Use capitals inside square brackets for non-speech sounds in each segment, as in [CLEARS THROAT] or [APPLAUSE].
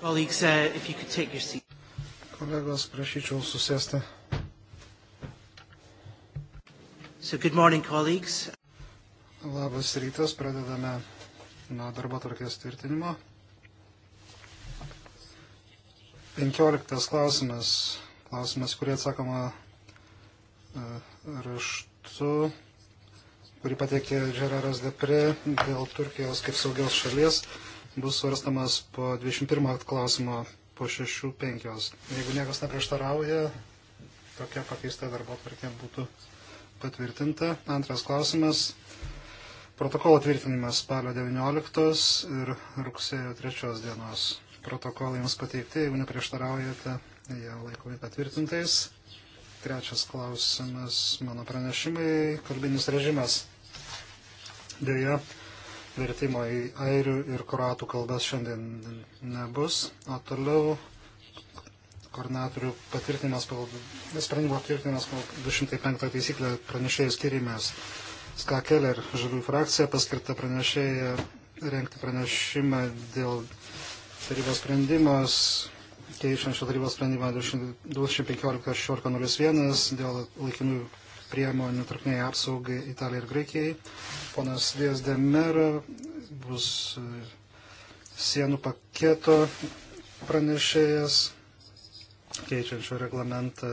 Uh, Kolegos, prašyčiau susėsti. So good morning, colleagues. Labas rytas, pradedame nuo darbo tvarkės tvirtinimo. 15 klausimas, klausimas, kurį atsakoma e, raštu, kurį pateikė Žeraras Depre dėl Turkijos kaip saugios šalies bus svarstamas po 21 klausimo po 6.5. Jeigu niekas neprieštarauja, tokia pakeista darbo tvarkė būtų patvirtinta. Antras klausimas. Protokolo tvirtinimas spalio 19 ir rugsėjo 3 dienos. Protokolai jums pateikti, jeigu neprieštaraujate, jie laikomi patvirtintais. Trečias klausimas, mano pranešimai, kalbinis režimas. Deja, vertimo į airių ir kroatų kalbas šiandien nebus. O toliau koordinatorių patvirtinimas, sprendimo patvirtinimas 205 taisyklė pranešėjų skirimės. Ska Keller, žalių frakcija, paskirta pranešėja renkti pranešimą dėl tarybos sprendimas, keičiančio tarybos sprendimą 215.16.01 dėl laikinų priemonių trukmėje apsaugai Italijai ir Graikijai. Ponas Vės Demera bus e, sienų paketo pranešėjas, keičiančio reglamentą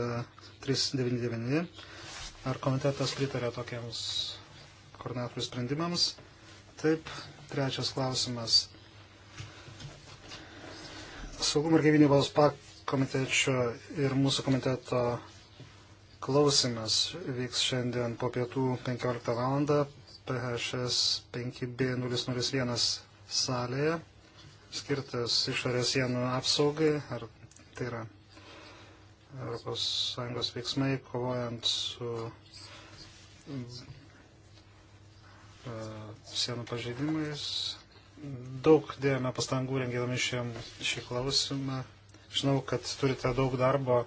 399. Ar komitetas pritarė tokiems koordinatorių sprendimams? Taip. Trečias klausimas. Saugumo ir gyvybinybos komitečio ir mūsų komiteto Klausimas vyks šiandien po pietų 15 val. PHS 5B001 salėje, skirtas išorės sienų apsaugai, ar tai yra ES veiksmai kovojant su e, sienų pažeidimais. Daug dėjome pastangų rengėdami šį klausimą. Žinau, kad turite daug darbo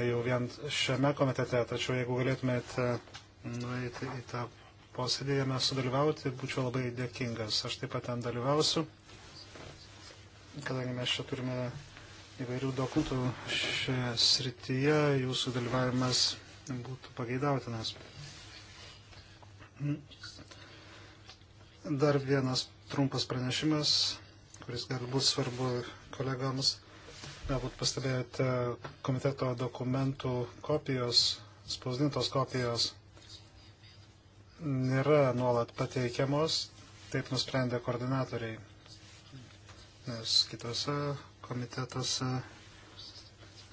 jau vien šiame komitete, tačiau jeigu galėtumėte nueiti į tą posėdį, jame sudalyvauti, būčiau labai dėkingas. Aš taip pat ten dalyvausiu, kadangi mes čia turime įvairių dokumentų šioje srityje, jūsų dalyvavimas būtų pageidautinas. Dar vienas trumpas pranešimas, kuris gali būti svarbu kolegams galbūt pastebėjote komiteto dokumentų kopijos, spausdintos kopijos nėra nuolat pateikiamos, taip nusprendė koordinatoriai, nes kitose komitetuose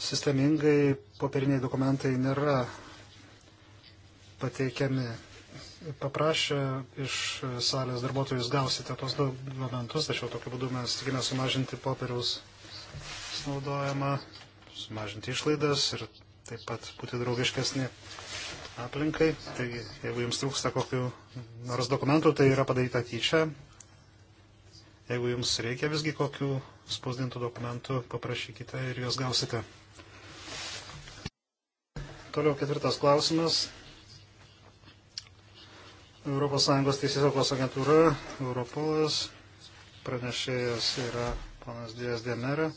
sistemingai popieriniai dokumentai nėra pateikiami. Paprašę iš salės darbuotojus gausite tos dokumentus, tačiau tokiu būdu mes tikime sumažinti popieriaus naudojama, sumažinti išlaidas ir taip pat būti draugiškesni aplinkai. Taigi, jeigu jums trūksta kokių nors dokumentų, tai yra padaryta tyčia. Jeigu jums reikia visgi kokių spausdintų dokumentų, paprašykite ir juos gausite. Toliau ketvirtas klausimas. ES teisėsaugos agentūra, Europolas, pranešėjas yra panas Dijas Demera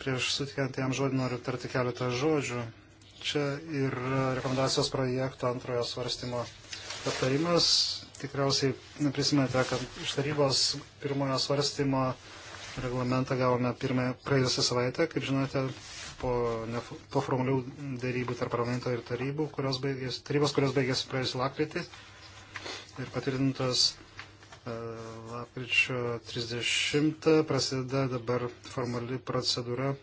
prieš sutikiant jam žodį noriu tarti keletą žodžių. Čia ir rekomendacijos projekto antrojo svarstymo aptarimas. Tikriausiai prisimėte, kad iš tarybos pirmojo svarstymo reglamentą gavome praėjusią savaitę, kaip žinote, po, ne, po formalių dėrybų tarp parlamento ir tarybų, kurios baigės, tarybos, kurios baigėsi praėjusį lapkritį ir patvirtintos lapkričio 30 prasideda dabar formali procedūra.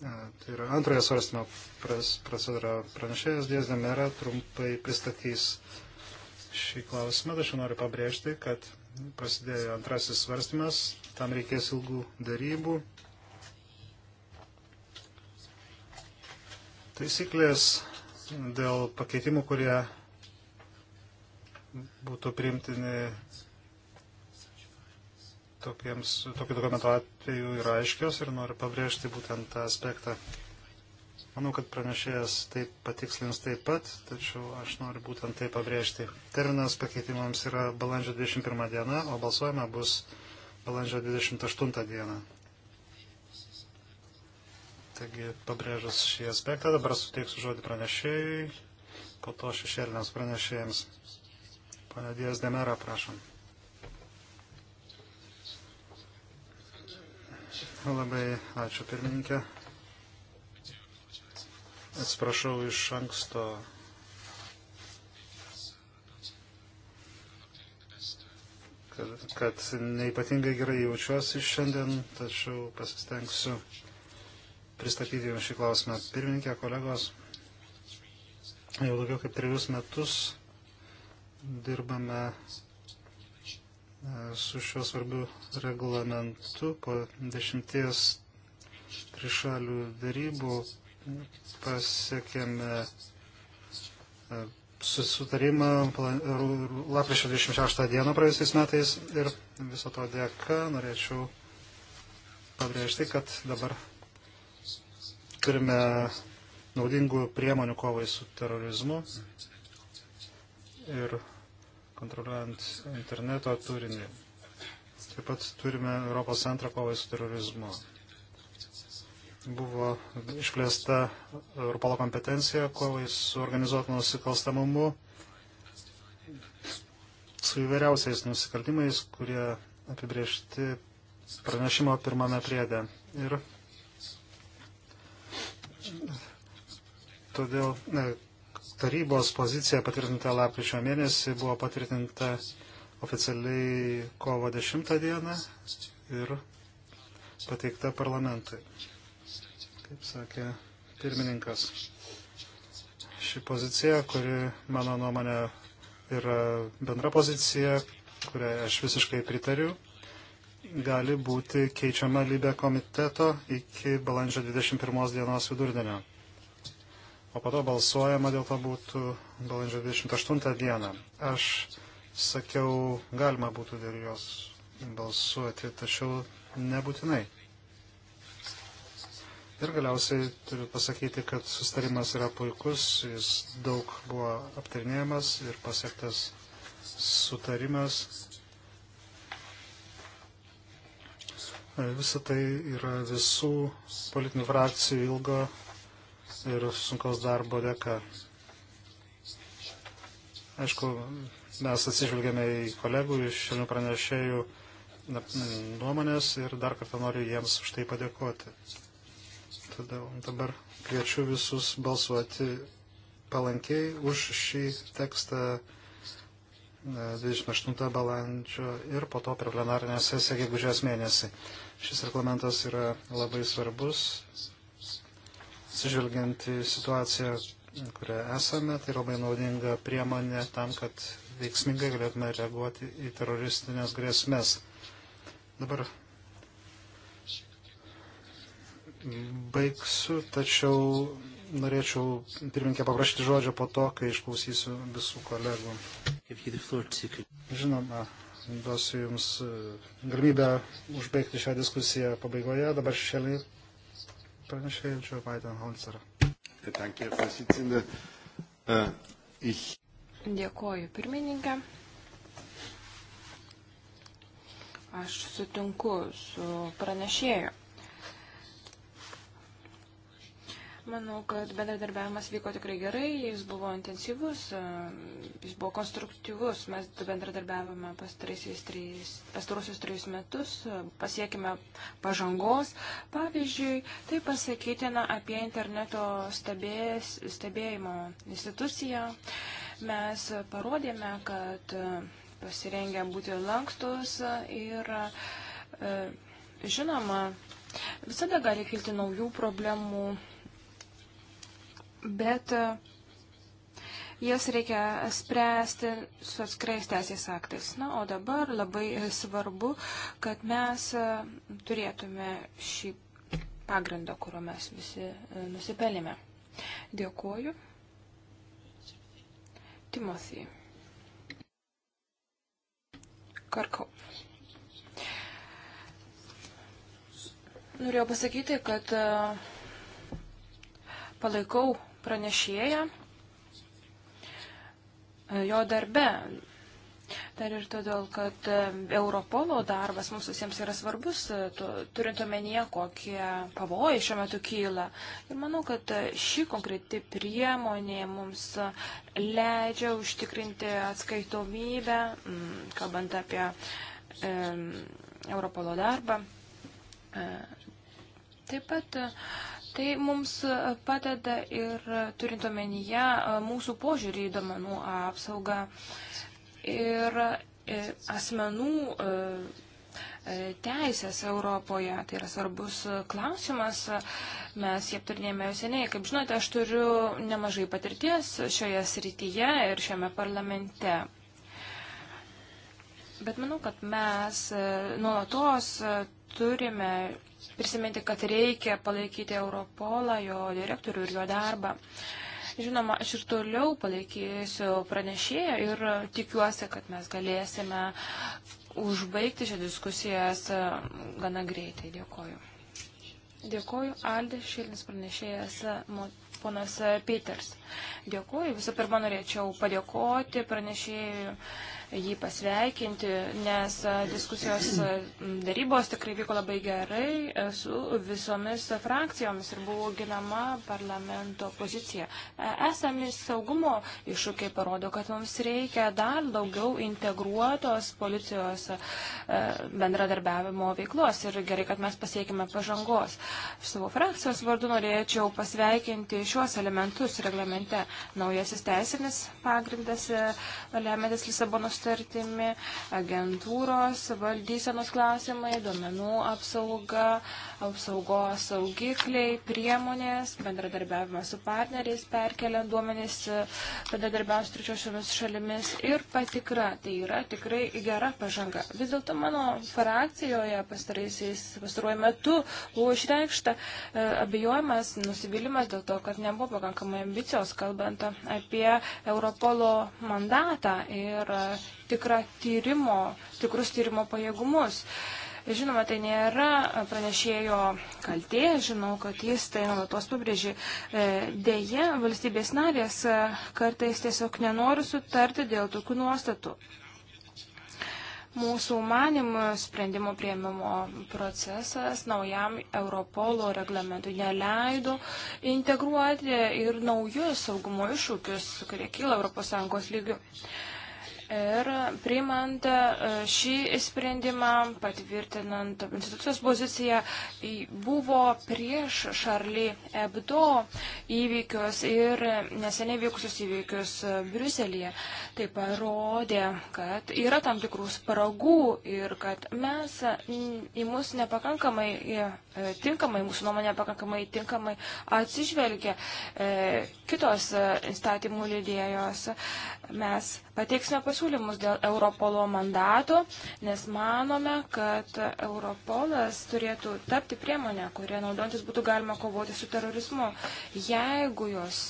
Tai yra antrojo svarstymo procedūra pranešėjas Dės Demera trumpai pristatys šį klausimą. Tačiau noriu pabrėžti, kad prasidėjo antrasis svarstymas, tam reikės ilgų darybų. Taisyklės dėl pakeitimų, kurie būtų priimtini tokiems, tokių dokumentų atveju yra aiškios ir noriu pabrėžti būtent tą aspektą. Manau, kad pranešėjas taip patikslins taip pat, tačiau aš noriu būtent tai pabrėžti. Terminas pakeitimams yra balandžio 21 diena, o balsuojama bus balandžio 28 diena. Taigi, pabrėžus šį aspektą, dabar suteiksiu žodį pranešėjui, po to šešėlinėms pranešėjams. Pane Dijas Demera, prašom. Labai ačiū pirmininkė. Atsiprašau iš anksto. Kad, kad neipatingai gerai jaučiuosi šiandien, tačiau pasistengsiu pristatyti jums šį klausimą. Pirmininkė, kolegos, jau daugiau kaip trejus metus dirbame su šiuo svarbiu reglamentu po dešimties trišalių darybų pasiekėme e, susitarimą lapkričio 26 dieną praėjusiais metais ir viso to dėka norėčiau pabrėžti, kad dabar turime naudingų priemonių kovai su terorizmu ir kontroliuojant interneto turinį. Taip pat turime Europos centrą kovai su terorizmu. Buvo išplėsta Europolo kompetencija kovai su organizuotų nusikalstamumu, su įvairiausiais nusikaltimais, kurie apibriežti pranešimo pirmame priede. Ir todėl ne, tarybos pozicija patvirtinta lapkričio mėnesį buvo patvirtinta oficialiai kovo 10 dieną ir pateikta parlamentui. Kaip sakė pirmininkas, ši pozicija, kuri mano nuomonė yra bendra pozicija, kuriai aš visiškai pritariu, gali būti keičiama lybė komiteto iki balandžio 21 dienos vidurdienio o po to balsuojama dėl to būtų balandžio 28 dieną. Aš sakiau, galima būtų dėl jos balsuoti, tačiau nebūtinai. Ir galiausiai turiu pasakyti, kad sustarimas yra puikus, jis daug buvo aptarinėjamas ir pasiektas sutarimas. Visą tai yra visų politinių frakcijų ilgo ir sunkaus darbo dėka. Aišku, mes atsižvelgėme į kolegų iš šiandien pranešėjų nuomonės ir dar kartą noriu jiems už tai padėkoti. Todėl dabar kviečiu visus balsuoti palankiai už šį tekstą 28 balandžio ir po to per plenarinę sesiją gegužės mėnesį. Šis reglamentas yra labai svarbus Sižvelgiant į situaciją, kurioje esame, tai labai naudinga priemonė tam, kad veiksmingai galėtume reaguoti į teroristinės grėsmės. Dabar baigsiu, tačiau norėčiau pirmininkę paprašyti žodžio po to, kai išklausysiu visų kolegų. Žinoma, duosiu Jums e, galimybę užbaigti šią diskusiją pabaigoje. Dabar šešėliai pranešėjai Džo Vaidenholzerą. Dėkoju, pirmininkė. Aš sutinku su pranešėju. Manau, kad bendradarbiavimas vyko tikrai gerai, jis buvo intensyvus, jis buvo konstruktyvus. Mes bendradarbiavome pastarosius trejus metus, pasiekime pažangos. Pavyzdžiui, tai pasakytina apie interneto stebės, stebėjimo instituciją. Mes parodėme, kad pasirengę būti lankstus ir e, žinoma, visada gali kilti naujų problemų bet e, jas reikia spręsti su atskirais teisės aktais. Na, o dabar labai svarbu, kad mes e, turėtume šį pagrindą, kurio mes visi e, nusipelėme. Dėkuoju. Timothy. Karkau. Norėjau pasakyti, kad palaikau pranešėją e, jo darbe. Dar ir todėl, kad e, Europolo darbas mums visiems yra svarbus, e, turint omenyje, kokie pavojai šiuo metu kyla. Ir manau, kad ši konkreti priemonė mums leidžia užtikrinti atskaitomybę, mm, kalbant apie Europolo darbą. Taip pat Tai mums padeda ir turint omenyje mūsų požiūrį į domenų apsaugą ir e, asmenų e, e, teisės Europoje. Tai yra svarbus klausimas. Mes jį aptarnėjome jau seniai. Kaip žinote, aš turiu nemažai patirties šioje srityje ir šiame parlamente. Bet manau, kad mes nuolatos turime prisiminti, kad reikia palaikyti Europolą, jo direktorių ir jo darbą. Žinoma, aš ir toliau palaikysiu pranešėją ir tikiuosi, kad mes galėsime užbaigti šią diskusijas um, gana greitai. Dėkoju. Dėkoju, Aldė Šilnis pranešėjas ponas Peters. Dėkoju. Visų pirma, norėčiau padėkoti pranešėjui jį pasveikinti, nes diskusijos darybos tikrai vyko labai gerai e, su visomis frakcijomis ir buvo ginama parlamento pozicija. E, esami saugumo iššūkiai parodo, kad mums reikia dar daugiau integruotos policijos e, bendradarbiavimo veiklos ir gerai, kad mes pasiekime pažangos. Aš savo frakcijos vardu norėčiau pasveikinti šiuos elementus reglamente. Naujasis teisinis pagrindas lemiantis Lisabonos startimi, agentūros, valdysenos klausimai, duomenų apsauga, apsaugos saugikliai, priemonės, bendradarbiavimas su partneriais, perkeliant duomenys, e, bendradarbiavimas trečiosiomis šalimis ir patikra. Tai yra tikrai gera pažanga. Vis dėlto mano frakcijoje pastaruoju metu buvo išreikšta e, abejojimas, nusivylimas dėl to, kad nebuvo pakankamai ambicijos, kalbant apie Europolo mandatą ir e, tikrą tyrimo, tikrus tyrimo pajėgumus. Uh, Žinoma, tai nėra pranešėjo kaltė, žinau, kad jis tai nuolatos pabrėžė. E, Deja, valstybės narės e, kartais tiesiog nenori sutarti dėl tokių nuostatų. Mūsų manimų sprendimo prieimimo procesas naujam Europolo reglamentui neleido integruoti ir naujus saugumo iššūkius, kurie kyla ES lygių. Ir priimant e, šį sprendimą, patvirtinant institucijos poziciją, buvo prieš Šarly Ebdo įvykius ir neseniai vykusius įvykius e, Briuselėje. Tai parodė, kad yra tam tikrų spragų ir kad mes į mus nepakankamai e, tinkamai, mūsų nuomonė pakankamai tinkamai atsižvelgia kitos įstatymų lydėjos. Mes pateiksime pasiūlymą pasiūlymus dėl Europolo mandato, nes manome, kad Europolas turėtų tapti priemonę, kurią naudotis būtų galima kovoti su terorizmu. Jeigu jos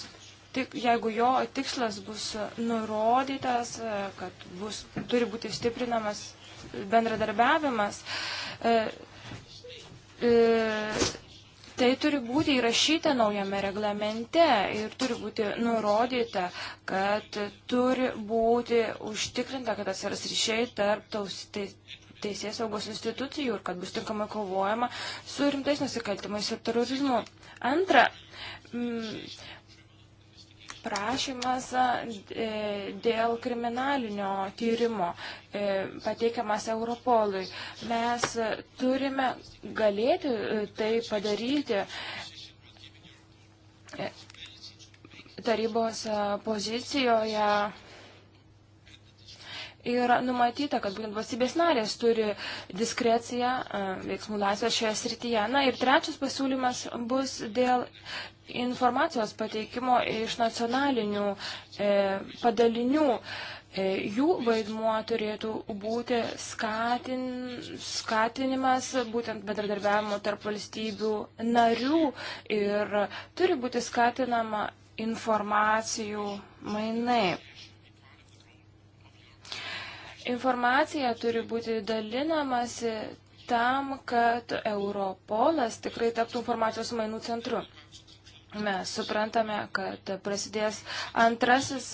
tik, jeigu jo tikslas bus nurodytas, kad bus, turi būti stiprinamas bendradarbiavimas, e, e, Tai turi būti įrašyta naujame reglamente ir turi būti nurodyta, kad turi būti užtikrinta, kad atsiras ryšiai tarp taus, tai, teisės saugos institucijų ir kad bus tinkamai kovojama su rimtais nusikaltimais ir terorizmu. Antra, prašymas e, dėl kriminalinio tyrimo e, pateikiamas Europolui. Mes turime galėti e, tai padaryti. Tarybos pozicijoje yra numatyta, kad būtent valstybės narės turi diskreciją, veiksmų laisvę šioje srityje. Na ir trečias pasiūlymas bus dėl informacijos pateikimo iš nacionalinių e, padalinių. E, jų vaidmuo turėtų būti skatin, skatinimas būtent bendradarbiavimo tarp valstybių narių ir turi būti skatinama informacijų mainai. Informacija turi būti dalinamasi tam, kad Europolas tikrai taptų informacijos mainų centru mes suprantame, kad prasidės antrasis,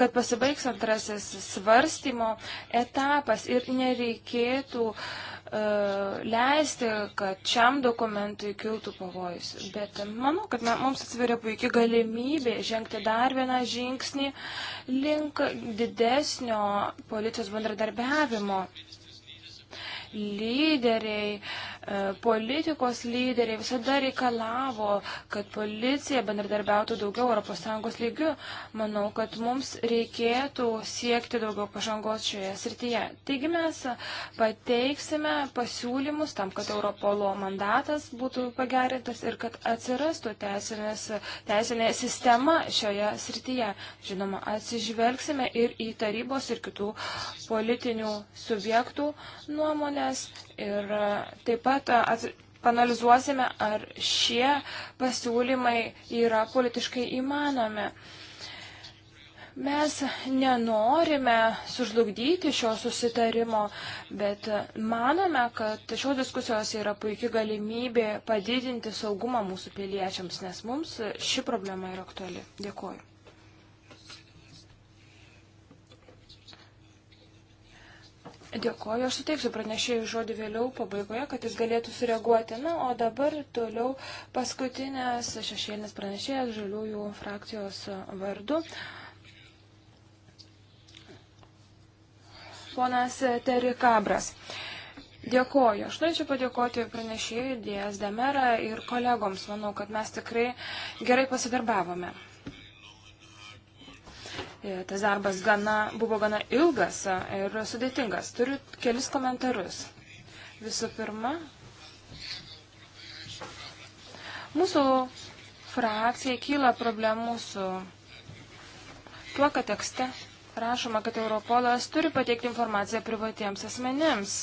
kad pasibaigs antrasis svarstymo etapas ir nereikėtų uh, leisti, kad šiam dokumentui kiltų pavojus. Bet manau, kad mums atsiveria puikia galimybė žengti dar vieną žingsnį link didesnio policijos bendradarbiavimo. Lyderiai E, politikos lyderiai visada reikalavo, kad policija bendradarbiautų daugiau ES lygių. Manau, kad mums reikėtų siekti daugiau pažangos šioje srityje. Taigi mes pateiksime pasiūlymus tam, kad Europolo mandatas būtų pagerintas ir kad atsirastų teisinės, teisinė sistema šioje srityje. Žinoma, atsižvelgsime ir į tarybos ir kitų politinių subjektų nuomonės ir taip pat pat panalizuosime, ar šie pasiūlymai yra politiškai įmanomi. Mes nenorime sužlugdyti šio susitarimo, bet manome, kad šios diskusijos yra puikia galimybė padidinti saugumą mūsų piliečiams, nes mums ši problema yra aktuali. Dėkuoju. Dėkoju, aš suteiksiu pranešėjų žodį vėliau pabaigoje, kad jis galėtų sureaguoti. Na, o dabar toliau paskutinės šešėlinis pranešėjas žaliųjų frakcijos vardu. Ponas Terry Kabras. Dėkoju. Aš norėčiau padėkoti pranešėjui Dijas Demera ir kolegoms. Manau, kad mes tikrai gerai pasidarbavome. E, tas darbas gana, buvo gana ilgas e, ir sudėtingas. Turiu kelis komentarus. Visų pirma, mūsų frakcijai kyla problemų su tuo, kad tekste rašoma, kad Europolas turi pateikti informaciją privatiems asmenims.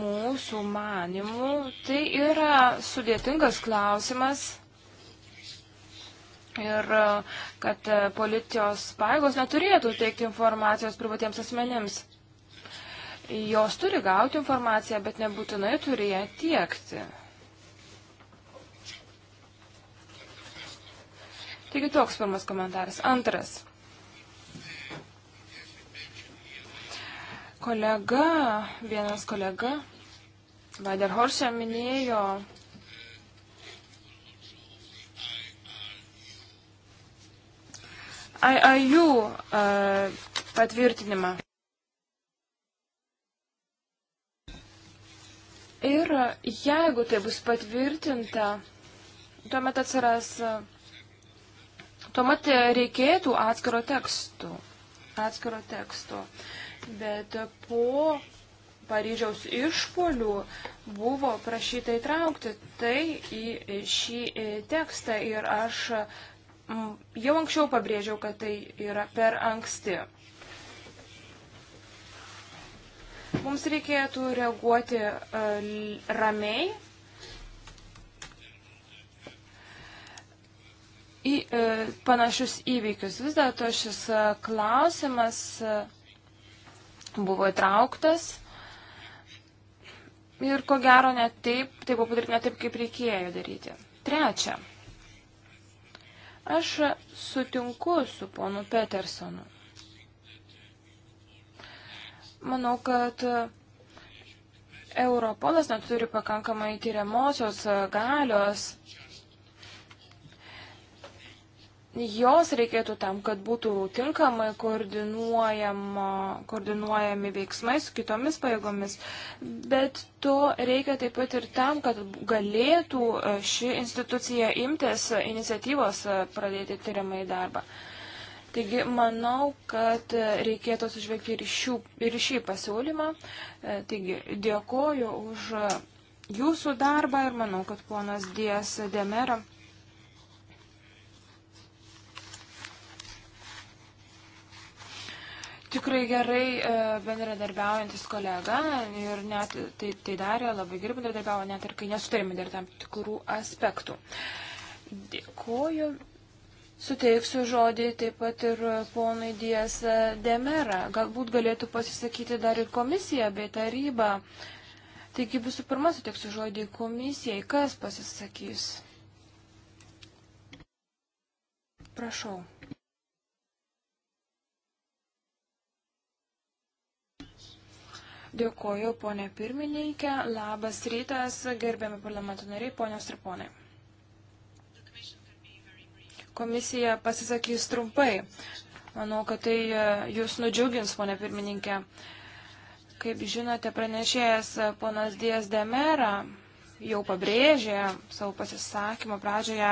Mūsų manimų tai yra sudėtingas klausimas ir e, kad e, policijos paėgos neturėtų teikti informacijos privatiems asmenims. Jos turi gauti informaciją, bet nebūtinai turi ją tiekti. Taigi toks pirmas komentaras. Antras. Kolega, vienas kolega, Vaiderhorsė minėjo IIU patvirtinimą. Ir jeigu tai bus patvirtinta, tuomet atsiras, tuomet reikėtų atskiro tekstų, atskiro teksto. Bet po Paryžiaus išpolių buvo prašyta įtraukti tai į šį tekstą ir aš Mm, jau anksčiau pabrėžiau, kad tai yra per anksti. Mums reikėtų reaguoti e, ramiai į e, panašius įvykius. Vis dėlto šis e, klausimas buvo įtrauktas ir ko gero ne taip, tai buvo padaryti ne taip, kaip reikėjo daryti. Trečia. Aš sutinku su ponu Petersonu. Manau, kad Europolas neturi pakankamai tyriamosios galios jos reikėtų tam, kad būtų tinkamai koordinuojami veiksmai su kitomis pajėgomis, bet to reikia taip pat ir tam, kad galėtų e, ši institucija imtis iniciatyvos e, pradėti tyrimai darbą. Taigi manau, kad e, reikėtų sužvelgti ir, šių, ir šį pasiūlymą. Taigi dėkoju už jūsų darbą ir manau, kad ponas Dijas Demera tikrai gerai e, bendradarbiaujantis kolega ir net tai, tai darė, labai gerai bendradarbiavo, net ir kai nesutarėme dėl tam tikrų aspektų. Dėkuoju. Suteiksiu žodį taip pat ir ponui Dijas Demera. Galbūt galėtų pasisakyti dar ir komisija bei taryba. Taigi visų pirma suteiksiu žodį komisijai. Kas pasisakys? Prašau. Dėkoju, ponė pirmininkė. Labas rytas, gerbiami parlamento nariai, ponios ir ponai. Komisija pasisakys trumpai. Manau, kad tai e, jūs nudžiugins, ponė pirmininkė. Kaip žinote, pranešėjas e, ponas Dijas Demera jau pabrėžė savo pasisakymo pradžioje,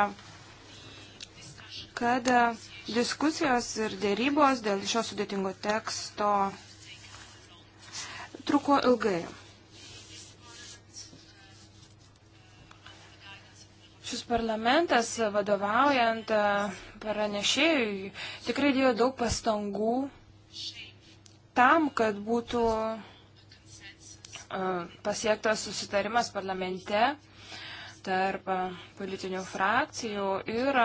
kad e, diskusijos ir dėrybos dėl šio sudėtingo teksto truko ilgai. Šis parlamentas, vadovaujant e, pranešėjui, tikrai dėjo daug pastangų tam, kad būtų e, pasiektas susitarimas parlamente tarp e, politinių frakcijų ir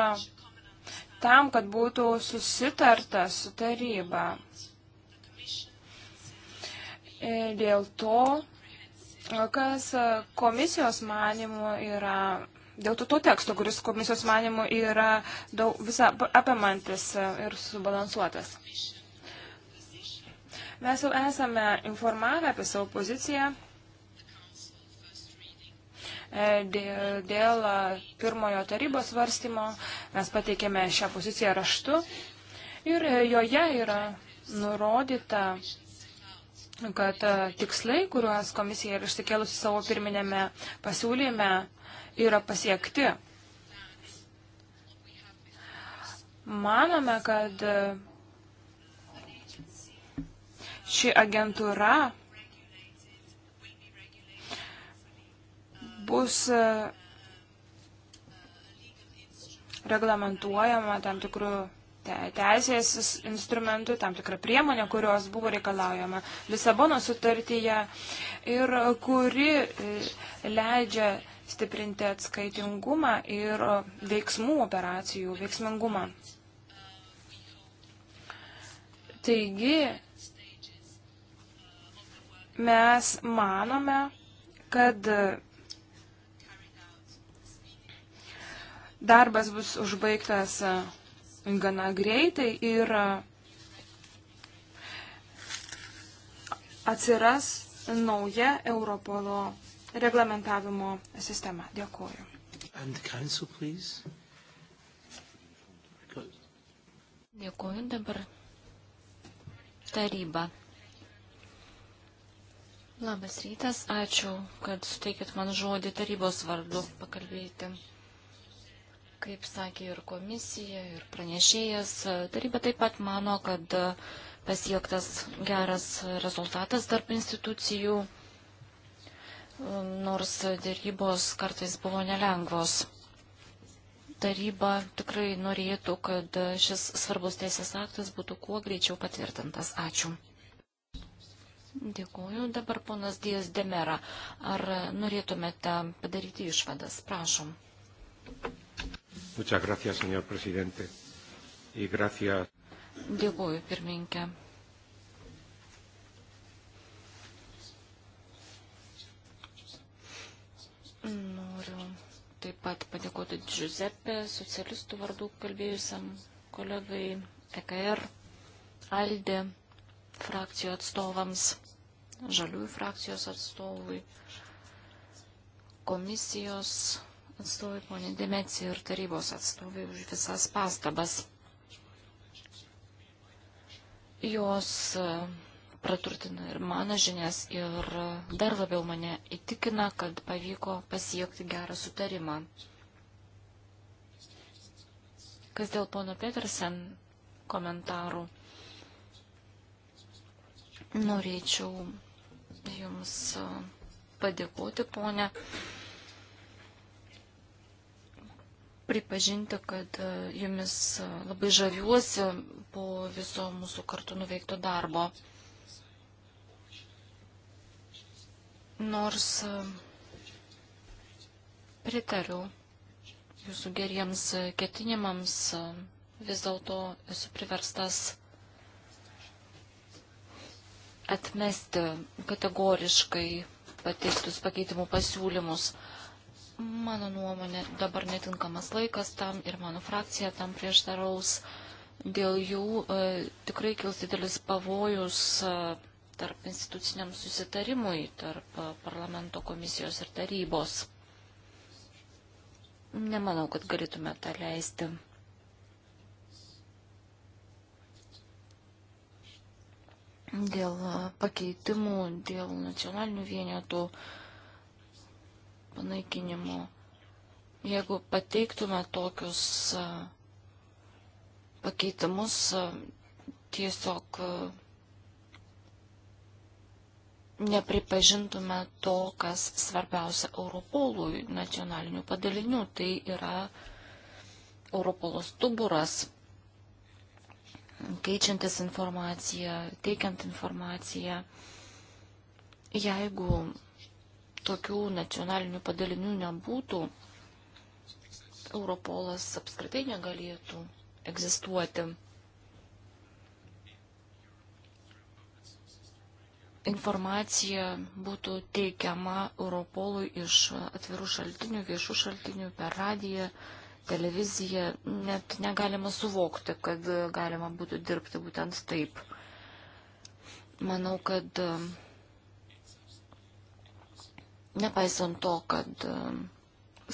tam, kad būtų susitarta su taryba. E, dėl to, kas komisijos manimų yra, dėl to, to teksto, kuris komisijos manimų yra daug, visa apimantis ir subalansuotas. Mes jau esame informavę apie savo poziciją e, dėl pirmojo tarybos varstymo. Mes pateikėme šią poziciją raštu ir e, joje yra nurodyta kad e, tikslai, kuriuos komisija yra išsikėlusi savo pirminėme pasiūlyme, yra pasiekti. Manome, kad e, ši agentūra bus e, reglamentuojama tam tikrų teisės instrumentų, tam tikrą priemonę, kurios buvo reikalaujama Lisabono sutartyje ir kuri e, leidžia stiprinti atskaitingumą ir veiksmų operacijų veiksmingumą. Taigi, mes manome, kad darbas bus užbaigtas gana greitai ir e, atsiras nauja Europolo reglamentavimo sistema. Dėkuoju. Council, Dėkuoju dabar taryba. Labas rytas, ačiū, kad suteikit man žodį tarybos vardu pakalbėti. Kaip sakė ir komisija, ir pranešėjas, taryba taip pat mano, kad pasiektas geras rezultatas tarp institucijų, nors dėrybos kartais buvo nelengvos. Taryba tikrai norėtų, kad šis svarbus teisės aktas būtų kuo greičiau patvirtintas. Ačiū. Dėkuoju. Dabar ponas Dijas Demera. Ar norėtumėte padaryti išvadas? Prašom. Thank you. Muchas gracias, señor presidente. Y gracias. Dėkuoju, pirmininkė. Noriu taip pat padėkoti Giuseppe, socialistų vardų kalbėjusiam kolegai EKR, Aldė frakcijų atstovams, Žaliųjų frakcijos atstovui, komisijos atstovai, ponė Demecija ir tarybos atstovai už visas pastabas. Jos e, praturtina ir mano žinias ir dar labiau mane įtikina, kad pavyko pasiekti gerą sutarimą. Kas dėl pono Petersen komentarų, norėčiau Jums e, padėkoti, ponė. pripažinti, kad e, jumis e, labai žaviuosi po viso mūsų kartu nuveikto darbo. Nors e, pritariu jūsų geriems ketinimams, vis dėlto esu priverstas atmesti kategoriškai pateiktus pakeitimų pasiūlymus. Mano nuomonė, dabar netinkamas laikas tam ir mano frakcija tam prieštaraus. Dėl jų e, tikrai kils didelis pavojus e, tarp instituciniam susitarimui, tarp e, parlamento komisijos ir tarybos. Nemanau, kad galėtume tą leisti. Dėl e, pakeitimų, dėl nacionalinių vienetų. E, panaikinimu. Jeigu pateiktume tokius pakeitimus, tiesiog nepripažintume to, kas svarbiausia Europolui nacionalinių padalinių. Tai yra Europolo stuburas keičiantis informaciją, teikiant informaciją, jeigu tokių nacionalinių padalinių nebūtų, Europolas apskritai negalėtų egzistuoti. Informacija būtų teikiama Europolui iš atvirų šaltinių, viešų šaltinių per radiją, televiziją. Net negalima suvokti, kad galima būtų dirbti būtent taip. Manau, kad Nepaisant to, kad e,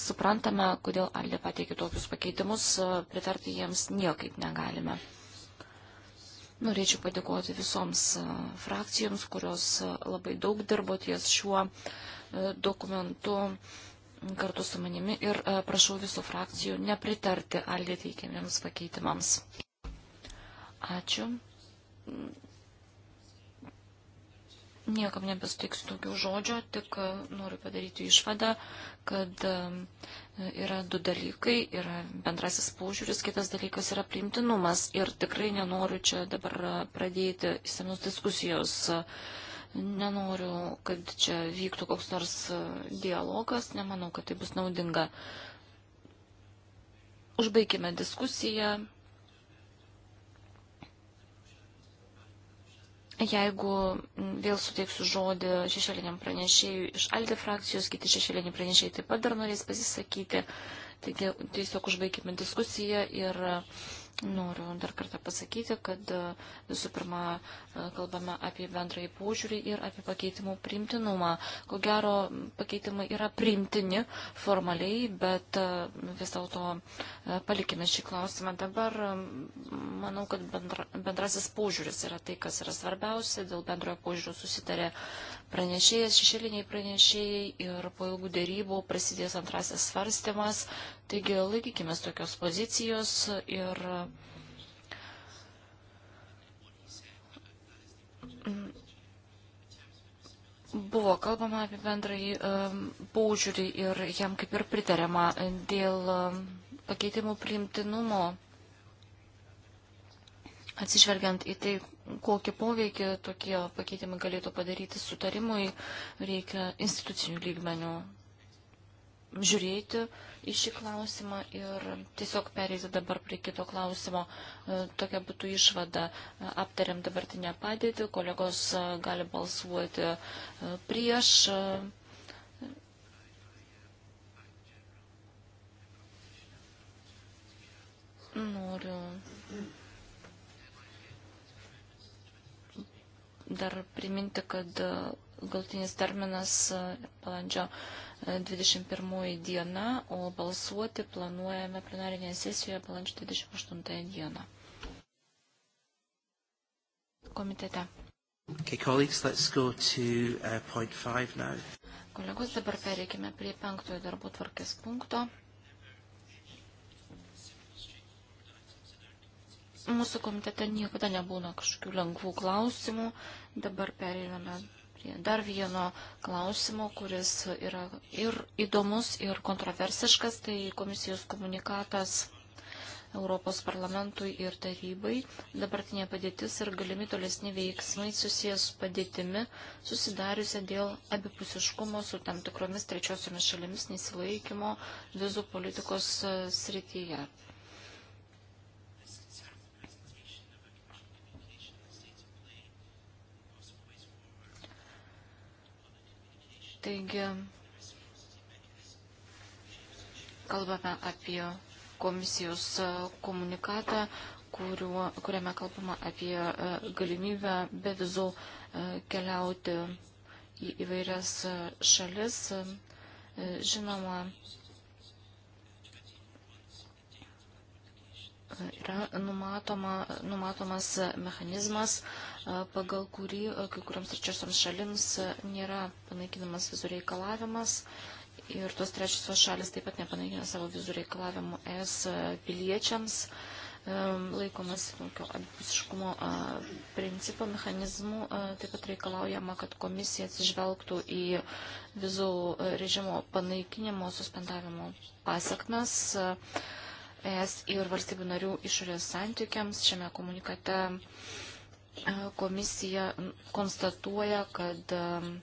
suprantame, kodėl Aldė pateikė tokius pakeitimus, e, pritarti jiems niekaip negalime. Norėčiau padėkoti visoms e, frakcijoms, kurios labai daug dirbo ties šiuo dokumentu kartu su manimi ir prašau visų frakcijų nepritarti Aldė teikiamiems pakeitimams. Ačiū Niekam nebesteiksiu daugiau žodžio, tik e, noriu padaryti išvadą, kad e, yra du dalykai, yra bendrasis paužiūris, kitas dalykas yra priimtinumas ir tikrai nenoriu čia dabar pradėti įsamius diskusijos. Nenoriu, kad čia vyktų koks nors e, dialogas, nemanau, kad tai bus naudinga. Užbaikime diskusiją. Jeigu vėl suteiksiu žodį šešėliniam pranešėjui iš Aldi frakcijos, kiti šešėliniai pranešėjai taip pat dar norės pasisakyti, taigi tiesiog užbaigime diskusiją ir uh, Noriu dar kartą pasakyti, kad e, visų pirma e, kalbame apie bendrąjį požiūrį ir apie pakeitimų primtinumą. Ko gero, pakeitimai yra primtini formaliai, bet e, vis dėlto palikime šį klausimą. Dabar manau, kad bendra, bendrasis požiūris yra tai, kas yra svarbiausia. Dėl bendrojo požiūrio susitarė pranešėjas, šešėliniai pranešėjai ir po ilgų dėrybų prasidės antrasis svarstymas. Taigi laikykime tokios pozicijos ir mm, buvo kalbama apie bendrąjį mm, paužiūrį ir jam kaip ir pritariama dėl mm, pakeitimų priimtinumo atsižvelgiant į tai, kokį poveikį tokie pakeitimai galėtų padaryti sutarimui, reikia institucinių lygmenių žiūrėti į šį klausimą ir tiesiog pereiti dabar prie kito klausimo. E, tokia būtų išvada. E, Aptariam dabartinę padėtį, kolegos e, gali balsuoti prieš. Noriu dar priminti, kad e, galtinis terminas e, balandžio 21 e, diena, o balsuoti planuojame plenarinėje sesijoje balandžio 28 dieną. Komitete. Okay, colleagues, let's go to uh, point five now. Kolegos, dabar pereikime prie penktojo darbo tvarkės punkto. Mūsų komitete niekada nebūna kažkokių lengvų klausimų. Dabar pereiname prie dar vieno klausimo, kuris yra ir įdomus, ir kontroversiškas. Tai komisijos komunikatas Europos parlamentui ir tarybai, dabartinė padėtis ir galimi tolesni veiksmai susijęs su padėtimi, susidariusią dėl abipusiškumo su tam tikromis trečiosiomis šalimis nesilaikymo vizų politikos e, srityje. Taigi, kalbame apie komisijos komunikatą, kuriuo, kuriame kalbama apie e, galimybę be vizų e, keliauti į įvairias e, šalis. Žinoma, yra numatoma, numatomas mechanizmas, pagal kurį kai kuriams trečiosioms šalims nėra panaikinamas vizų reikalavimas. Ir tos trečiosios šalis taip pat nepanaikina savo vizų reikalavimų es piliečiams laikomas tokio abipusiškumo principo mechanizmų, taip pat reikalaujama, kad komisija atsižvelgtų į vizų režimo panaikinimo, suspendavimo pasiekmes ES ir valstybių narių išorės santykiams. Šiame komunikate komisija konstatuoja, kad um,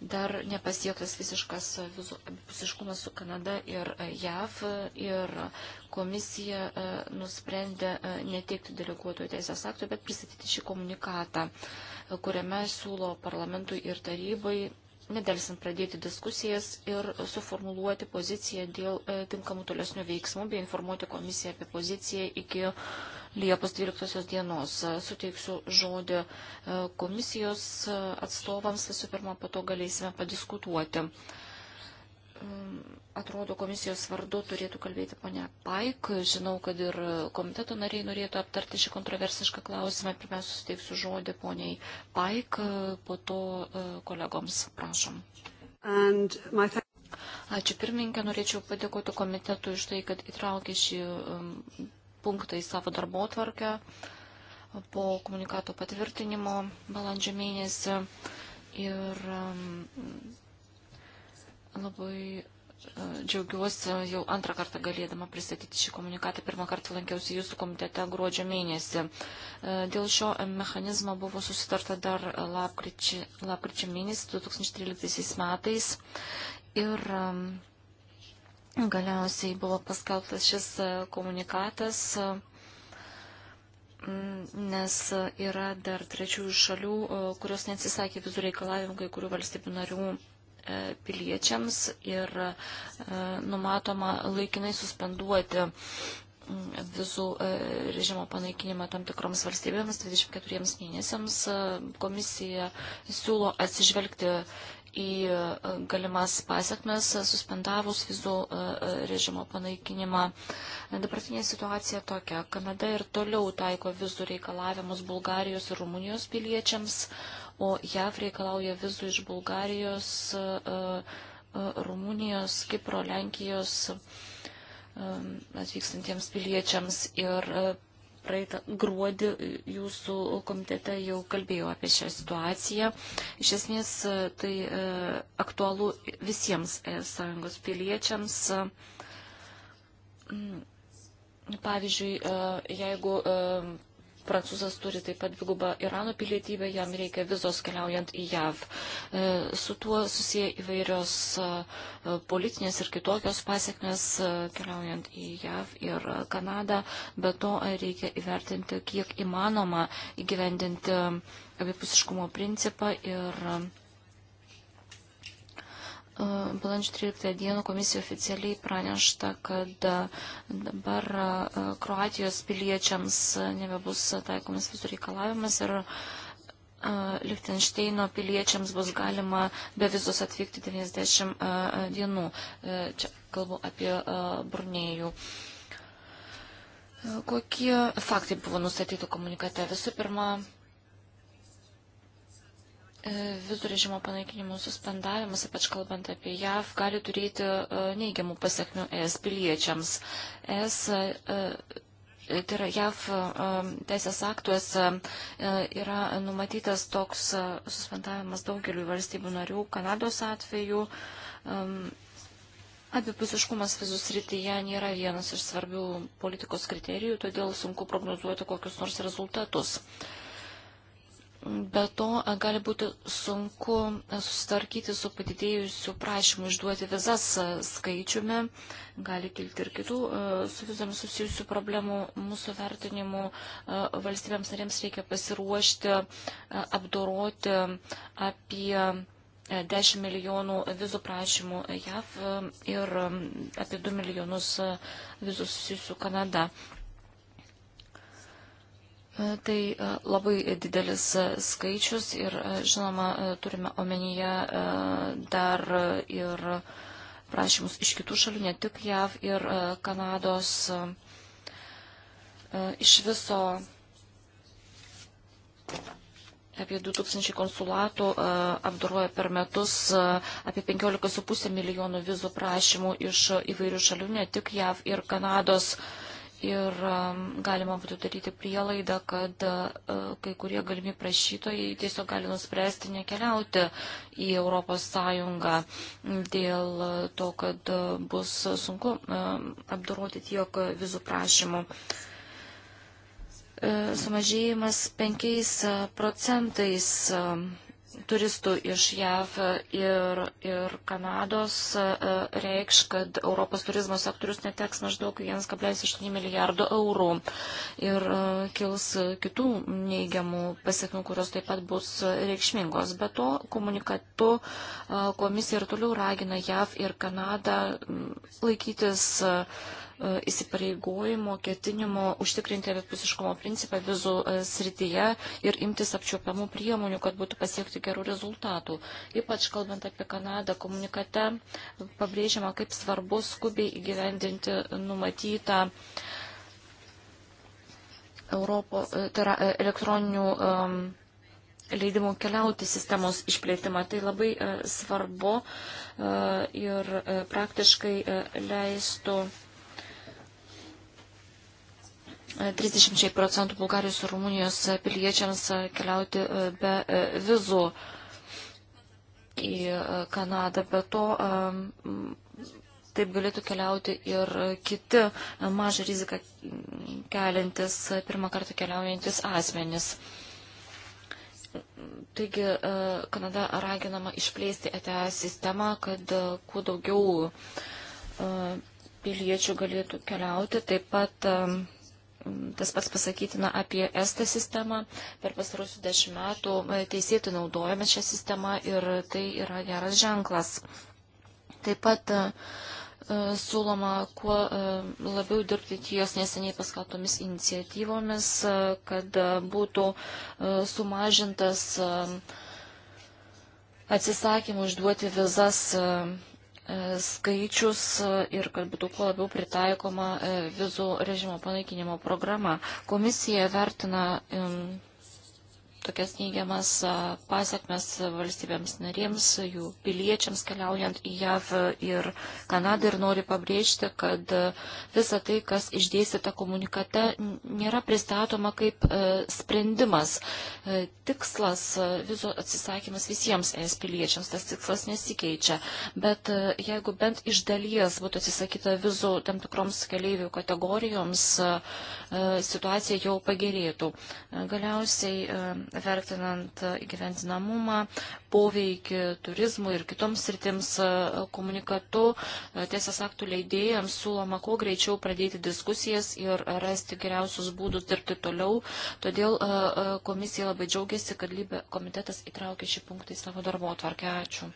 dar nepasiektas visiškas abipusiškumas su Kanada ir uh, JAV ir komisija uh, nusprendė uh, neteikti deleguotojų teisės aktų, bet pristatyti šį komunikatą, kuriame siūlo parlamentui ir tarybai nedelsint pradėti diskusijas ir suformuluoti poziciją dėl tinkamų tolesnių veiksmų bei informuoti komisiją apie poziciją iki Liepos 12 dienos. Suteiksiu žodį e, komisijos e, atstovams, visų pirma, po to galėsime padiskutuoti. Mm, atrodo, komisijos vardu turėtų kalbėti ponia Paik. Žinau, kad ir komiteto nariai norėtų aptarti šį kontroversišką klausimą. Pirmiausia, suteiksiu žodį poniai Paik, po to e, kolegoms. Prašom. Ačiū pirmininkė, norėčiau padėkoti komitetui iš tai, kad įtraukė šį punktą į savo darbo tvarkę po komunikato patvirtinimo balandžio mėnesį. Ir um, labai e, džiaugiuosi jau antrą kartą galėdama pristatyti šį komunikatą. Pirmą kartą lankiausi jūsų komitete gruodžio mėnesį. E, dėl šio mechanizmo buvo susitarta dar lapkričio, lapkričio mėnesį 2013 metais. Ir um, Galiausiai buvo paskelbtas šis e, komunikatas, e, nes yra dar trečiųjų šalių, e, kurios neatsisakė visų reikalavimų kai kurių valstybių narių piliečiams ir numatoma laikinai suspenduoti vizų režimo panaikinimą tam tikroms valstybėms 24 mėnesiams. Komisija siūlo atsižvelgti į e, galimas pasiekmes, e, suspendavus vizų e, režimo panaikinimą. Dabartinė situacija tokia. Kanada ir toliau taiko vizų reikalavimus Bulgarijos ir Rumunijos piliečiams, o JAV reikalauja vizų iš Bulgarijos, Rumunijos, Kipro, Lenkijos atvykstantiems piliečiams ir praeitą gruodį jūsų komitete jau kalbėjau apie šią situaciją. Iš esmės tai e, aktualu visiems e sąjungos piliečiams. Mm, pavyzdžiui, e, jeigu Prancūzas turi taip pat dvigubą Irano pilietybę, jam reikia vizos keliaujant į JAV. E, su tuo susiję įvairios e, politinės ir kitokios pasiekmes e, keliaujant į JAV ir Kanadą, bet to reikia įvertinti, kiek įmanoma įgyvendinti abipusiškumo principą ir Balandžio 13 dieną komisija oficialiai pranešta, kad dabar Kroatijos piliečiams nebebus taikomas visų reikalavimas ir Lichtensteino piliečiams bus galima be vizos atvykti 90 dienų. E, čia kalbu apie Brunėjų. E, kokie faktai buvo nustatyti komunikate? Visų pirma, E, vizų režimo panaikinimo suspendavimas, ypač kalbant apie JAV, gali turėti e, neigiamų pasiekmių ES piliečiams. ES, e, tai yra JAV teisės aktuose, yra numatytas toks suspendavimas daugeliu valstybių narių, Kanados atveju. Abipusiškumas vizų srityje nėra vienas iš svarbių politikos kriterijų, todėl sunku prognozuoti kokius nors rezultatus. Be to, e, gali būti sunku e, sustarkyti su padidėjusiu prašymu išduoti vizas e, skaičiumi, gali kilti ir kitų su vizomis susijusių problemų. Mūsų vertinimu valstybėms narėms reikia pasiruošti, apdoroti apie 10 milijonų vizų prašymų JAV ir apie 2 milijonus vizų susijusių Kanada. E, tai e, labai didelis e, skaičius ir, žinoma, turime omenyje dar ir prašymus iš kitų šalių, ne tik JAV ir Kanados. Iš viso apie 2000 konsulatų apdoroja per metus apie 15,5 milijonų vizų prašymų iš įvairių šalių, ne tik JAV ir Kanados. A, Ir um, galima būtų daryti prielaidą, kad uh, kai kurie galimi prašytojai tiesiog gali nuspręsti nekeliauti į Europos Sąjungą dėl to, kad uh, bus sunku um, apdoroti tiek vizų prašymų. Uh, sumažėjimas 5 procentais um, turistų iš JAV ir, ir Kanados e, reikš, kad Europos turizmo sektorius neteks maždaug 1,8 milijardo eurų ir e, kils kitų neigiamų pasiekmių, kurios taip pat bus reikšmingos. Be to, komunikatu e, komisija ir toliau ragina JAV ir Kanadą laikytis E, įsipareigojimo, ketinimo užtikrinti abipusiškumo principą vizų e, srityje ir imtis apčiuopiamų priemonių, kad būtų pasiekti gerų rezultatų. Ypač kalbant apie Kanadą, komunikate pabrėžiama, kaip svarbu skubiai įgyvendinti numatytą Europo, e, tai yra elektroninių um, leidimų keliauti sistemos išplėtimą. Tai labai svarbu ir praktiškai leistų 30 procentų Bulgarijos ir Rumunijos piliečiams keliauti e, be e, vizų į e, Kanadą. Be to, taip galėtų keliauti ir kiti mažą riziką keliantis, pirmą kartą keliaujantis asmenys. Taigi, Kanada raginama išplėsti ETA sistemą, kad kuo daugiau piliečių galėtų keliauti. Taip pat tas pats pasakytina apie ESTA sistemą. Per pastarusius dešimt metų e, teisėtai naudojame šią sistemą ir tai yra geras ženklas. Taip pat e, e, siūloma kuo labiau dirbti jos neseniai paskatomis iniciatyvomis, kad būtų sumažintas atsisakymų išduoti vizas E, skaičius e, ir kad būtų kuo labiau pritaikoma e, vizų režimo panaikinimo programa. Komisija vertina tokias neigiamas pasiekmes valstybėms narėms, jų piliečiams keliaujant į JAV ir Kanadą ir noriu pabrėžti, kad visa tai, kas išdėstyta komunikate, nėra pristatoma kaip sprendimas. Tikslas viso atsisakymas visiems es piliečiams, tas tikslas nesikeičia, bet jeigu bent iš dalies būtų atsisakyta vizų tam tikroms keliaivių kategorijoms, situacija jau pagerėtų. Galiausiai vertinant įgyventinamumą, poveikį turizmui ir kitoms sritims e, komunikatu. E, Tiesės aktų leidėjams siūloma kuo greičiau pradėti diskusijas ir rasti geriausius būdus dirbti toliau. Todėl e, komisija labai džiaugiasi, kad lybė komitetas įtraukė šį punktą į savo darbo atvarkę. Ačiū.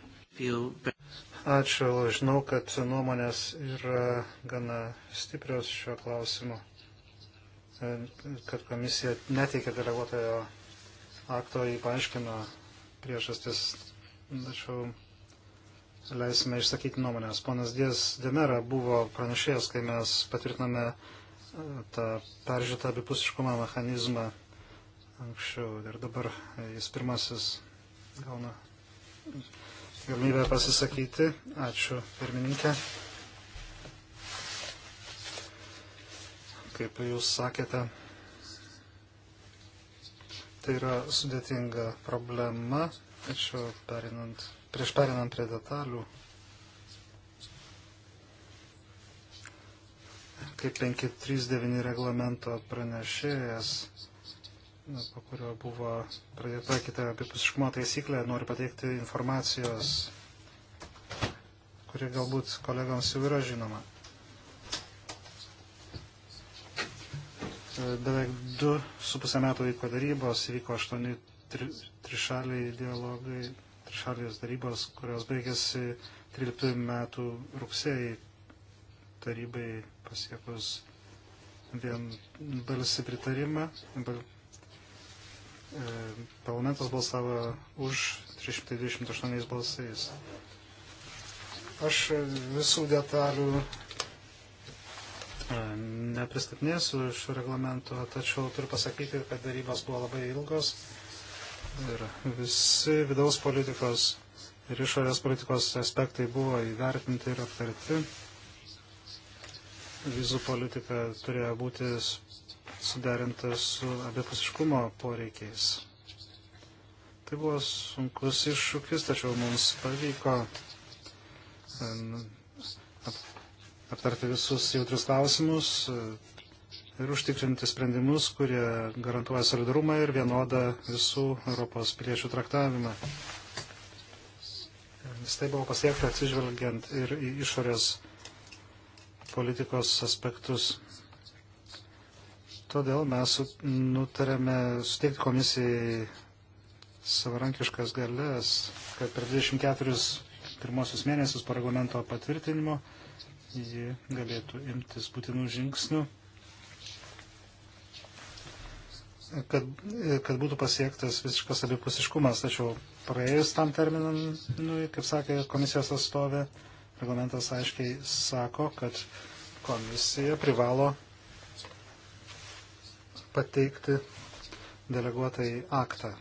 Ačiū, žinau, kad nuomonės yra gana stiprios šiuo klausimu, kad komisija neteikia deleguotojo akto jį paaiškino priežastis, tačiau leisime išsakyti nuomonės. Ponas Dies Demera buvo pranešėjas, kai mes patvirtiname e, tą peržiūrėtą abipusiškumą mechanizmą anksčiau ir dabar e, jis pirmasis gauna galimybę pasisakyti. Ačiū pirmininkė. Kaip jūs sakėte, Tai yra sudėtinga problema, tačiau perinant, prieš perinant prie detalių, kaip 539 reglamento pranešėjas, po kurio buvo pradėta kita apipusiškumo taisyklė, noriu pateikti informacijos, kuri galbūt kolegams jau yra žinoma. E, beveik 2,5 metų vyko darybos, vyko 8 tri, trišaliai dialogai, trišalės darybos, kurios baigėsi 13 metų rugsėjai tarybai pasiekus vien balsi pritarimą. Bal, e, parlamentas balsavo už 328 balsais. Aš visų detalių E, nepristatinėsiu iš reglamento, tačiau turiu pasakyti, kad darybos buvo labai ilgos ir visi vidaus politikos ir išorės politikos aspektai buvo įvertinti ir aptarti. Vizų politika turėjo būti suderinta su abipusiškumo poreikiais. Tai buvo sunkus iššūkis, tačiau mums pavyko e, aptarti visus jautrius klausimus e, ir užtikrinti sprendimus, kurie garantuoja solidarumą ir vienodą visų Europos piliečių traktavimą. Vis tai buvo pasiekta atsižvelgiant ir į išorės politikos aspektus. Todėl mes nutarėme suteikti komisijai savarankiškas galės, kad per 24 pirmosius mėnesius parlamento patvirtinimo ji galėtų imtis būtinų žingsnių, kad, kad būtų pasiektas visiškas abipusiškumas. Tačiau praėjus tam terminui, kaip sakė komisijos atstovė, reglamentas aiškiai sako, kad komisija privalo pateikti deleguotai aktą,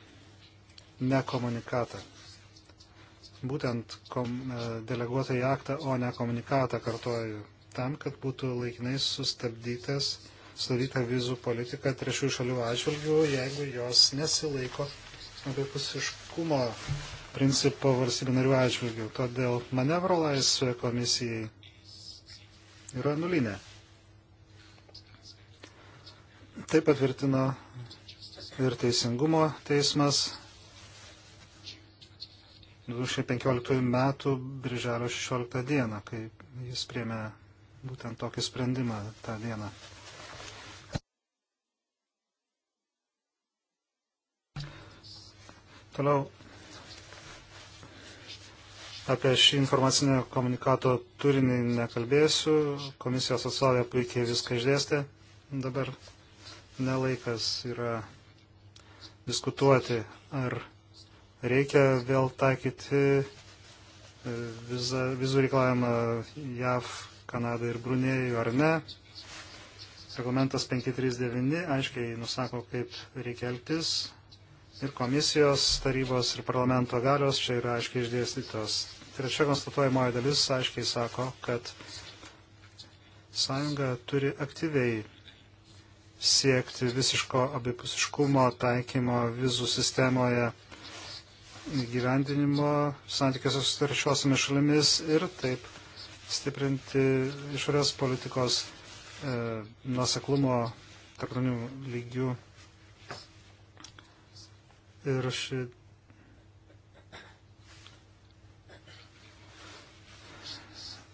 ne komunikatą būtent kom, e, deleguotą į aktą, o ne komunikatą, kartuoju, tam, kad būtų laikinai sustabdytas, sudaryta vizų politika trečių šalių atžvilgių, jeigu jos nesilaiko abipusiškumo principo valstybių narių atžvilgių. Todėl manevro laisvė komisijai yra nulinė. Tai patvirtino ir teisingumo teismas 2015 metų birželio 16 dieną, kai jis priemė būtent tokį sprendimą tą dieną. Toliau apie šį informacinio komunikato turinį nekalbėsiu. Komisijos atstovė puikiai viską išdėstė. Dabar nelaikas yra diskutuoti, ar reikia vėl taikyti e, vizų reikalavimą JAV, Kanadai ir Brunėjų ar ne. Reglamentas 539 aiškiai nusako, kaip reikia elgtis. Ir komisijos, tarybos ir parlamento galios čia yra aiškiai išdėstytos. Trečia konstatuojamoji dalis aiškiai sako, kad sąjunga turi aktyviai siekti visiško abipusiškumo taikymo vizų sistemoje gyvendinimo santykiuose su taršiosiamis šalimis ir taip stiprinti išorės politikos e, nuoseklumo tarptautinių lygių. Ir ši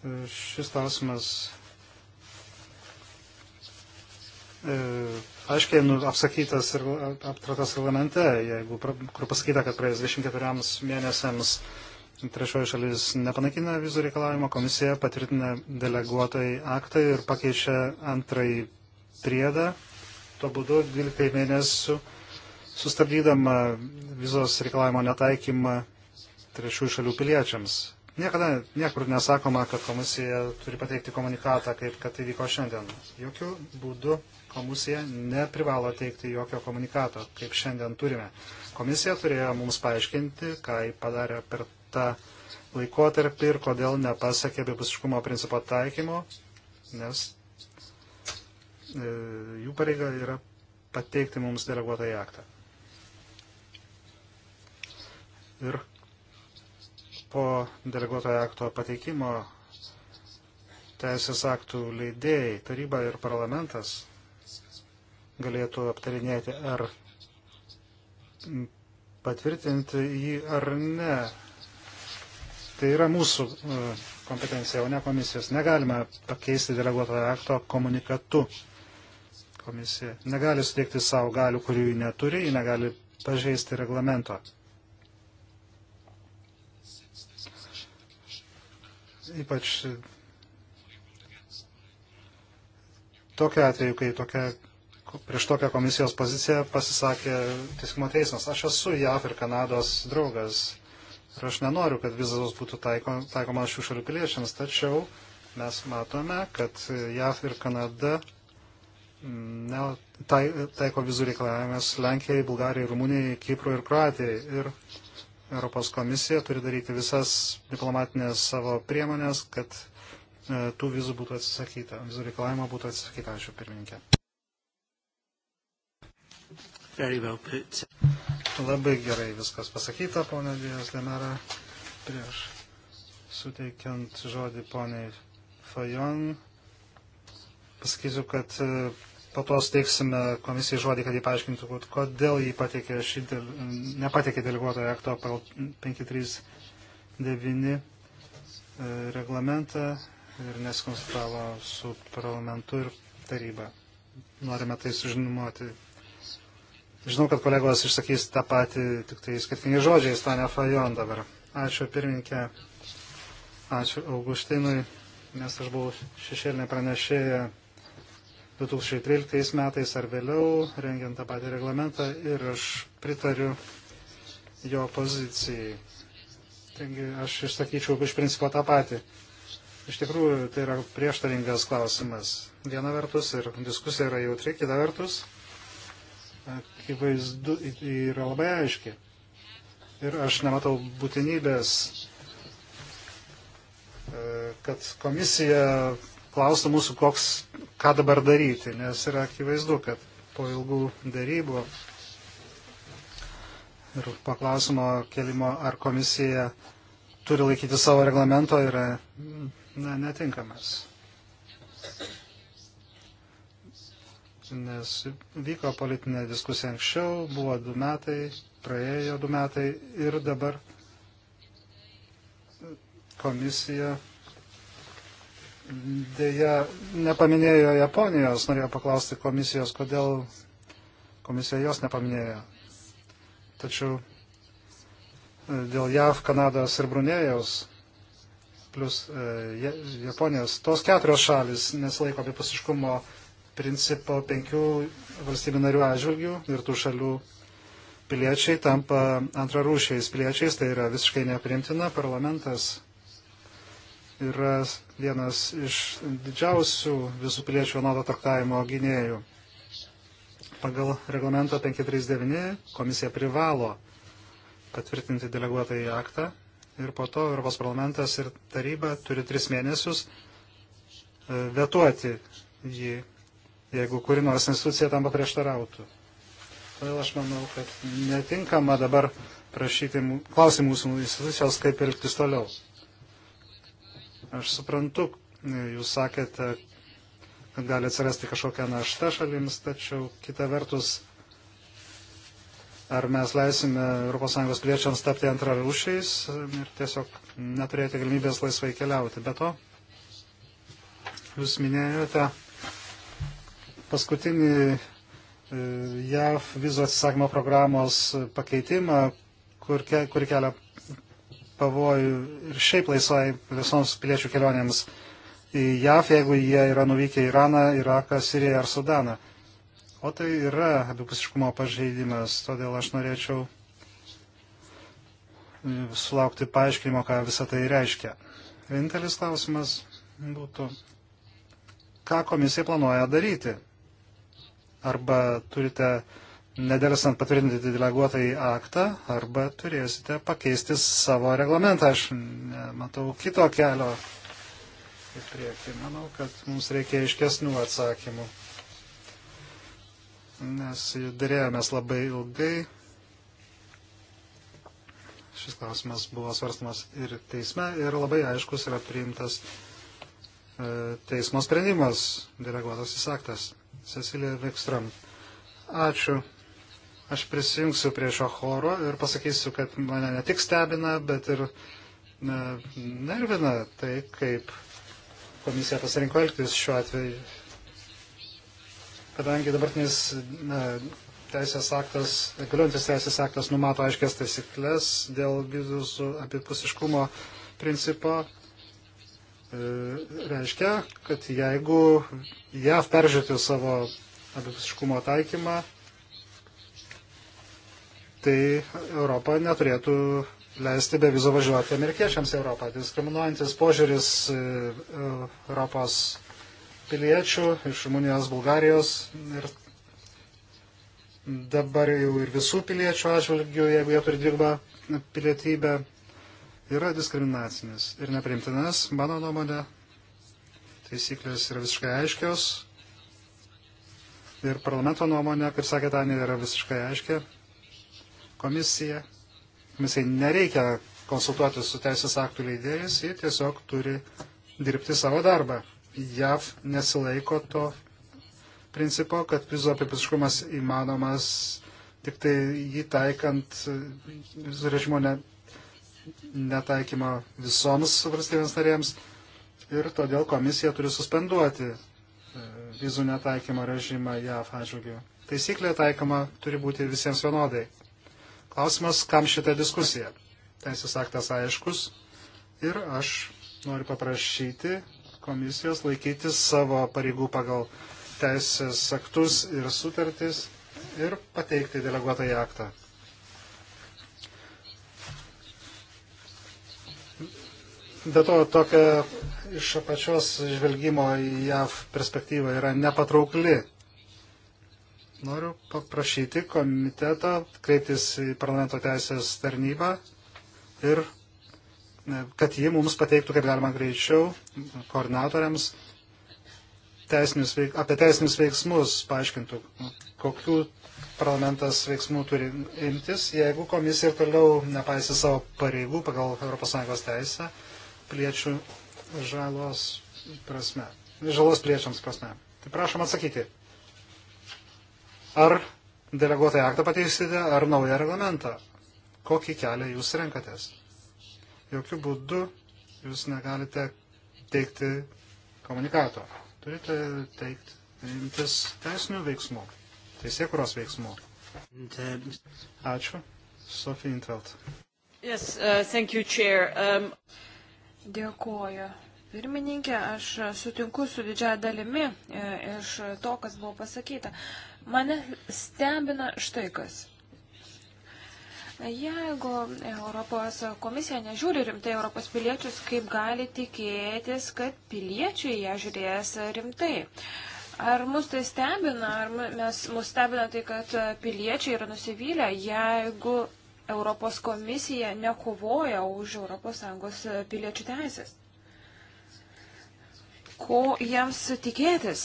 e, šis klausimas e, aiškiai nu, apsakytas ir aptratas reglamente, jeigu, kur pasakyta, kad praėjus 24 mėnesiams trečioji šalis nepanaikina vizų reikalavimo, komisija patvirtina deleguotojai aktai ir pakeičia antrąjį priedą, tuo būdu 12 mėnesių sustabdydama vizos reikalavimo netaikymą trečiųjų šalių piliečiams. Niekada niekur nesakoma, kad komisija turi pateikti komunikatą, kaip kad įvyko tai šiandien. Jokių būdų komisija neprivalo teikti jokio komunikato, kaip šiandien turime. Komisija turėjo mums paaiškinti, ką ji padarė per tą laikotarpį ir kodėl nepasakė abipusiškumo principo taikymo, nes e, jų pareiga yra pateikti mums deleguotą į aktą. Ir po deleguotojo akto pateikimo teisės aktų leidėjai, taryba ir parlamentas galėtų aptarinėti, ar patvirtinti jį ar ne. Tai yra mūsų e, kompetencija, o ne komisijos. Negalime pakeisti deleguotojo akto komunikatu. Komisija negali suteikti savo galių, kurių jį neturi, jį negali pažeisti reglamento. Ypač tokia atveju, kai tokia prieš tokią komisijos poziciją pasisakė Teisingumo teismas. Aš esu JAV ir Kanados draugas ir aš nenoriu, kad vizos būtų taiko, taikomas šių šalių piliečiams, tačiau mes matome, kad JAV ir Kanada mm, ne, tai, taiko vizų reikalavimus Lenkijai, Bulgarijai, Rumunijai, Kiprui ir Kroatijai. Ir Europos komisija turi daryti visas diplomatinės savo priemonės, kad e, tų vizų būtų atsisakyta, vizų reikalavimo būtų atsisakyta. Ačiū pirmininkė. Very well put. Labai gerai viskas pasakyta, ponė Dijas Demera, prieš suteikiant žodį poniai Fajon. Pasakysiu, kad e, po to steiksime komisijai žodį, kad jį paaiškintų, kodėl jį pateikė šį, nepateikė deleguotojo akto 539 e, reglamentą ir neskonsultavo su parlamentu ir taryba. Norime tai sužinoti Žinau, kad kolegos išsakys tą patį, tik tai skirtingi žodžiai, Stanė Fajon dabar. Ačiū pirminkė, ačiū Augustinui, nes aš buvau šešėlinė pranešėja 2013 metais ar vėliau, rengiant tą patį reglamentą ir aš pritariu jo pozicijai. Taigi aš išsakyčiau iš principo tą patį. Iš tikrųjų, tai yra prieštaringas klausimas. Viena vertus ir diskusija yra jautri, kita vertus akivaizdu, yra labai aiški. Ir aš nematau būtinybės, e, kad komisija klaustų mūsų, koks, ką dabar daryti, nes yra akivaizdu, kad po ilgų darybų ir paklausimo kelimo, ar komisija turi laikyti savo reglamento, yra na, netinkamas nes vyko politinė diskusija anksčiau, buvo du metai, praėjo du metai ir dabar komisija dėja nepaminėjo Japonijos, norėjau paklausti komisijos, kodėl komisija jos nepaminėjo. Tačiau e, dėl JAV, Kanados ir Brunėjaus, plus e, Japonijos, tos keturios šalis nesilaiko abipusiškumo principo penkių valstybių narių atžvilgių ir tų šalių piliečiai tampa antrarūšiais piliečiais, tai yra visiškai neprimtina. Parlamentas yra vienas iš didžiausių visų piliečių vienodo traktavimo gynėjų. Pagal reglamento 539 komisija privalo patvirtinti deleguotąjį aktą ir po to Europos parlamentas ir taryba turi tris mėnesius e, vetuoti jį jeigu kuri nors institucija tam paprieštarautų. Todėl aš manau, kad netinkama dabar prašyti klausimų mūsų institucijos, kaip elgtis toliau. Aš suprantu, e, jūs sakėte, kad gali atsirasti kažkokia našta šalims, tačiau kita vertus, ar mes leisime ES piliečiams tapti antrarūšiais ir tiesiog neturėti galimybės laisvai keliauti. Be to, jūs minėjote, paskutinį e, JAV vizų atsisakymo programos pakeitimą, kur, ke, kur kelia pavojų ir šiaip laisvai visoms piliečių kelionėms į JAV, jeigu jie yra nuvykę į Iraną, Iraką, Siriją ar Sudaną. O tai yra abipusiškumo pažeidimas, todėl aš norėčiau e, sulaukti paaiškinimo, ką visą tai reiškia. Vienintelis klausimas būtų, ką komisija planuoja daryti arba turite nedelsant patvirtinti deleguotąjį aktą, arba turėsite pakeisti savo reglamentą. Aš matau kito kelio į priekį. Manau, kad mums reikia iškesnių atsakymų. Nes dėrėjomės labai ilgai. Šis klausimas buvo svarstamas ir teisme ir labai aiškus yra priimtas e, teismo sprendimas, deleguotasis aktas. Cecilija Vikstram. Ačiū. Aš prisijungsiu prie šio choro ir pasakysiu, kad mane ne tik stebina, bet ir ne, nervina tai, kaip komisija pasirinko elgtis šiuo atveju. Kadangi dabartinis ne, teisės aktas, galiuojantis teisės aktas numato aiškės taisyklės dėl vizų apipusiškumo principo E, reiškia, kad jeigu JAV peržiūrėtų savo abipusiškumo taikymą, tai Europa neturėtų leisti be vizų važiuoti amerikiečiams į Europą. Diskriminuojantis požiūris e, Europos piliečių iš Rumunijos, Bulgarijos ir dabar jau ir visų piliečių atžvilgių, jeigu jie turi dvigubą pilietybę, yra diskriminacinis ir neprimtinas, mano nuomonė. Taisyklės yra visiškai aiškios. Ir parlamento nuomonė, kaip sakė Tanė, yra visiškai aiškia. Komisija. Komisijai nereikia konsultuoti su teisės aktų leidėjais, jie tiesiog turi dirbti savo darbą. JAV nesilaiko to principo, kad vizų apipiškumas įmanomas tik tai jį taikant režimo ne, netaikymą visoms valstybėms narėms ir todėl komisija turi suspenduoti e, vizų netaikymo režimą JAF atžvilgiu. Taisyklė taikoma turi būti visiems vienodai. Klausimas, kam šitą diskusiją? Teisės aktas aiškus ir aš noriu paprašyti komisijos laikytis savo pareigų pagal teisės aktus ir sutartis ir pateikti deleguotąjį aktą. Be to, tokia iš apačios žvelgimo į JAV perspektyvą yra nepatraukli. Noriu paprašyti komiteto kreiptis į parlamento teisės tarnybą ir e, kad ji mums pateiktų kaip galima greičiau koordinatoriams teisinius, apie teisinius veiksmus, paaiškintų, kokių parlamentas veiksmų turi imtis, jeigu komisija ir toliau nepaisys savo pareigų pagal ES teisę piliečių žalos prasme. Žalos piliečiams prasme. Tai prašom atsakyti. Ar deleguotą aktą pateisite, ar naują reglamentą? Kokį kelią jūs renkatės? Jokių būdų jūs negalite teikti komunikato. Turite teikti, imtis teisinių veiksmų, teisėkuros veiksmų. Ačiū. Sofija Intveld. Yes, uh, thank you, Chair. Um... Dėkuoju. Pirmininkė, aš sutinku su didžiaja dalimi e, iš to, kas buvo pasakyta. Mane stebina štai kas. Jeigu Europos komisija nežiūri rimtai Europos piliečius, kaip gali tikėtis, kad piliečiai ją žiūrės rimtai? Ar mus tai stebina, ar mes, mus stebina tai, kad piliečiai yra nusivylę, jeigu Europos komisija nekovoja už ES piliečių teisės. Ko jiems tikėtis?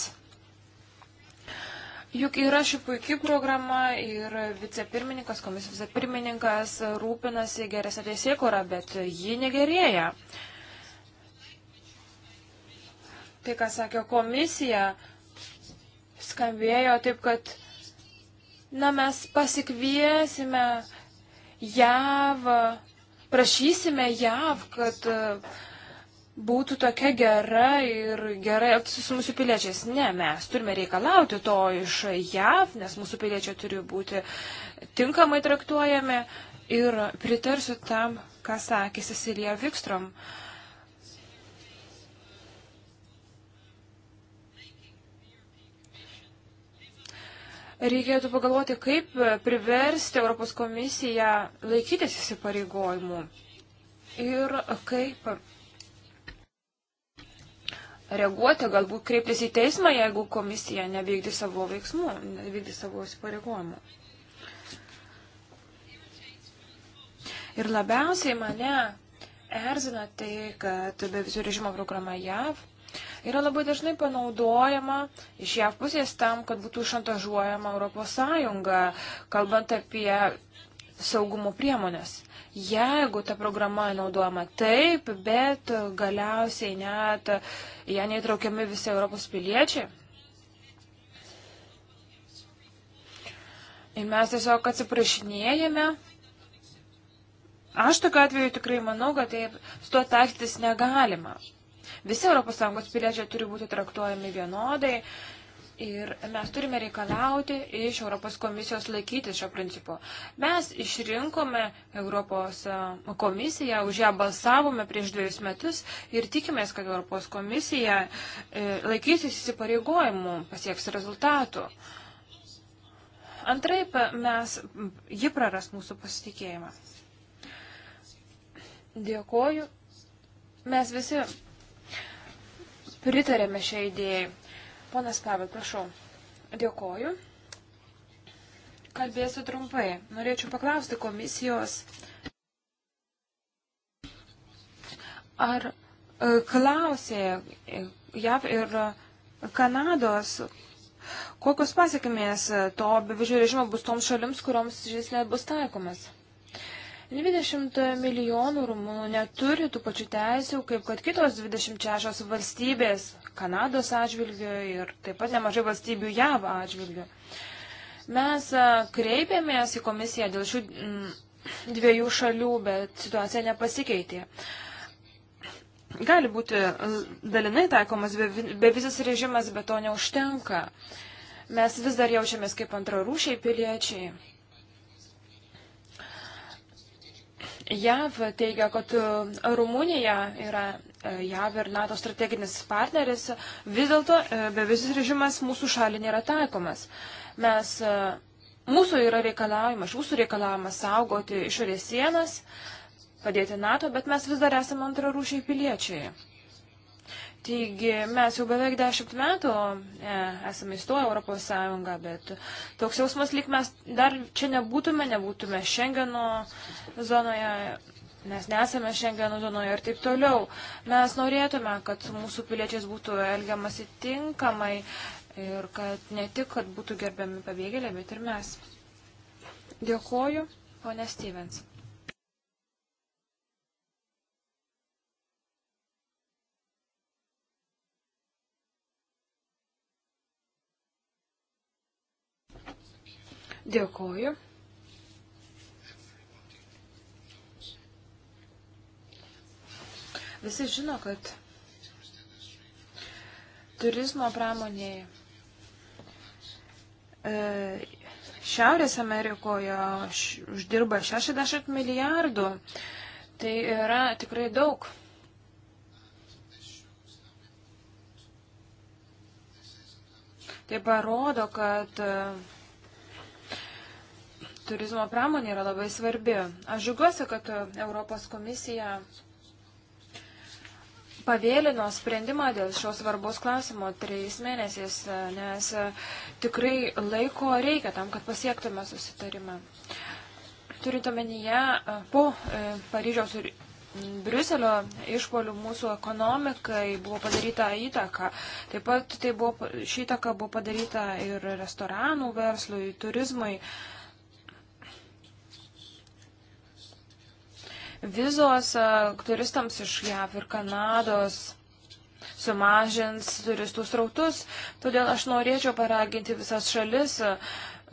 Juk yra ši puikia programa ir vicepirmininkas, komisijos vicepirmininkas rūpinasi geresnė teisėkura, bet ji negerėja. Tai, ką sakė komisija, skambėjo taip, kad, na, mes pasikviesime JAV, prašysime JAV, kad e, būtų tokia gera ir gerai elgtis su mūsų piliečiais. Ne, mes turime reikalauti to iš JAV, nes mūsų piliečiai turi būti tinkamai traktuojami. Ir pritarsiu tam, ką sakė Cecilija Vikstrom. Uh, reikėtų pagalvoti, kaip priversti Europos komisiją laikytis įsipareigojimų ir kaip reaguoti, galbūt kreiptis į teismą, jeigu komisija nevykdys savo veiksmų, nevykdys savo įsipareigojimų. Ir labiausiai mane erzina tai, kad be visų režimo programa JAV yra labai dažnai panaudojama iš JAV pusės tam, kad būtų šantažuojama ES, kalbant apie saugumo priemonės. Jeigu ta programa naudojama taip, bet galiausiai net ją neįtraukiami visi Europos piliečiai. Ir mes tiesiog atsiprašinėjame Aš tokiu atveju tikrai manau, kad taip su tuo taikytis negalima visi ES piliečiai turi būti traktuojami vienodai. Ir mes turime reikalauti iš Europos komisijos laikytis šio principo. Mes išrinkome Europos e, komisiją, už ją balsavome prieš dviejus metus ir tikimės, kad Europos komisija e, laikysis įsipareigojimų, pasieks rezultatų. Antraip, e, mes, ji praras mūsų pasitikėjimą. Dėkoju. Mes visi pritarėme šią idėją. Ponas Pavel, prašau. Dėkoju. Kalbėsiu trumpai. Norėčiau paklausti komisijos, ar e, klausė e, JAV ir Kanados, kokios pasiekimės to bevižio režimo bus toms šalims, kurioms jis net bus taikomas. 20 milijonų rumunų neturi tų pačių teisių, kaip kad kitos 26 valstybės Kanados atžvilgių ir taip pat nemažai valstybių JAV atžvilgių. Mes kreipėmės į komisiją dėl šių mm, dviejų šalių, bet situacija nepasikeitė. Gali būti dalinai taikomas bevizis be režimas, bet to neužtenka. Mes vis dar jaučiamės kaip antrarūšiai piliečiai. JAV teigia, kad e, Rumunija yra e, JAV ir NATO strateginis partneris, vis dėlto e, bevizis režimas mūsų šalį nėra taikomas. Mes, mūsų yra reikalavimas, iš mūsų reikalavimas saugoti išorės sienas, padėti NATO, bet mes vis dar esame antrarūšiai piliečiai. Taigi mes jau beveik dešimt metų e, esame įstoję Europos Sąjungą, bet toks jausmas lyg mes dar čia nebūtume, nebūtume Šengeno zonoje, mes nesame Šengeno zonoje ir taip toliau. Mes norėtume, kad su mūsų piliečiais būtų elgiamasi tinkamai ir kad ne tik, kad būtų gerbiami pabėgėliai, bet ir mes. Dėkoju, ponė Stevens. Dėkoju. Visi žino, kad turizmo pramonėje e, Šiaurės Amerikoje uždirba 60 milijardų. Tai yra tikrai daug. Tai parodo, kad e, turizmo pramonė yra labai svarbi. Aš žiūgiuosi, kad e, Europos komisija pavėlino sprendimą dėl šios svarbos klausimo trejais mėnesiais, e, nes e, tikrai laiko reikia tam, kad pasiektume susitarimą. Turint omenyje, po Paryžiaus ir Briuselio išpolių mūsų ekonomikai buvo padaryta įtaka. Taip pat tai buvo, ši įtaka buvo padaryta ir restoranų verslui, turizmui. Uh, Vizos turistams iš JAV ir Kanados sumažins turistų srautus, todėl aš norėčiau paraginti visas šalis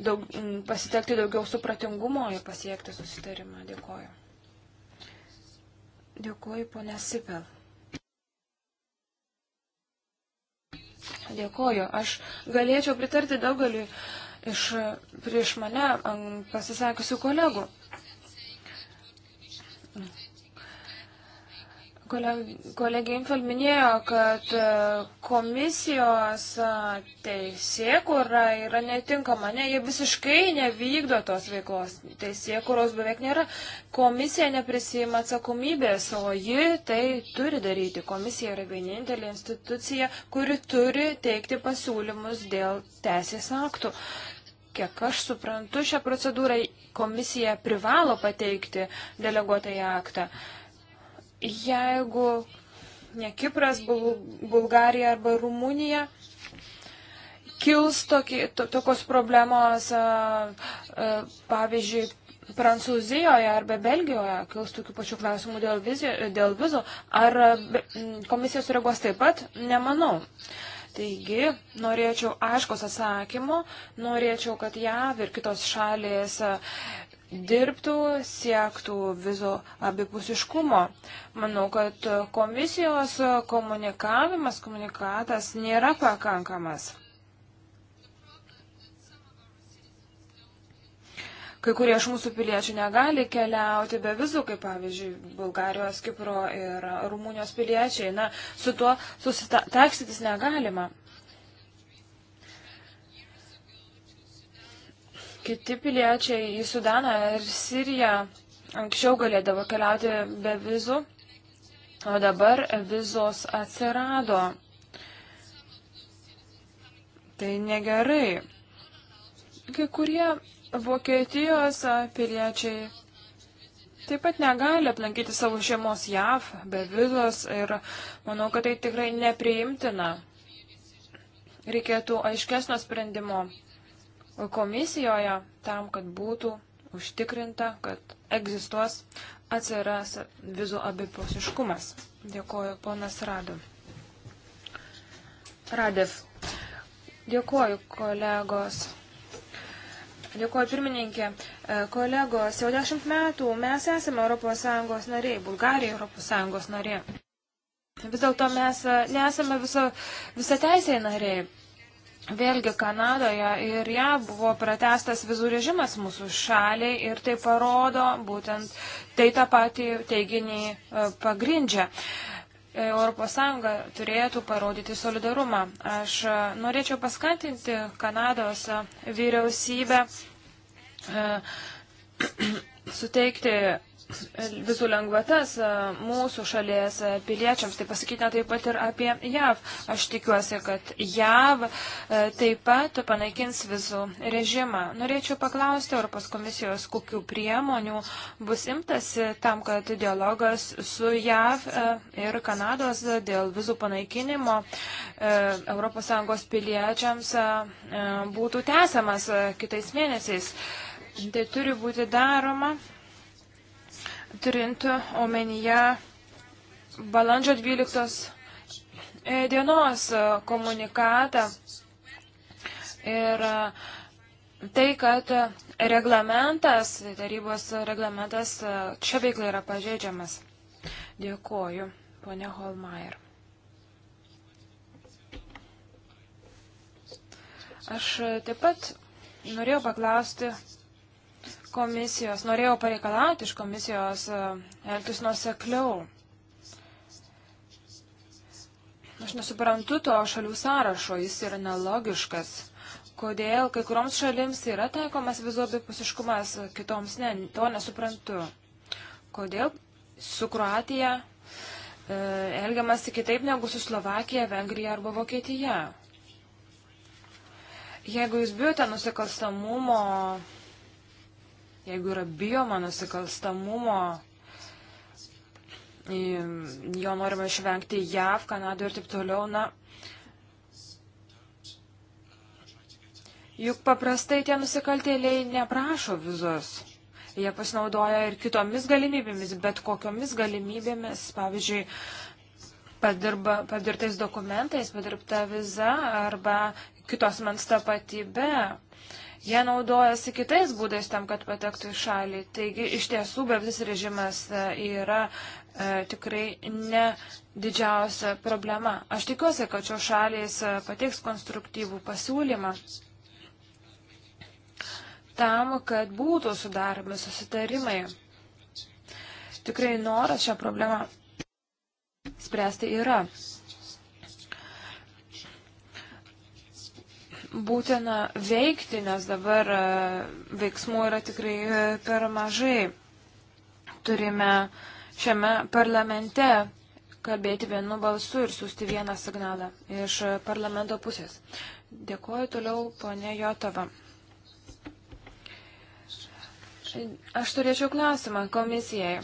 daug, pasitekti daugiau supratingumo ir pasiekti susitarimą. Dėkoju. Dėkoju, ponė Sipel. Dėkoju. Aš galėčiau pritarti daugeliu iš prieš mane pasisakusių kolegų. Kolegė Infel minėjo, kad e, komisijos e, teisėkura yra netinkama, ne, jie visiškai nevykdo tos veiklos. Teisėkuros beveik nėra. Komisija neprisima atsakomybės, o ji tai turi daryti. Komisija yra vienintelė institucija, kuri turi teikti pasiūlymus dėl teisės aktų. Kiek aš suprantu, šią procedūrą komisija privalo pateikti deleguotąją aktą. Uh, jeigu ne Kipras, Bul Bulgarija arba Rumunija, kils tokie, to, tokios problemos, a, a, pavyzdžiui, Prancūzijoje arba Belgijoje kils tokių pačių klausimų dėl, vizio, dėl vizų, ar be, komisija sureaguos taip pat, nemanau. Taigi, norėčiau aiškos atsakymų, norėčiau, kad JAV ir kitos šalės dirbtų, siektų vizo abipusiškumo. Manau, kad komisijos komunikavimas, komunikatas nėra pakankamas. Kai kurie iš mūsų piliečių negali keliauti be vizų, kaip pavyzdžiui, Bulgarijos, Kipro ir Rumunijos piliečiai. Na, su tuo susitaikstytis negalima. kiti piliečiai į Sudaną ir Siriją anksčiau galėdavo keliauti be vizų, o dabar vizos atsirado. Tai negerai. Kai kurie Vokietijos piliečiai taip pat negali aplankyti savo šeimos JAV be vizos ir manau, kad tai tikrai nepriimtina. Reikėtų aiškesnio sprendimo komisijoje tam, kad būtų užtikrinta, kad egzistuos atsiras vizų abipusiškumas. Dėkoju, ponas Radu. Radev. Dėkoju, kolegos. Dėkuoju pirmininkė. E, kolegos, jau dešimt metų mes esame ES nariai, Bulgarija ES narė. Vis dėlto mes e, nesame visa, visa teisė nariai. Vėlgi Kanadoje ir ją ja, buvo pratestas vizų režimas mūsų šaliai ir tai parodo, būtent tai tą patį teiginį e, pagrindžia. ES turėtų parodyti solidarumą. Aš e, norėčiau paskatinti Kanados e, vyriausybę [CLEARS THROAT] suteikti vizų lengvatas e, mūsų šalies e, piliečiams. Tai pasakytina taip pat ir apie JAV. Aš tikiuosi, kad JAV e, taip pat panaikins vizų režimą. Norėčiau paklausti Europos komisijos, kokiu priemonių bus imtasi tam, kad dialogas su JAV ir Kanados dėl vizų panaikinimo ES piliečiams būtų tęsiamas kitais mėnesiais. Tai turi būti daroma turint omenyje balandžio 12 e, dienos e, komunikatą ir e, tai, kad reglamentas, tarybos reglamentas čia veikla yra pažeidžiamas. Dėkoju, ponė Holmeier. Aš taip pat norėjau paklausti komisijos, norėjau pareikalauti iš komisijos e, elgtis nuosekliau. Aš nesuprantu to šalių sąrašo, jis yra nelogiškas. Kodėl kai kurioms šalims yra taikomas vizų abipusiškumas, kitoms ne, to nesuprantu. Kodėl su Kroatija e, elgiamasi kitaip negu su Slovakija, Vengrija arba Vokietija. Jeigu jūs bijote nusikalstamumo Jeigu yra bijoma nusikalstamumo, jo norima išvengti JAV, Kanadoje ir taip toliau, na, juk paprastai tie nusikaltėliai neprašo vizos. Jie pasinaudoja ir kitomis galimybėmis, bet kokiomis galimybėmis, pavyzdžiui, padirba, padirtais dokumentais, padirbta viza arba kitos mens tapatybė. Jie naudojasi kitais būdais tam, kad patektų į šalį. Taigi iš tiesų bevizis režimas e, yra e, tikrai ne didžiausia problema. Aš tikiuosi, kad šios šalys e, pateiks konstruktyvų pasiūlymą tam, kad būtų sudaromi susitarimai. Tikrai noras šią problemą spręsti yra. būtina veikti, nes dabar e, veiksmų yra tikrai e, per mažai. Turime šiame parlamente kalbėti vienu balsu ir siūsti vieną signalą iš parlamento pusės. Dėkuoju toliau ponė Jotova. Aš turėčiau klausimą komisijai.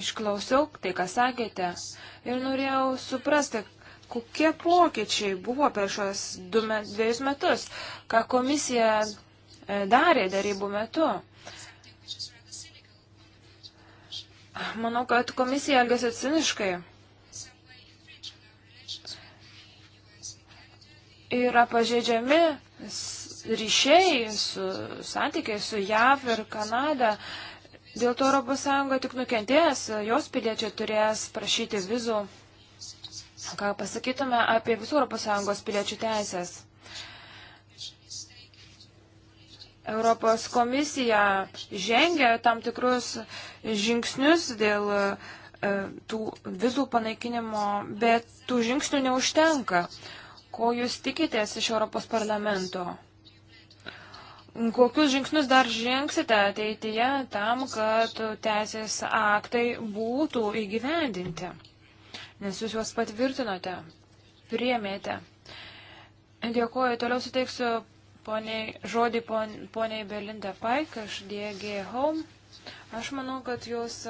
Išklausiau tai, ką sakėte ir norėjau suprasti, kokie pokyčiai buvo per šios du, dviejus metus, ką komisija e, darė darybų metu. Manau, kad komisija elgėsi ciniškai. Yra pažeidžiami ryšiai su santykiai su JAV ir Kanada. Dėl to ES tik nukentės, jos piliečiai turės prašyti vizų ką pasakytume apie visų ES piliečių teisės. Europos komisija žengia tam tikrus žingsnius dėl e, tų vizų panaikinimo, bet tų žingsnių neužtenka. Ko jūs tikitės iš Europos parlamento? Kokius žingsnius dar žingsite ateityje tam, kad teisės aktai būtų įgyvendinti? nes jūs juos patvirtinote, priemėte. Dėkuoju, toliau suteiksiu poniai, žodį pon, poniai Belinda Paik iš DG Home. Aš manau, kad jūs.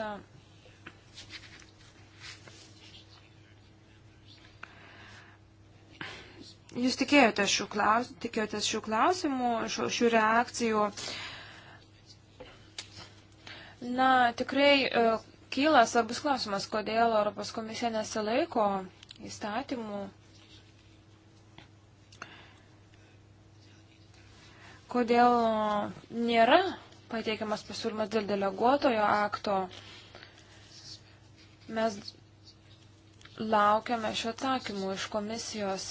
Jūs tikėjote šių, klaus, tikėjote šių klausimų, šių, šių reakcijų. Na, tikrai kyla svarbus klausimas, kodėl Europos komisija nesilaiko įstatymų, kodėl nėra pateikiamas pasiūlymas dėl deleguotojo akto. Mes laukiame šio atsakymų iš komisijos.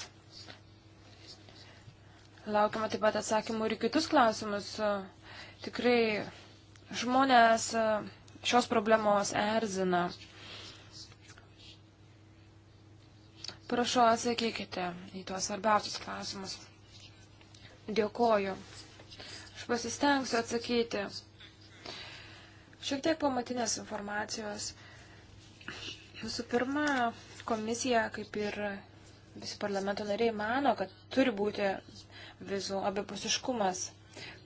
Laukiame taip pat atsakymų ir kitus klausimus. Tikrai žmonės šios problemos erzina. Prašau, atsakykite į tuos svarbiausius klausimus. Dėkoju. Aš pasistengsiu atsakyti. Šiek tiek pamatinės informacijos. Visų pirma, komisija, kaip ir visi parlamento nariai, mano, kad turi būti vizų abipusiškumas.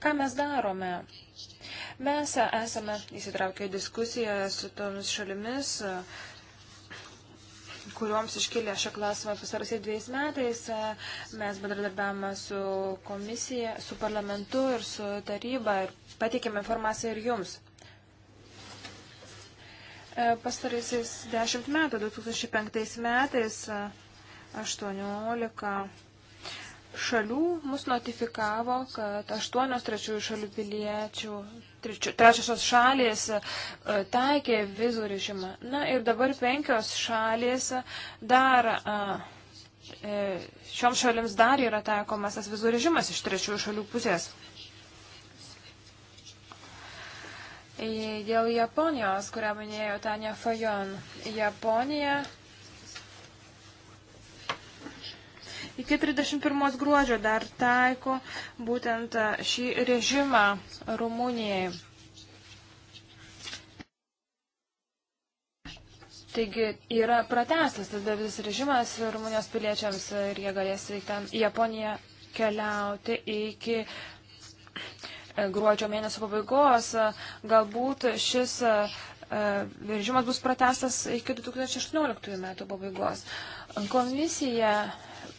Ką mes darome? Mes esame įsitraukę diskusiją su tomis šalimis, kuriuoms iškilė šią klausimą pasarasiai dviejais metais. Mes bendradarbiavome su komisija, su parlamentu ir su taryba ir pateikėme informaciją ir jums. Pastaraisiais dešimt metų, 2005 metais, 18 šalių mus notifikavo, kad aštuonios trečiųjų šalių piliečių, trečiosios šalys e, taikė vizų režimą. Na ir dabar penkios šalys dar. E, e, šioms šalims dar yra taikomas tas vizų režimas iš trečiųjų šalių pusės. Dėl Japonijos, kurią minėjo Tanja Fajon. Japonija iki 31 gruodžio dar taiko būtent šį režimą Rumunijai. Taigi yra pratestas tas bevis režimas Rumunijos piliečiams ir jie galės į Japoniją keliauti iki e, gruodžio mėnesio pabaigos. Galbūt šis e, e, režimas bus pratestas iki 2018 metų pabaigos. Komisija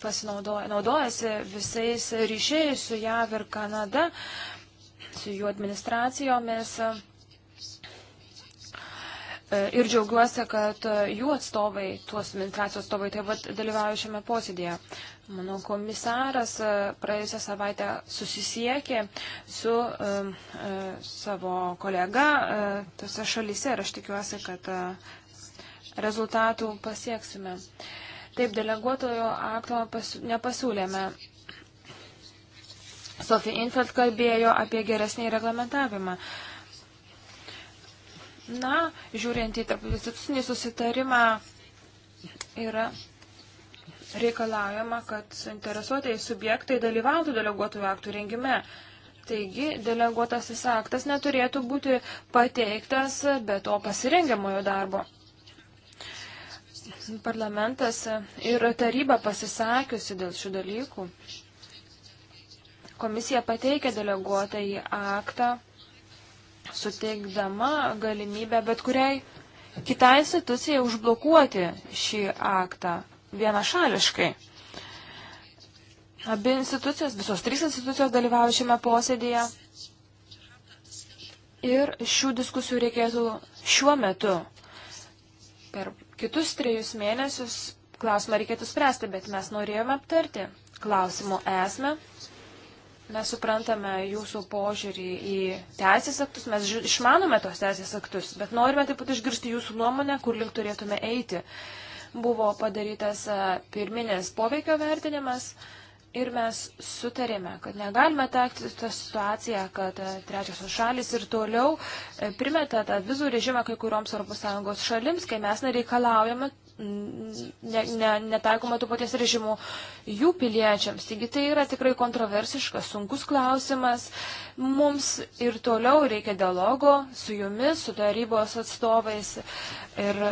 pasinaudojasi visais ryšiais su JAV ir Kanada, su jų administracijomis. Ir džiaugiuosi, kad jų atstovai, tuos administracijos atstovai, taip pat dalyvauja šiame posėdėje. Mano komisaras e, praėjusią savaitę susisiekė su uh, uh, savo kolega uh, tose šalyse ir aš tikiuosi, kad rezultatų pasieksime. Uh, Taip, deleguotojo akto nepasiūlėme. Sofija Infeld kalbėjo apie geresnį reglamentavimą. Na, žiūrint į tarp institucinį susitarimą, yra reikalaujama, kad suinteresuotai subjektai dalyvautų deleguotojų aktų rengime. Taigi, deleguotasis aktas neturėtų būti pateiktas be to pasirengiamojo darbo parlamentas ir taryba pasisakiusi dėl šių dalykų. Komisija pateikė deleguotą į aktą, suteikdama galimybę bet kuriai kitai institucijai užblokuoti šį aktą vienašališkai. Abi institucijos, visos trys institucijos dalyvauja šiame posėdėje. Ir šių diskusijų reikėtų šiuo metu per Kitus trejus mėnesius klausimą reikėtų spręsti, bet mes norėjome aptarti klausimų esmę. Mes suprantame jūsų požiūrį į teisės aktus, mes išmanome tos teisės aktus, bet norime taip pat išgirsti jūsų nuomonę, kur link turėtume eiti. Buvo padarytas pirminės poveikio vertinimas. Uh, ir mes sutarėme, kad negalime tekti tą situaciją, kad e, trečiosios šalis ir toliau e, primeta tą vizų režimą kai kurioms ES šalims, kai mes nereikalaujame ne, ne, netaikoma tų paties režimų jų piliečiams. Taigi tai yra tikrai kontroversiškas, sunkus klausimas. Mums ir toliau reikia dialogo su jumis, su tarybos atstovais ir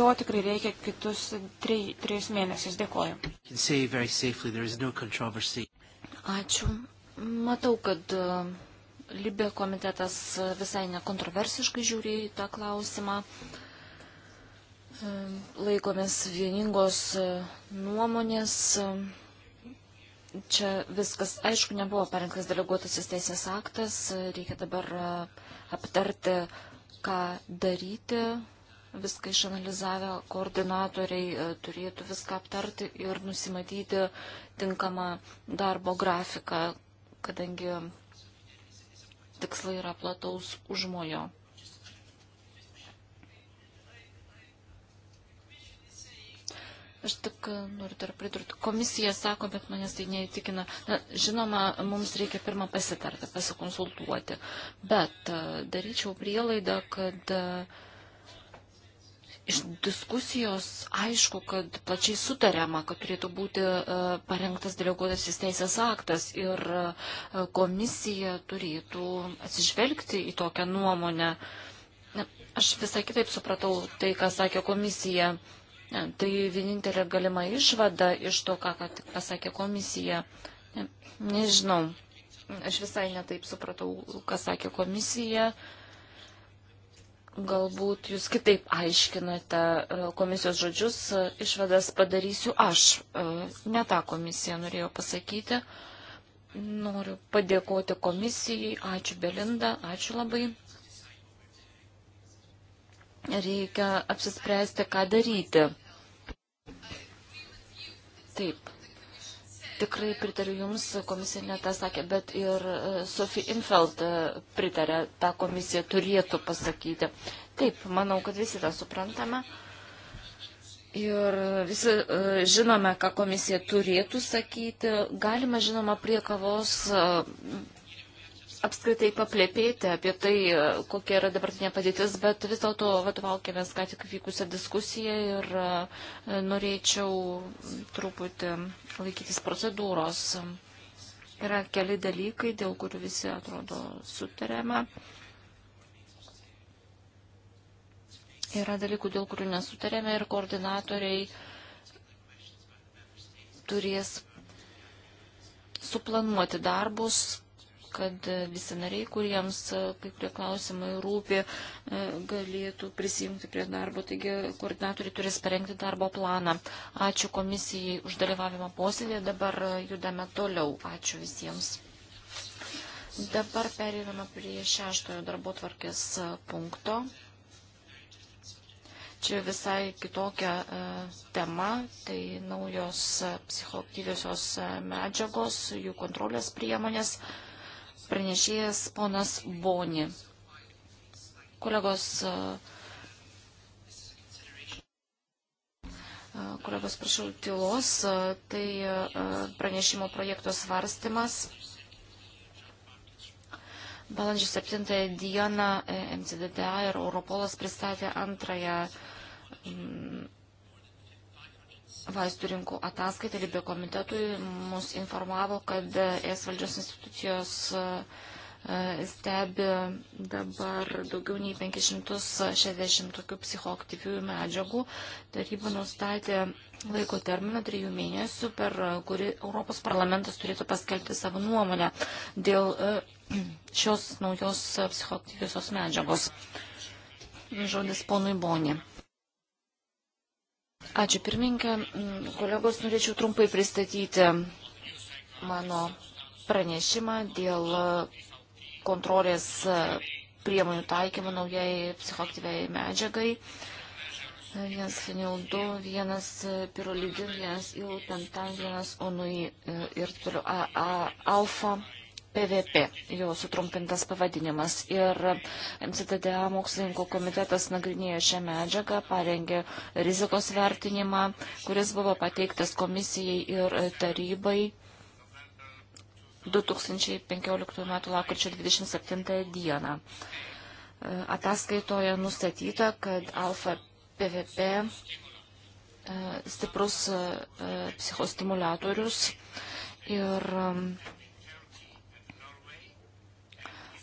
to tikrai reikia kitus trej, trejus mėnesius. Dėkoju. Ačiū. Matau, kad e, Libė komitetas e, visai nekontroversiškai žiūri į tą klausimą. E, laikomės vieningos nuomonės. Čia viskas, aišku, nebuvo parengtas deleguotasis teisės aktas. Reikia dabar aptarti, ką daryti viską išanalizavę koordinatoriai e, turėtų viską aptarti ir nusimatyti tinkamą darbo grafiką, kadangi tikslai yra plataus užmojo. Aš tik e, noriu dar pridurti. Komisija sako, bet manęs tai neįtikina. Na, žinoma, mums reikia pirmą pasitarti, pasikonsultuoti. Bet e, daryčiau prielaidą, kad uh, Iš diskusijos aišku, kad plačiai sutariama, kad turėtų būti e, parengtas deleguotasis teisės aktas ir e, komisija turėtų atsižvelgti į tokią nuomonę. Aš visai kitaip supratau tai, ką sakė komisija. Tai vienintelė galima išvada iš to, ką pasakė komisija. Nežinau. Aš visai netaip supratau, ką sakė komisija. Uh, Galbūt jūs kitaip aiškinate e, komisijos žodžius, e, išvadas padarysiu aš. E, ne tą komisiją norėjau pasakyti. Noriu padėkoti komisijai. Ačiū Belinda, ačiū labai. Reikia apsispręsti, ką daryti. Taip, Tikrai pritariu Jums, komisija netą sakė, bet ir e, Sofie Infeld e, pritarė, tą komisiją turėtų pasakyti. Taip, manau, kad visi tą suprantame. Ir visi e, žinome, ką komisija turėtų sakyti. Galima, žinoma, prie kavos apskritai paplėpėti apie tai, kokia yra dabartinė padėtis, bet vis dėlto vadovaukėmės ką tik vykusią diskusiją ir e, norėčiau truputį laikytis procedūros. Yra keli dalykai, dėl kurių visi atrodo sutarėme. Yra dalykų, dėl kurių nesutarėme ir koordinatoriai turės suplanuoti darbus kad visi nariai, kuriems kai kurie klausimai rūpi, e, galėtų prisijungti prie darbo. Taigi koordinatoriai turės parengti darbo planą. Ačiū komisijai už dalyvavimą posėdėje. Dabar judame toliau. Ačiū visiems. Dabar perėjome prie šeštojo darbo tvarkės punkto. Čia visai kitokia e, tema, tai naujos psichoktyviosios e, medžiagos, jų kontrolės priemonės pranešėjas ponas Boni. Kolegos, e, kolegos prašau tylos, e, tai e, pranešimo projekto svarstymas. Balandžio 7 dieną MCDDA ir Europolas pristatė antrąją vaistų rinkų ataskaita Libė komitetui mus informavo, kad es valdžios institucijos e, stebi dabar daugiau nei 560 tokių psichoaktyviųjų medžiagų. Taryba nustatė laiko terminą trijų mėnesių, per kurį Europos parlamentas turėtų paskelbti savo nuomonę dėl e, [CLEARS THROAT] šios naujos psichoaktyviosios medžiagos. Žodis ponui Boni. Ačiū pirmininkė. Mm, kolegos, norėčiau trumpai pristatyti mano pranešimą dėl e, kontrolės e, priemonių taikymą naujai psichoktyviai medžiagai. Vienas fenildu, vienas e, pirolidin, vienas ilpentan, vienas onui ir toliau alfa PVP, jo sutrumpintas pavadinimas. Ir MCTDA mokslininkų komitetas nagrinėjo šią medžiagą, parengė rizikos vertinimą, kuris buvo pateiktas komisijai ir tarybai 2015 m. lakrčio 27 d. Ataskaitoje nustatyta, kad alfa PVP e, stiprus e, e, psichostimulatorius ir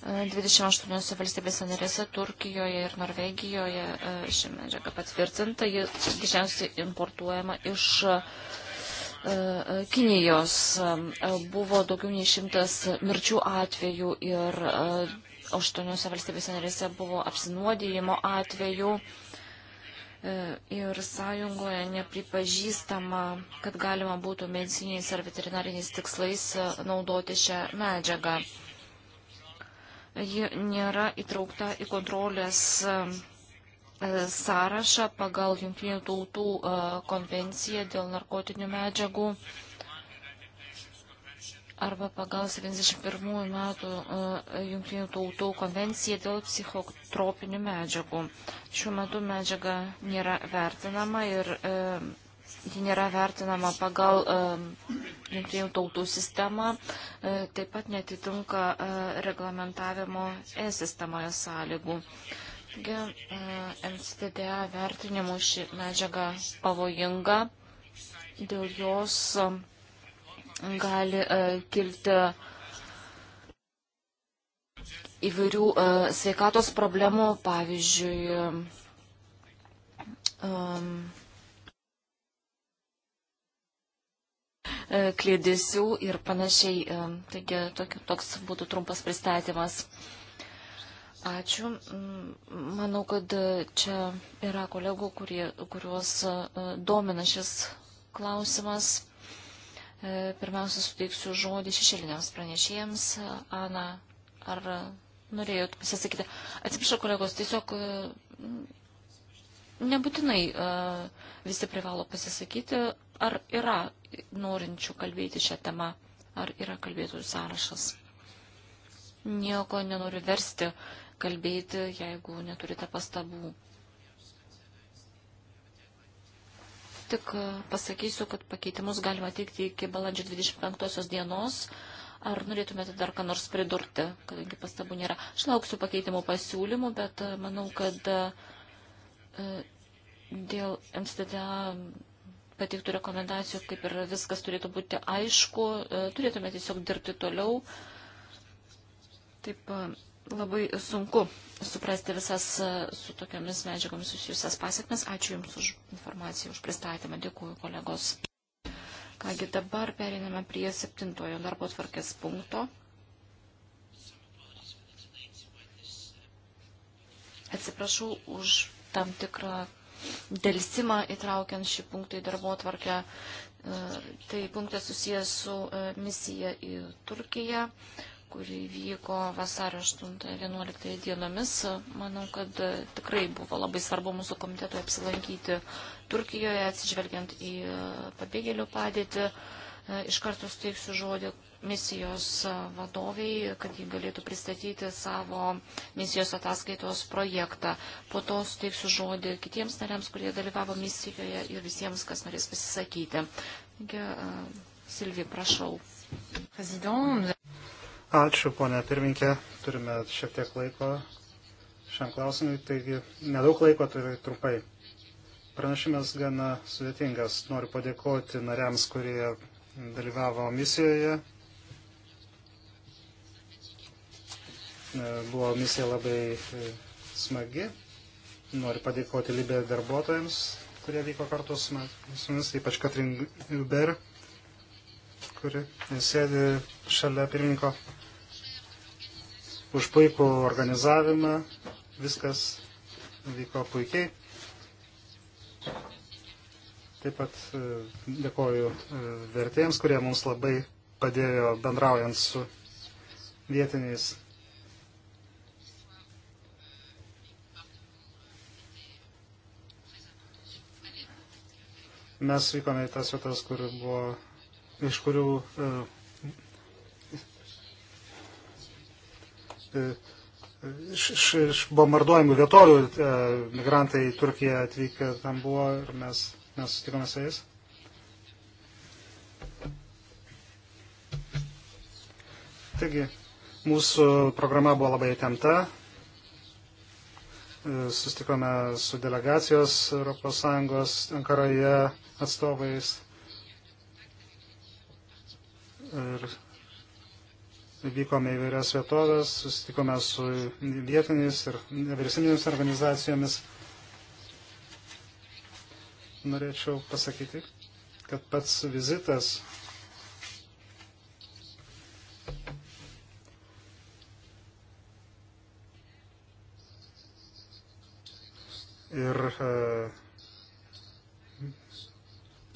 28 valstybėse narėse, Turkijoje ir Norvegijoje e, ši medžiaga patvirtinta, ji didžiausiai importuojama iš e, e, Kinijos. Buvo daugiau nei šimtas mirčių atvejų ir aštuoniuose valstybėse narėse buvo apsinuodijimo atvejų. Ir sąjungoje nepripažįstama, kad galima būtų medicininiais ar veterinariniais tikslais naudoti šią medžiagą ji nėra įtraukta į kontrolės e, sąrašą pagal Junktinių tautų e, konvenciją dėl narkotinių medžiagų arba pagal 71 metų e, Junktinių tautų konvenciją dėl psichotropinių medžiagų. Šiuo metu medžiaga nėra vertinama ir ji nėra vertinama pagal jungtinių tautų sistemą, e, taip pat netitinka e, reglamentavimo e-sistemoje sąlygų. Taigi, e, NCDA vertinimu ši medžiaga pavojinga, dėl jos gali kilti įvairių sveikatos problemų, pavyzdžiui, E, klėdėsių ir panašiai. E, taigi toks būtų trumpas pristatymas. Ačiū. Manau, kad čia yra kolegų, kurie, kuriuos e, domina šis klausimas. Pirmiausia, suteiksiu žodį šešėliniams pranešėjams. Ana, ar norėjot pasisakyti? Atsiprašau, kolegos, tiesiog Nebūtinai e, visi privalo pasisakyti, ar yra norinčių kalbėti šią temą, ar yra kalbėtojų sąrašas. Nieko nenoriu versti kalbėti, jeigu neturite pastabų. Tik e, pasakysiu, kad pakeitimus galima teikti iki balandžio 25 dienos. Ar norėtumėte dar ką nors pridurti, kadangi pastabų nėra? Aš lauksiu pakeitimų pasiūlymų, bet e, manau, kad uh, E, dėl MCDA pateiktų rekomendacijų, kaip ir viskas turėtų būti aišku, e, turėtume tiesiog dirbti toliau. Taip e, labai sunku suprasti visas su tokiamis medžiagomis susijusias pasiekmes. Ačiū Jums už informaciją, už pristatymą. Dėkuoju, kolegos. Kągi dabar periname prie septintojo darbo tvarkės punkto. Atsiprašau už tam tikrą dėlsimą įtraukiant šį punktą į darbo tvarkę. E, tai punktas susijęs su e, misija į Turkiją, kuri vyko vasario 8-11 dienomis. Manau, kad e, tikrai buvo labai svarbu mūsų komitetui apsilankyti Turkijoje, atsižvelgiant į pabėgėlių padėtį. Iš karto steiksiu žodį misijos vadoviai, kad ji galėtų pristatyti savo misijos ataskaitos projektą. Po to suteiksiu žodį kitiems nariams, kurie dalyvavo misijoje ir visiems, kas norės pasisakyti. Taigi, e, Silvi, prašau. Ačiū, ponė pirminkė. Turime šiek tiek laiko šiam klausimui, taigi nedaug laiko turi trumpai. Pranešimas gana sudėtingas. Noriu padėkoti nariams, kurie dalyvavo misijoje E, buvo misija labai e, smagi. Noriu padėkoti Libė darbuotojams, kurie vyko kartu su mumis, ypač Katrin Uber, kuri sėdi šalia pirmininko. Už puikų organizavimą viskas vyko puikiai. Taip pat e, dėkoju vertėjams, kurie mums labai padėjo bendraujant su vietiniais Mes vykome į tas vietas, kur buvo, iš kurių e, e, iš, iš, iš bombarduojamų vietovių e, migrantai į Turkiją atvykę tam buvo ir mes, mes sutikome su jais. Taigi, mūsų programa buvo labai įtempta, sustikome su delegacijos ES Ankaroje atstovais. Ir vykome į vairias vietovės, susitikome su vietiniais ir nevyriausybinėmis organizacijomis. Norėčiau pasakyti, kad pats vizitas ir e,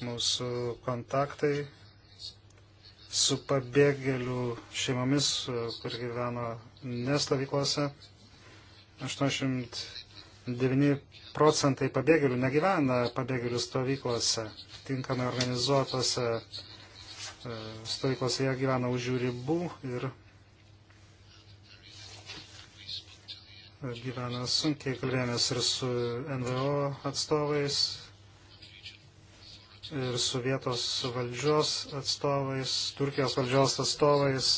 mūsų kontaktai su pabėgėlių šeimomis, e, kur gyveno neslavyklose. 89 procentai pabėgėlių negyvena pabėgėlių stovyklose, tinkamai organizuotose e, stovyklose jie gyvena už jų ribų ir gyvena sunkiai, kalbėjomės ir su NVO atstovais, ir su vietos valdžios atstovais, Turkijos valdžios atstovais.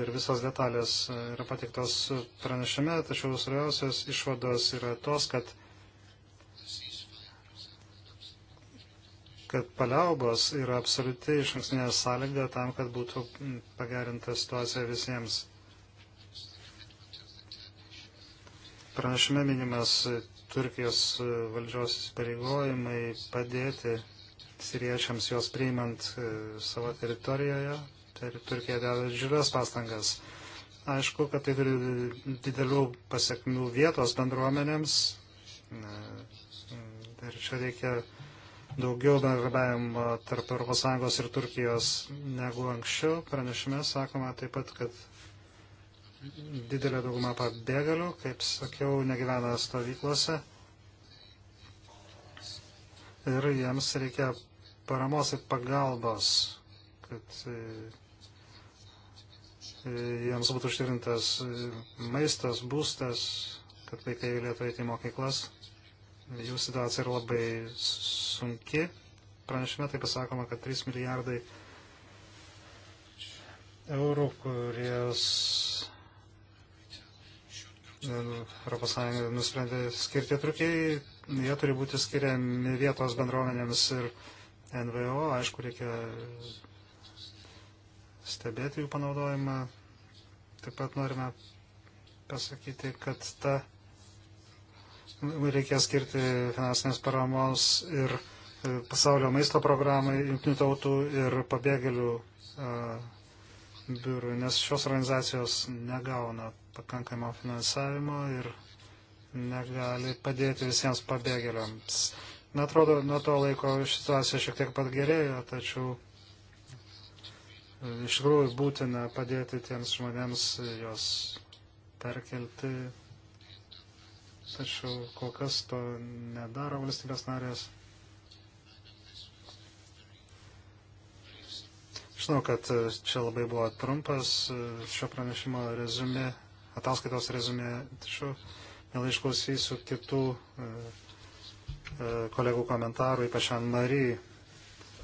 Ir visos detalės e, yra patiktos pranešime, tačiau svarbiausios išvados yra tos, kad kad paliaubos yra absoliuti iš ankstinė sąlyga tam, kad būtų pagerinta situacija visiems. pranešime minimas Turkijos valdžios įsipareigojimai padėti siriečiams juos priimant e, savo teritorijoje. Tai Turkija deda didžiulės pastangas. Aišku, kad tai turi didelių pasiekmių vietos bendruomenėms. E, ir čia reikia daugiau bendradarbiavimo tarp ES ir Turkijos negu anksčiau. Pranešime sakoma taip pat, kad didelė dauguma pabėgalių, kaip sakiau, negyvena stovyklose. Ir jiems reikia paramos ir pagalbos, kad e, jiems būtų užtikrintas e, maistas, būstas, kad vaikai galėtų eiti į mokyklas. Jų situacija yra labai sunki. Pranešime taip pasakoma, kad 3 milijardai eurų, kurias ES nusprendė skirti Turkijai, jie turi būti skiriami vietos bendruomenėms ir NVO, aišku, reikia stebėti jų panaudojimą. Taip pat norime pasakyti, kad ta reikia skirti finansinės paramos ir pasaulio maisto programai, jungtinių tautų ir pabėgėlių biurų, nes šios organizacijos negauna pakankamo finansavimo ir negali padėti visiems pabėgėliams. Na, atrodo, nuo to laiko situacija šiek tiek pagerėjo, tačiau e, iš tikrųjų būtina padėti tiems žmonėms e, jos perkelti. Tačiau kol kas to nedaro valstybės narės. Žinau, kad e, čia labai buvo trumpas šio pranešimo rezumė ataskaitos rezumė, tačiau mielai išklausysiu kitų e, e, kolegų komentarų, ypač Ann Marie,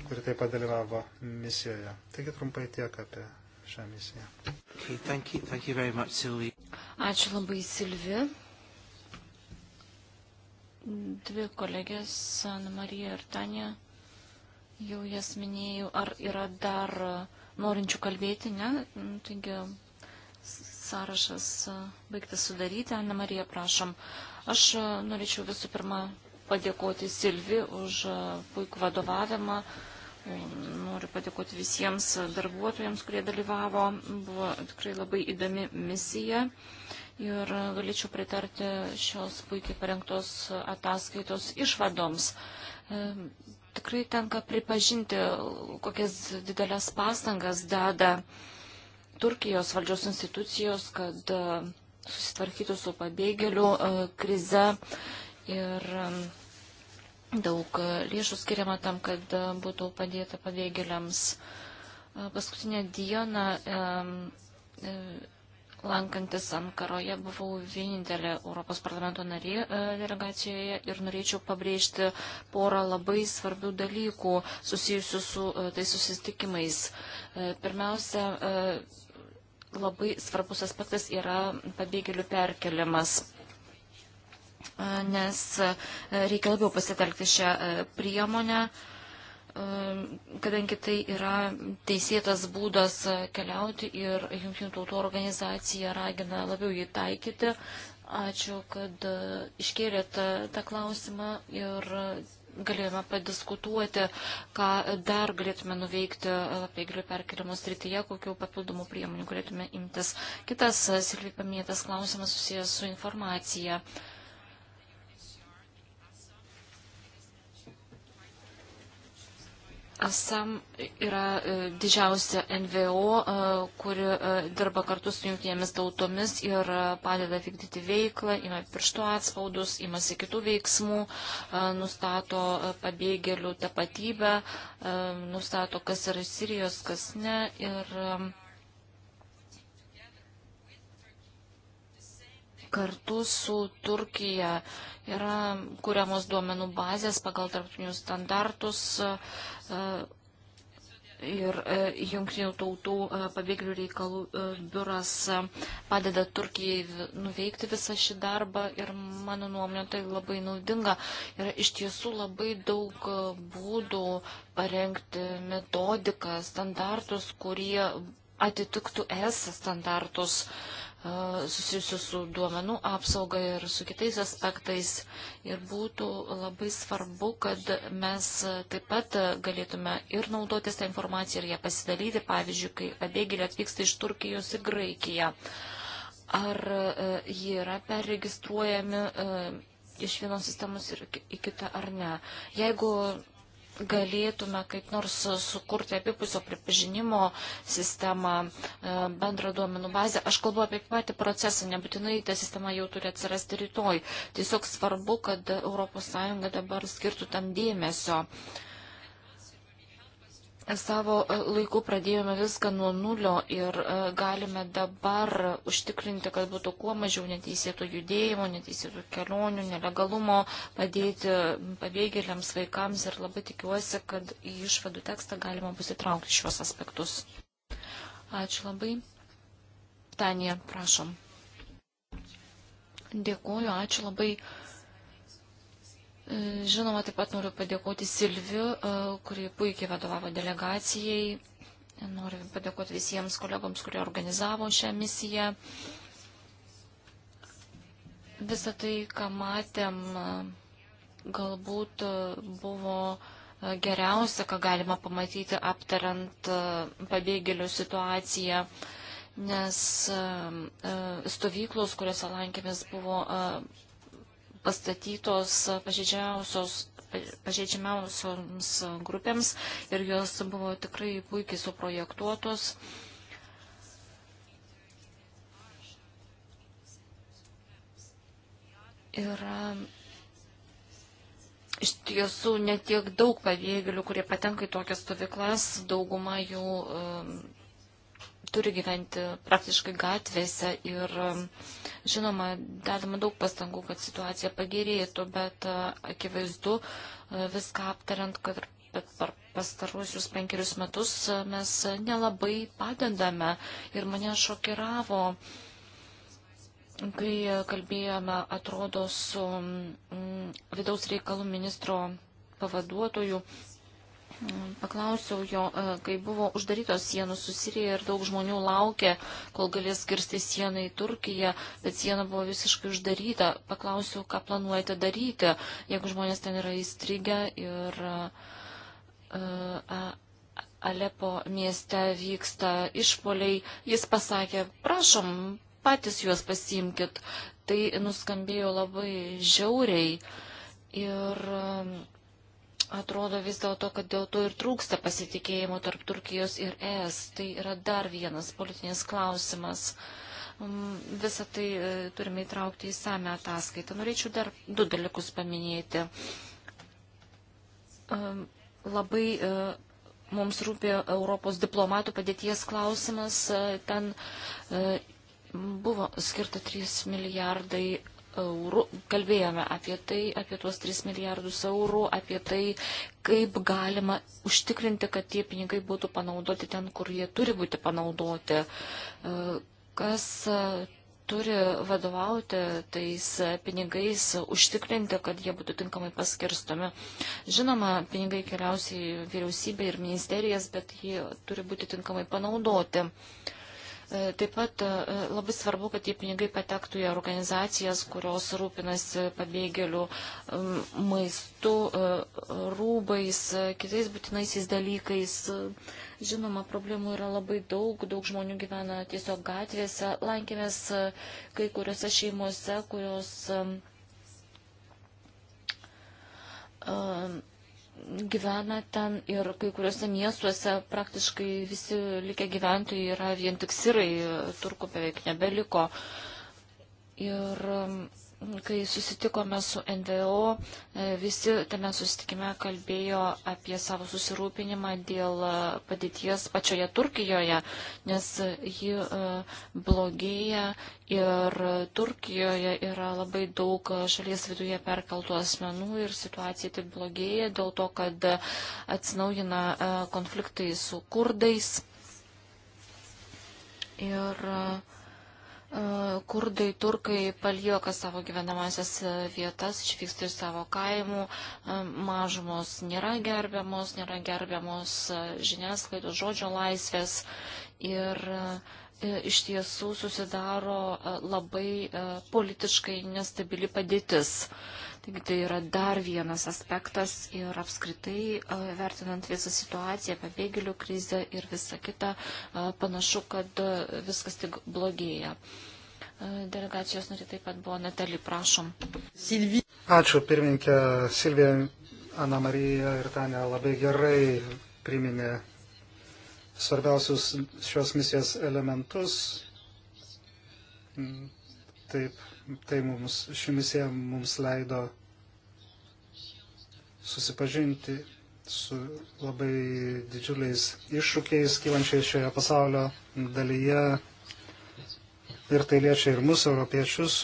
kuri taip pat dalyvavo misijoje. Taigi trumpai tiek apie šią misiją. Okay, thank you, thank you much, Silvi. Ačiū labai, Silvi. Dvi kolegės, Anna Marija ir Tanja, jau jas minėjau, ar yra dar norinčių kalbėti, ne? Taigi sąrašas e, baigtas sudaryti. Ana Marija, prašom. Aš e, norėčiau visų pirma padėkoti Silvi už e, puikų vadovavimą. Noriu padėkoti visiems darbuotojams, kurie dalyvavo. Buvo tikrai labai įdomi misija. Ir galėčiau pritarti šios puikiai parengtos ataskaitos išvadoms tikrai tenka pripažinti, kokias didelės pastangas deda Turkijos valdžios institucijos, kad e, susitvarkytų su pabėgėlių e, krize ir e, daug lėšų skiriama tam, kad būtų padėta pabėgėliams. Paskutinę dieną lankantis Ankaroje buvau vienintelė Europos parlamento narė delegacijoje ir norėčiau pabrėžti porą labai svarbių dalykų susijusių su tais susitikimais. Pirmiausia, labai svarbus aspektas yra pabėgėlių perkeliamas, nes reikia labiau pasitelkti šią priemonę, kadangi tai yra teisėtas būdas keliauti ir Junktinių tautų organizacija ragina labiau jį taikyti. Ačiū, kad iškėlėt tą klausimą ir galėjome padiskutuoti, ką dar galėtume nuveikti pėglių perkelimo srityje, kokiu papildomų priemonių galėtume imtis. Kitas Silvi paminėtas klausimas susijęs su informacija. Uh, ASAM yra e, didžiausia NVO, e, kuri e, dirba kartu su jungtinėmis tautomis ir padeda vykdyti veiklą, ima pirštų atspaudus, imasi kitų veiksmų, nustato pabėgėlių tapatybę, nustato, kas yra Sirijos, kas ne. Ir Kartu su Turkija yra kuriamos duomenų bazės pagal tarptautinius standartus e, ir e, Junktinių tautų e, pabėgėlių reikalų biuras padeda Turkijai nuveikti visą šį darbą ir mano nuomonė tai labai naudinga. Yra iš tiesų labai daug būdų parengti metodiką, standartus, kurie atitiktų ES standartus. Uh, susijusių su duomenų apsauga ir su kitais aspektais. Ir būtų labai svarbu, kad mes taip pat galėtume ir naudotis tą informaciją ir ją pasidalyti, pavyzdžiui, kai pabėgėliai atvyksta iš Turkijos į Graikiją. Ar jie yra perregistruojami iš vienos sistemos į kitą ar ne. Jeigu galėtume kaip nors sukurti abipusio pripažinimo sistemą, e, bendrą duomenų bazę. Aš kalbu apie patį procesą, nebūtinai ta sistema jau turi atsirasti rytoj. Tiesiog svarbu, kad ES dabar skirtų tam dėmesio. Uh, savo e, laiku pradėjome viską nuo nulio ir e, galime dabar užtikrinti, kad būtų kuo mažiau neteisėtų judėjimo, neteisėtų kelionių, nelegalumo, padėti pabėgėliams, vaikams ir labai tikiuosi, kad į išvadų tekstą galima bus įtraukti šiuos aspektus. Ačiū labai. Tanija, prašom. Dėkuoju, ačiū labai Žinoma, taip pat noriu padėkoti Silviu, e, kuri puikiai vadovavo delegacijai. Noriu padėkoti visiems kolegoms, kurie organizavo šią misiją. Visą tai, ką matėm, galbūt buvo geriausia, ką galima pamatyti aptariant e, pabėgėlių situaciją, nes e, stovyklos, kuriuose lankėmės, buvo pastatytos pažeidžiausios pažeidžiamiausioms grupėms ir jos buvo tikrai puikiai suprojektuotos. Yra um, iš tiesų netiek daug pavėgėlių, kurie patenka į tokias stovyklas, dauguma jų um, turi gyventi praktiškai gatvėse ir um, žinoma, dedama daug pastangų, kad situacija pagerėtų, bet uh, akivaizdu uh, viską aptariant, kad per pastaruosius penkerius metus uh, mes nelabai padedame ir mane šokiravo, kai kalbėjome, atrodo, su mm, vidaus reikalų ministro pavaduotoju Paklausiau jo, e, kai buvo uždarytos sienos su Sirija ir daug žmonių laukė, kol galės kirsti sieną į Turkiją, bet siena buvo visiškai uždaryta. Paklausiau, ką planuojate daryti, jeigu žmonės ten yra įstrigę ir uh, Alepo mieste vyksta išpoliai. Jis pasakė, prašom, patys juos pasimkit. Tai nuskambėjo labai žiauriai. Ir Atrodo vis dėlto, kad dėl to ir trūksta pasitikėjimo tarp Turkijos ir ES. Tai yra dar vienas politinis klausimas. Mm, Visą tai e, turime įtraukti į samę ataskaitą. Norėčiau dar du dalykus paminėti. E, labai e, mums rūpė Europos diplomatų padėties klausimas. Ten buvo skirta 3 milijardai eurų. Kalbėjome apie tai, apie tuos 3 milijardus eurų, apie tai, kaip galima užtikrinti, kad tie pinigai būtų panaudoti ten, kur jie turi būti panaudoti. E, kas e, turi vadovauti tais pinigais, užtikrinti, kad jie būtų tinkamai paskirstomi. Žinoma, pinigai keliausiai vyriausybė ir ministerijas, bet jie turi būti tinkamai panaudoti. Uh, E, taip pat e, labai svarbu, kad tie pinigai patektų į organizacijas, kurios rūpinasi pabėgėlių maistu, e, rūbais, kitais būtinaisiais dalykais. Žinoma, problemų yra labai daug, daug žmonių gyvena tiesiog gatvėse. Lankėmės kai kuriuose šeimuose, kurios. Uh, gyvena ten ir kai kuriuose miestuose praktiškai visi likę gyventojai yra vien tik sirai, turkų beveik nebeliko. Ir kai susitikome su NVO, e, visi tame susitikime kalbėjo apie savo susirūpinimą dėl e, padėties pačioje Turkijoje, nes ji e, blogėja ir Turkijoje yra labai daug šalies viduje perkeltų asmenų ir situacija tik blogėja dėl to, kad atsinaujina konfliktai su kurdais. Ir uh, E, kurdai, turkai palieka savo gyvenamasias e, vietas, išvyksta iš savo kaimų, e, mažumos nėra gerbiamos, nėra gerbiamos žiniasklaidos žodžio laisvės ir iš tiesų susidaro labai politiškai nestabili padėtis. Taigi tai yra dar vienas aspektas ir apskritai e, vertinant visą situaciją, pabėgėlių krizę ir visą kitą, e, panašu, kad e, viskas tik blogėja. Delegacijos nori taip pat buvo Natali, prašom. Silvi. Ačiū pirmininkė Silvija, Ana Marija ir Tania labai gerai priminė svarbiausius šios misijos elementus. Mm, taip, tai mums, ši misija mums leido susipažinti su labai didžiuliais iššūkiais kylančiais šioje pasaulio dalyje. Ir tai liečia ir mūsų europiečius.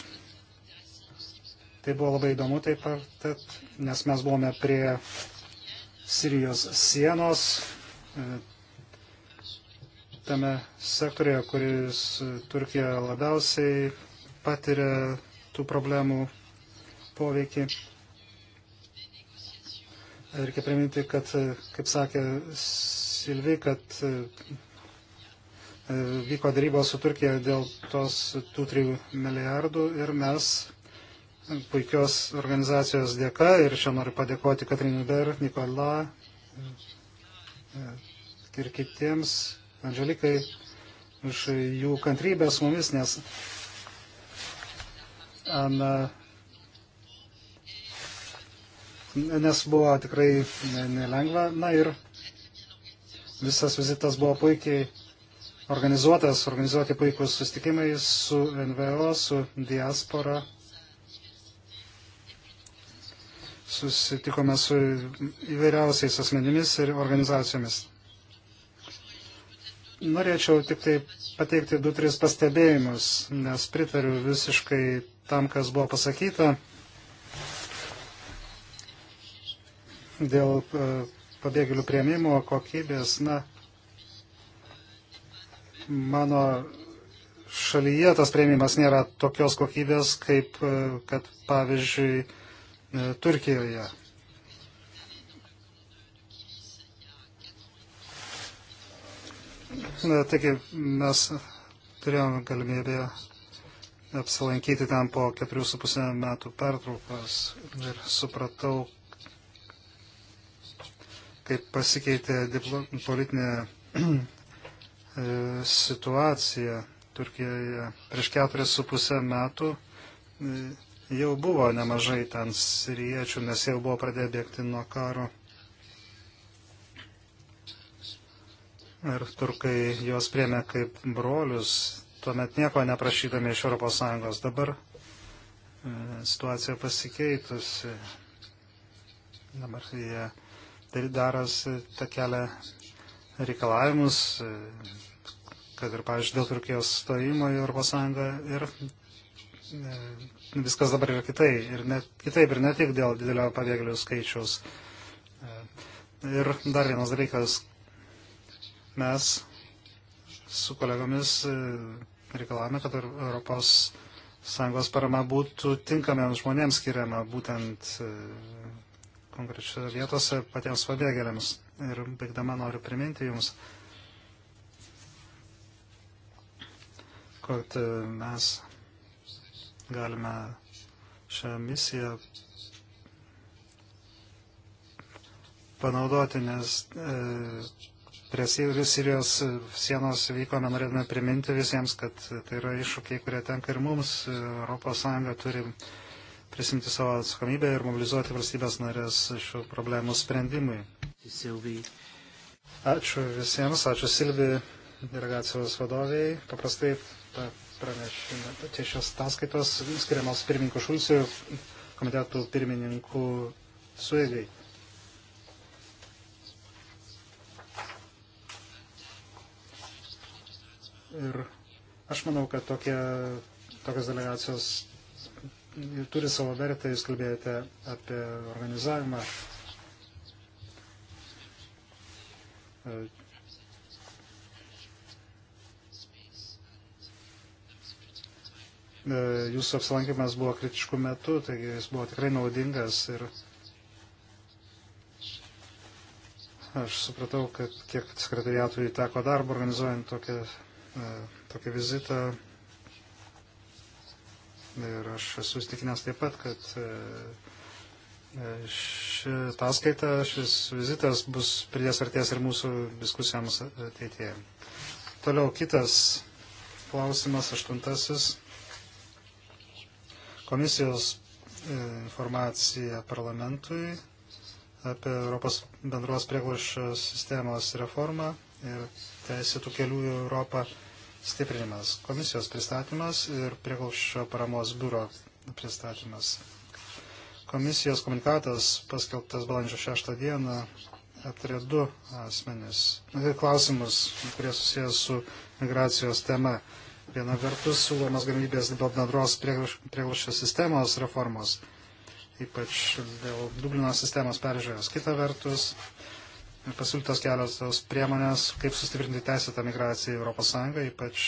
Tai buvo labai įdomu taip pat, nes mes buvome prie Sirijos sienos e, tame sektorėje, kuris Turkija labiausiai patiria tų problemų poveikį. Reikia priminti, kad, kaip sakė Silvi, kad e, vyko darybos su Turkija dėl tos tų trijų milijardų ir mes puikios organizacijos dėka ir čia noriu padėkoti Katrinui Ber, Nikola e, ir kitiems Andželikai už jų kantrybę su mumis, nes Ana, e, nes buvo tikrai nelengva. Na ir visas vizitas buvo puikiai organizuotas, organizuoti puikūs sustikimai su NVO, su diaspora. Susitikome su įvairiausiais asmenimis ir organizacijomis. Norėčiau tik tai pateikti du, tris pastebėjimus, nes pritariu visiškai tam, kas buvo pasakyta dėl e, pabėgėlių prieimimo kokybės. Na, mano šalyje tas prieimimas nėra tokios kokybės, kaip e, kad pavyzdžiui e, Turkijoje. Na, taigi mes turėjome galimybę apsilankyti ten po 4,5 metų pertraukos ir supratau, kaip pasikeitė politinė [CLEARS THROAT] e, situacija Turkijoje. Prieš 4,5 metų e, jau buvo nemažai ten siriečių, nes jau buvo pradėję bėgti nuo karo. Ir turkai juos priemė kaip brolius, tuomet nieko neprašydami iš ES. Dabar e, situacija pasikeitusi. Dabar jie darosi tą kelią reikalavimus, e, kad ir, pavyzdžiui, dėl Turkijos stojimo į Europos Sąjungą ir e, viskas dabar yra kitai, ir ne, kitaip, ir ne tik dėl didelio pabėgėlių skaičiaus. E, ir dar vienas dalykas, mes su kolegomis e, reikalavome, kad Europos Sąjungos parama būtų tinkamiems žmonėms skiriama būtent e, konkrečioje vietose patiems pabėgėliams. Ir baigdama noriu priminti Jums, kad e, mes galime šią misiją panaudoti, nes e, prie Sirijos sienos vykome, norėtume priminti visiems, kad tai yra iššūkiai, kurie tenka ir mums. ES turi prisimti savo atsakomybę ir mobilizuoti valstybės narės šių problemų sprendimui. Ačiū visiems, ačiū Silvi, delegacijos vadoviai. Paprastai ta pranešime, čia šios ataskaitos skiriamos pirmininkų šulcių komitetų pirmininkų suėgai. Ir aš manau, kad tokie, tokios delegacijos turi savo vertę, jūs kalbėjote apie organizavimą. Jūsų apsilankimas buvo kritiškų metų, taigi jis buvo tikrai naudingas ir aš supratau, kad kiek sekretariatui teko darbo organizuojant tokią E, tokį vizitą. Ir aš esu įstikinęs taip pat, kad e, e, ši ataskaita, šis vizitas bus pridės arties ir mūsų diskusijams ateityje. Toliau kitas klausimas, aštuntasis. Komisijos informacija parlamentui apie Europos bendros prieglašio sistemos reformą ir teisėtų kelių į Europą stiprinimas, komisijos pristatymas ir prieglaušio paramos biuro pristatymas. Komisijos komunikatas paskelbtas balandžio 6 dieną aptarė du asmenis klausimus, kurie susijęs su migracijos tema. Viena vertus siūlomas galimybės dėl bendros prieglaušio sistemos reformos, ypač dėl Dublino sistemos peržiūros. Kita vertus pasiūlytos kelios priemonės, kaip sustiprinti teisėtą migraciją į Europos Sąjungą, ypač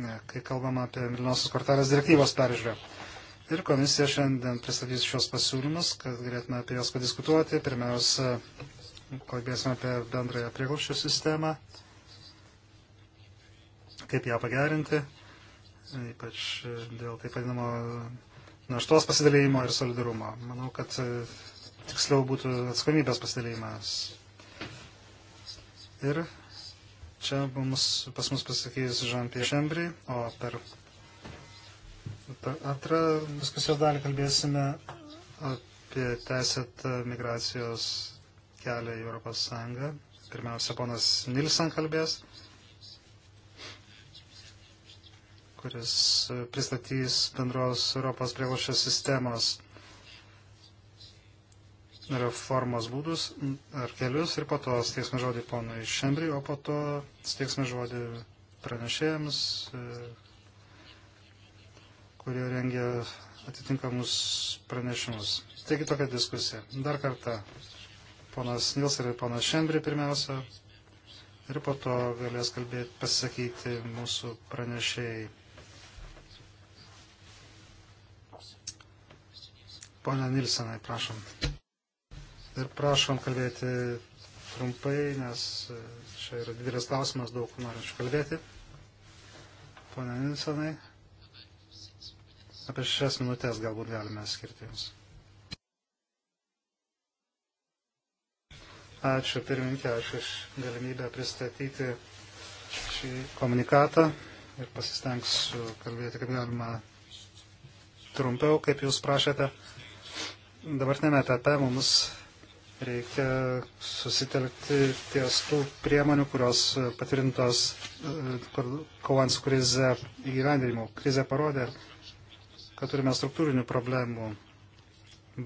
ne, kai kalbama apie Milinosios kortelės direktyvos peržiūrę. Ir komisija šiandien pristatys šios pasiūlymus, kad galėtume apie juos padiskutuoti. Pirmiausia, kalbėsime apie bendrąją prieglupščių sistemą, kaip ją pagerinti, ypač dėl taip vadinamo naštos pasidalymo ir solidarumo. Manau, kad e, tiksliau būtų atsakomybės pasidalėjimas Ir čia mums, pas mus pasakys Jean-Pierre Chambry, o per, per antrą diskusijos dalį kalbėsime apie teisėtą migracijos kelią į Europos Sąjungą. Pirmiausia, ponas Nilsen kalbės, kuris pristatys bendros Europos prieglošio sistemos reformos būdus ar kelius ir po to steiksime žodį ponui Šembri, o po to steiksime žodį pranešėjams, e, kurie rengia atitinkamus pranešimus. Taigi tokia diskusija. Dar kartą ponas Nils ir ponas Šembri pirmiausia ir po to galės kalbėti, pasisakyti mūsų pranešėjai. Pone Nilsenai, prašom. Ir prašom kalbėti trumpai, nes čia yra didelis klausimas, daug norinčių kalbėti. Pone Nilsenai, apie šias minutės galbūt galime skirti jums. Ačiū pirmininkė, ačiū iš galimybę pristatyti šį komunikatą ir pasistengsiu kalbėti kaip galima trumpiau, kaip jūs prašėte. Dabartinėme etape mums reikia susitelkti ties tų priemonių, kurios e, patvirtintos e, kovant su krize įgyvendinimu. Krize parodė, kad turime struktūrinių problemų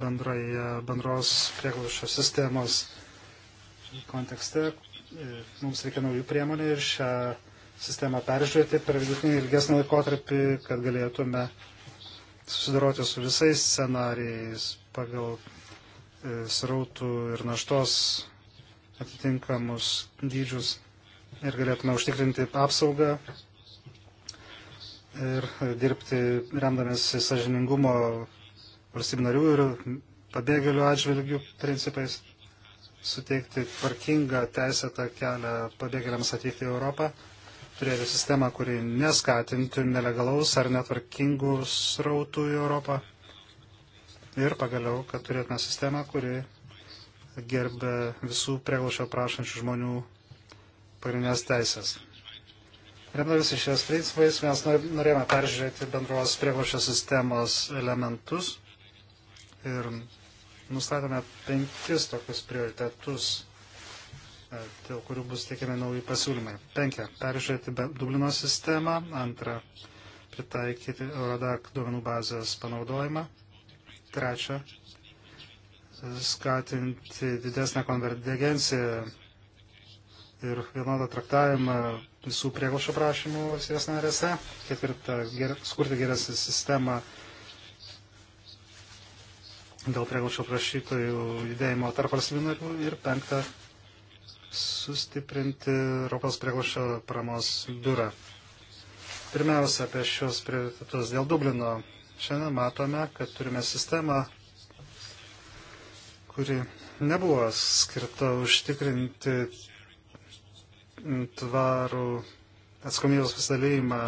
bendroje, bendros prieglušio sistemos kontekste. E, mums reikia naujų priemonių ir šią sistemą peržiūrėti per vidutinį ilgesnį laikotarpį, kad galėtume susidoroti su visais scenarijais pagal srautų ir naštos atitinkamus dydžius ir galėtume užtikrinti apsaugą ir dirbti remdamėsi sažiningumo valstybinarių ir pabėgėlių atžvilgių principais, suteikti tvarkingą teisėtą kelią pabėgėliams atvykti į Europą, turėti sistemą, kuri neskatintų nelegalaus ar netvarkingų srautų į Europą ir pagaliau, kad turėtume sistemą, kuri gerbė visų prieglašio prašančių žmonių pagrindinės teisės. Remdamiesi šios principais, mes norėjome peržiūrėti bendros prieglašio sistemos elementus ir nustatome penkis tokius prioritetus, e, dėl kurių bus teikiami nauji pasiūlymai. Penkia, peržiūrėti Dublino sistemą. Antra, pritaikyti Eurodac duomenų bazės panaudojimą. Trečia, skatinti didesnę konvergenciją ir vienodą traktavimą visų prieglošio prašymų valstybės narėse. Ketvirta, ger, skurti geresnį sistemą dėl prieglošio prašytojų judėjimo tarp valstybių narių. Ir penkta, sustiprinti Europos prieglošio paramos biurą. Pirmiausia, apie šios prioritetus dėl Dublino Šiandien matome, kad turime sistemą, kuri nebuvo skirta užtikrinti tvarų atsakomybės pasidalėjimą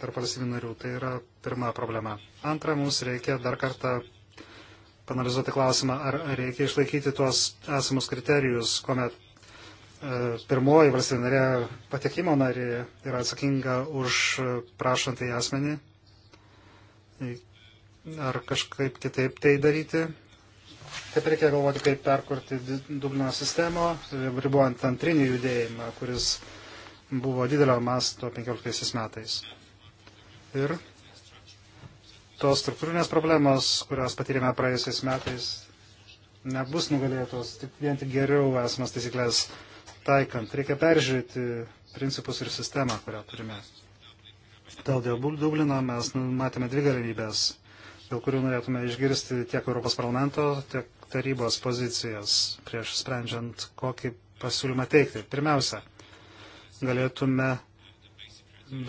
tarp valstybių narių. Tai yra pirma problema. Antra, mums reikia dar kartą panalizuoti klausimą, ar reikia išlaikyti tuos esamus kriterijus, kuomet e, pirmoji valstybė narė patekimo narė yra atsakinga už prašantį asmenį ar kažkaip kitaip tai daryti. Taip reikia galvoti, kaip perkurti Dublino sistemą, ribuojant antrinį judėjimą, kuris buvo didelio masto 15 metais. Ir tos struktūrinės problemos, kurias patyrėme praėjusiais metais, nebus nugalėtos tik vien tik geriau esamas taisyklės taikant. Reikia peržiūrėti principus ir sistemą, kurią turime. Dėl dėl Dublino mes matėme dvi galimybės dėl kurių norėtume išgirsti tiek Europos parlamento, tiek tarybos pozicijas prieš sprendžiant, kokį pasiūlymą teikti. Pirmiausia, galėtume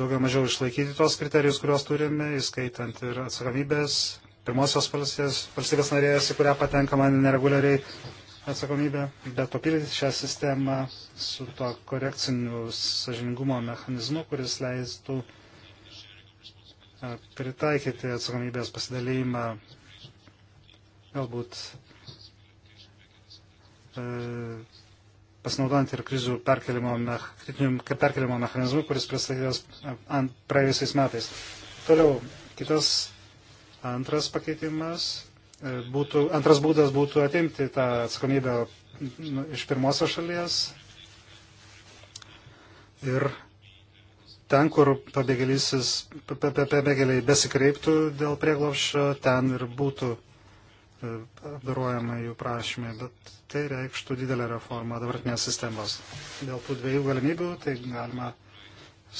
daugiau mažiau išlaikyti tos kriterijus, kuriuos turime, įskaitant ir atsakomybės, pirmosios valstybės narės, į kurią patenkama nereguliariai atsakomybė, bet papildyti šią sistemą su to korekciniu sažiningumo mechanizmu, kuris leistų uh, pritaikyti atsakomybės pasidalymą galbūt e, pasinaudojant ir krizių perkelimo, mech, perkelimo mechanizmų, kuris pristatytas praėjusiais metais. Toliau, kitas antras pakeitimas e, būtų, antras būdas būtų atimti tą atsakomybę iš pirmosios šalies ir ten, kur pabėgėliai besikreiptų dėl prieglopščio, ten ir būtų e, apdaruojama jų prašymai, bet tai reikštų didelę reformą dabartinės sistemos. Dėl tų dviejų galimybių tai galima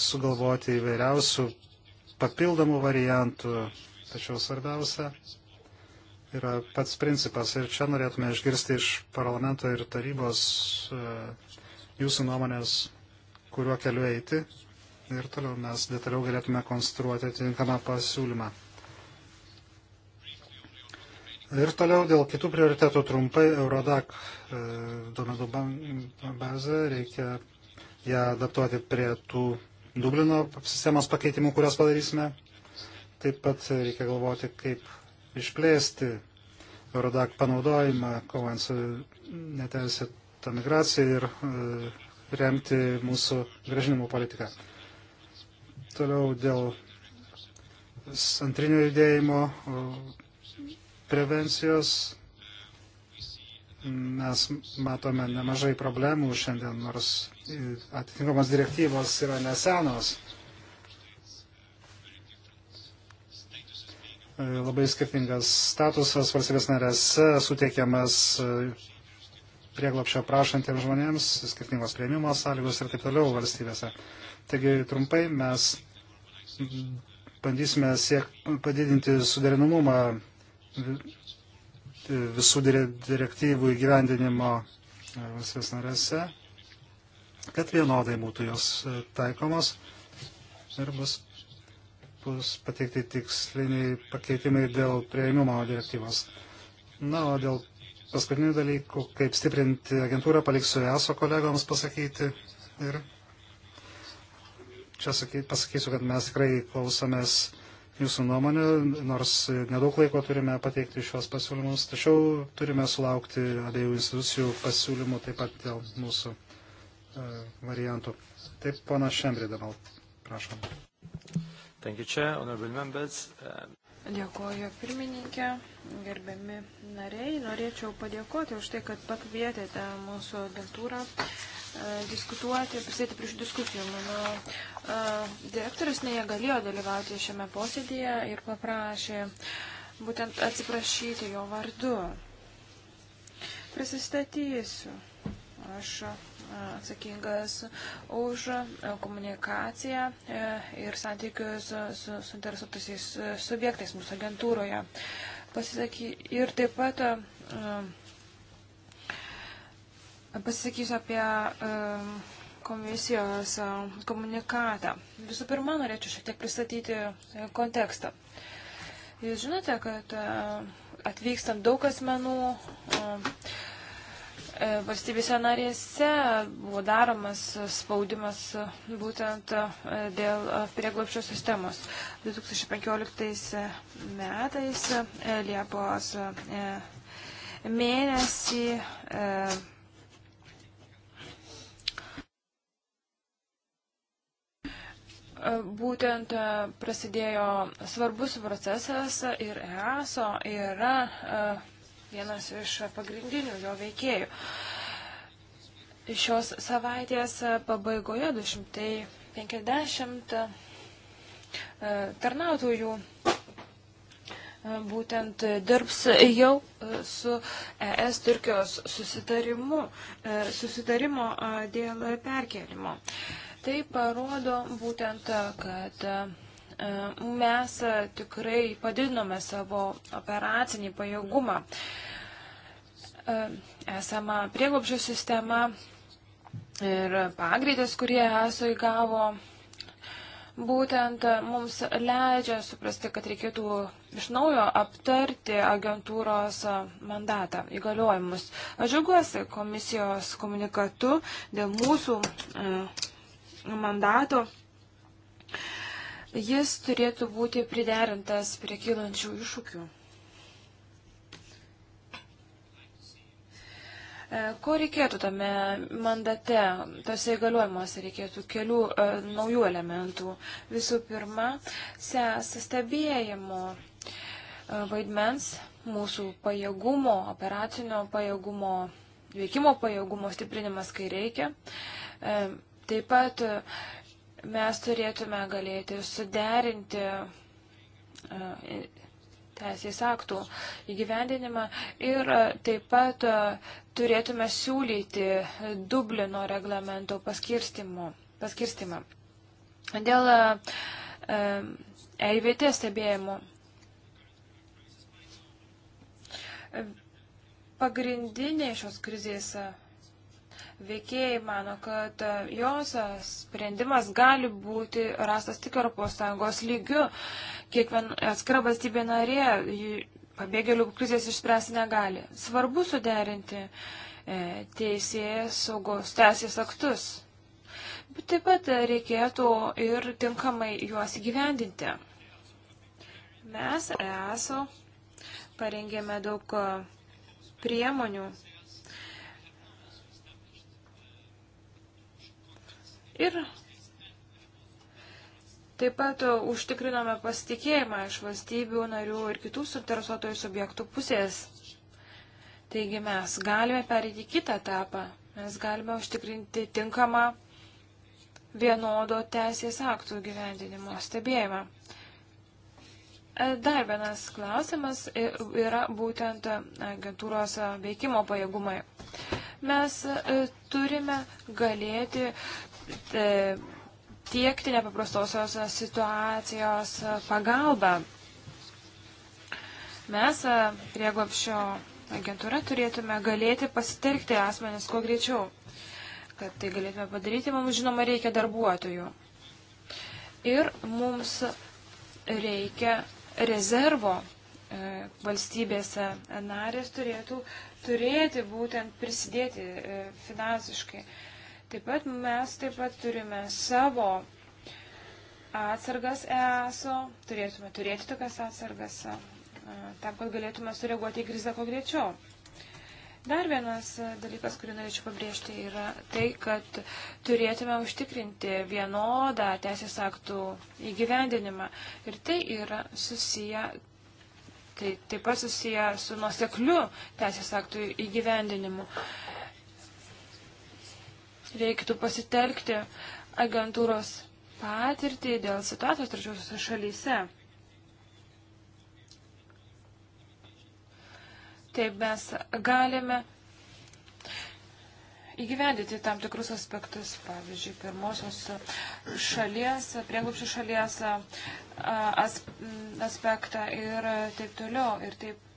sugalvoti įvairiausių papildomų variantų, tačiau svarbiausia yra pats principas. Ir čia norėtume išgirsti iš parlamento ir tarybos e, jūsų nuomonės, kuriuo keliu eiti ir toliau mes detaliau galėtume konstruoti atitinkamą pasiūlymą. Ir toliau dėl kitų prioritetų trumpai Eurodac e, duomenų bazę reikia ją adaptuoti prie tų Dublino sistemos pakeitimų, kurias padarysime. Taip pat reikia galvoti, kaip išplėsti Eurodac panaudojimą, kovant su neteisėta migracija ir e, remti mūsų gražinimo politiką. Toliau dėl antrinio judėjimo prevencijos mes matome nemažai problemų šiandien, nors atitinkamos direktyvos yra nesenos. E, labai skirtingas statusas valstybės narėse suteikiamas e, prieglapšio prašantiems žmonėms, skirtingos prieimimo sąlygos ir taip toliau valstybėse. Taigi trumpai mes bandysime siek, padidinti suderinamumą visų direktyvų įgyvendinimo valstybės narėse, kad vienodai būtų jos taikomos ir bus, bus pateikti tiksliniai pakeitimai dėl prieimimo direktyvos. Na, o dėl paskutinių dalykų, kaip stiprinti agentūrą, paliksiu ESO kolegoms pasakyti ir čia pasakysiu, kad mes tikrai klausomės jūsų nuomonių, nors nedaug laiko turime pateikti šios pasiūlymus, tačiau turime sulaukti abiejų institucijų pasiūlymų taip pat dėl mūsų e, variantų. Taip, ponas Šembrė dabar, prašom. Dėkuoju pirmininkė, gerbiami nariai. Norėčiau padėkoti už tai, kad pakvietėte mūsų agentūrą e, diskutuoti, prisėti prie šių diskusijų. Mano direktorius negalėjo dalyvauti šiame posėdėje ir paprašė būtent atsiprašyti jo vardu. Prisistatysiu. Aš atsakingas už komunikaciją e, ir santykius su suinteresuotusiais e, subjektais mūsų agentūroje. Pasisaky, ir taip pat pasisakysiu apie komisijos komunikatą. Visų pirma, norėčiau šiek tiek pristatyti e, kontekstą. Jūs žinote, kad atvykstant daug asmenų e, valstybėse narėse buvo daromas spaudimas būtent dėl prieglopščio sistemos. 2015 e, metais Liepos mėnesį E, būtent e, prasidėjo svarbus procesas ir EASO yra e, vienas iš pagrindinių jo veikėjų. Šios savaitės pabaigoje 250 tarnautojų būtent dirbs jau su ES Turkijos susitarimu, susitarimo dėl perkelimo. Tai parodo būtent, kad e, mes tikrai padidinome savo operacinį pajėgumą. E, esama prieglobžio sistema ir pagreitis, kurie esu įgavo, būtent mums leidžia suprasti, kad reikėtų iš naujo aptarti agentūros mandatą, įgaliojimus. Aš žiūrėsiu komisijos komunikatu dėl mūsų. E, mandato, jis turėtų būti priderintas prie kylančių iššūkių. E, ko reikėtų tame mandate, tose įgaliojimuose reikėtų kelių e, naujų elementų. Visų pirma, ses stebėjimo e, vaidmens, mūsų pajėgumo, operacinio pajėgumo, veikimo pajėgumo stiprinimas, kai reikia. E, Taip pat e, mes turėtume galėti suderinti e, teisės aktų įgyvendinimą ir e, taip pat turėtume siūlyti Dublino reglamento paskirstimą. Dėl EIVT stebėjimo pagrindinė šios krizės veikėjai mano, kad jos sprendimas gali būti rastas tik ES lygiu. Kiekviena atskira valstybė narė pabėgėlių krizės išspręsti negali. Svarbu suderinti e, teisės saugos teisės aktus. Bet taip pat reikėtų ir tinkamai juos įgyvendinti. Mes ESO parengėme daug e, priemonių Ir taip pat e, užtikrinome pasitikėjimą iš valstybių narių ir kitų suinteresuotojų subjektų pusės. Taigi mes galime perėti kitą etapą. Mes galime užtikrinti tinkamą vienodo teisės aktų gyvendinimo stebėjimą. E, dar vienas klausimas e, yra būtent agentūros veikimo pajėgumai. Mes turime galėti E, tiekti nepaprastosios situacijos pagalbą. Mes, e, prieglopščio agentūra, turėtume galėti pasitelkti asmenis kuo greičiau. Kad tai galėtume padaryti, mums žinoma reikia darbuotojų. Ir mums reikia rezervo e, valstybėse narės turėtų turėti būtent prisidėti finansiškai Taip pat mes taip pat turime savo atsargas ESO, turėtume turėti tokias atsargas, e, tam, kad galėtume sureaguoti į krizę kuo greičiau. Dar vienas e, dalykas, kurį norėčiau pabrėžti, yra tai, kad turėtume užtikrinti vienodą teisės aktų įgyvendinimą. Ir tai yra susiję, tai taip pat susiję su nuosekliu teisės aktų įgyvendinimu. Uh, reiktų pasitelkti agentūros patirtį dėl situacijos trečiosiuose šalyse. Taip mes galime įgyvendyti tam tikrus aspektus, pavyzdžiui, pirmosios šalies, prieglupščių šalies as, aspektą ir taip toliau. Ir taip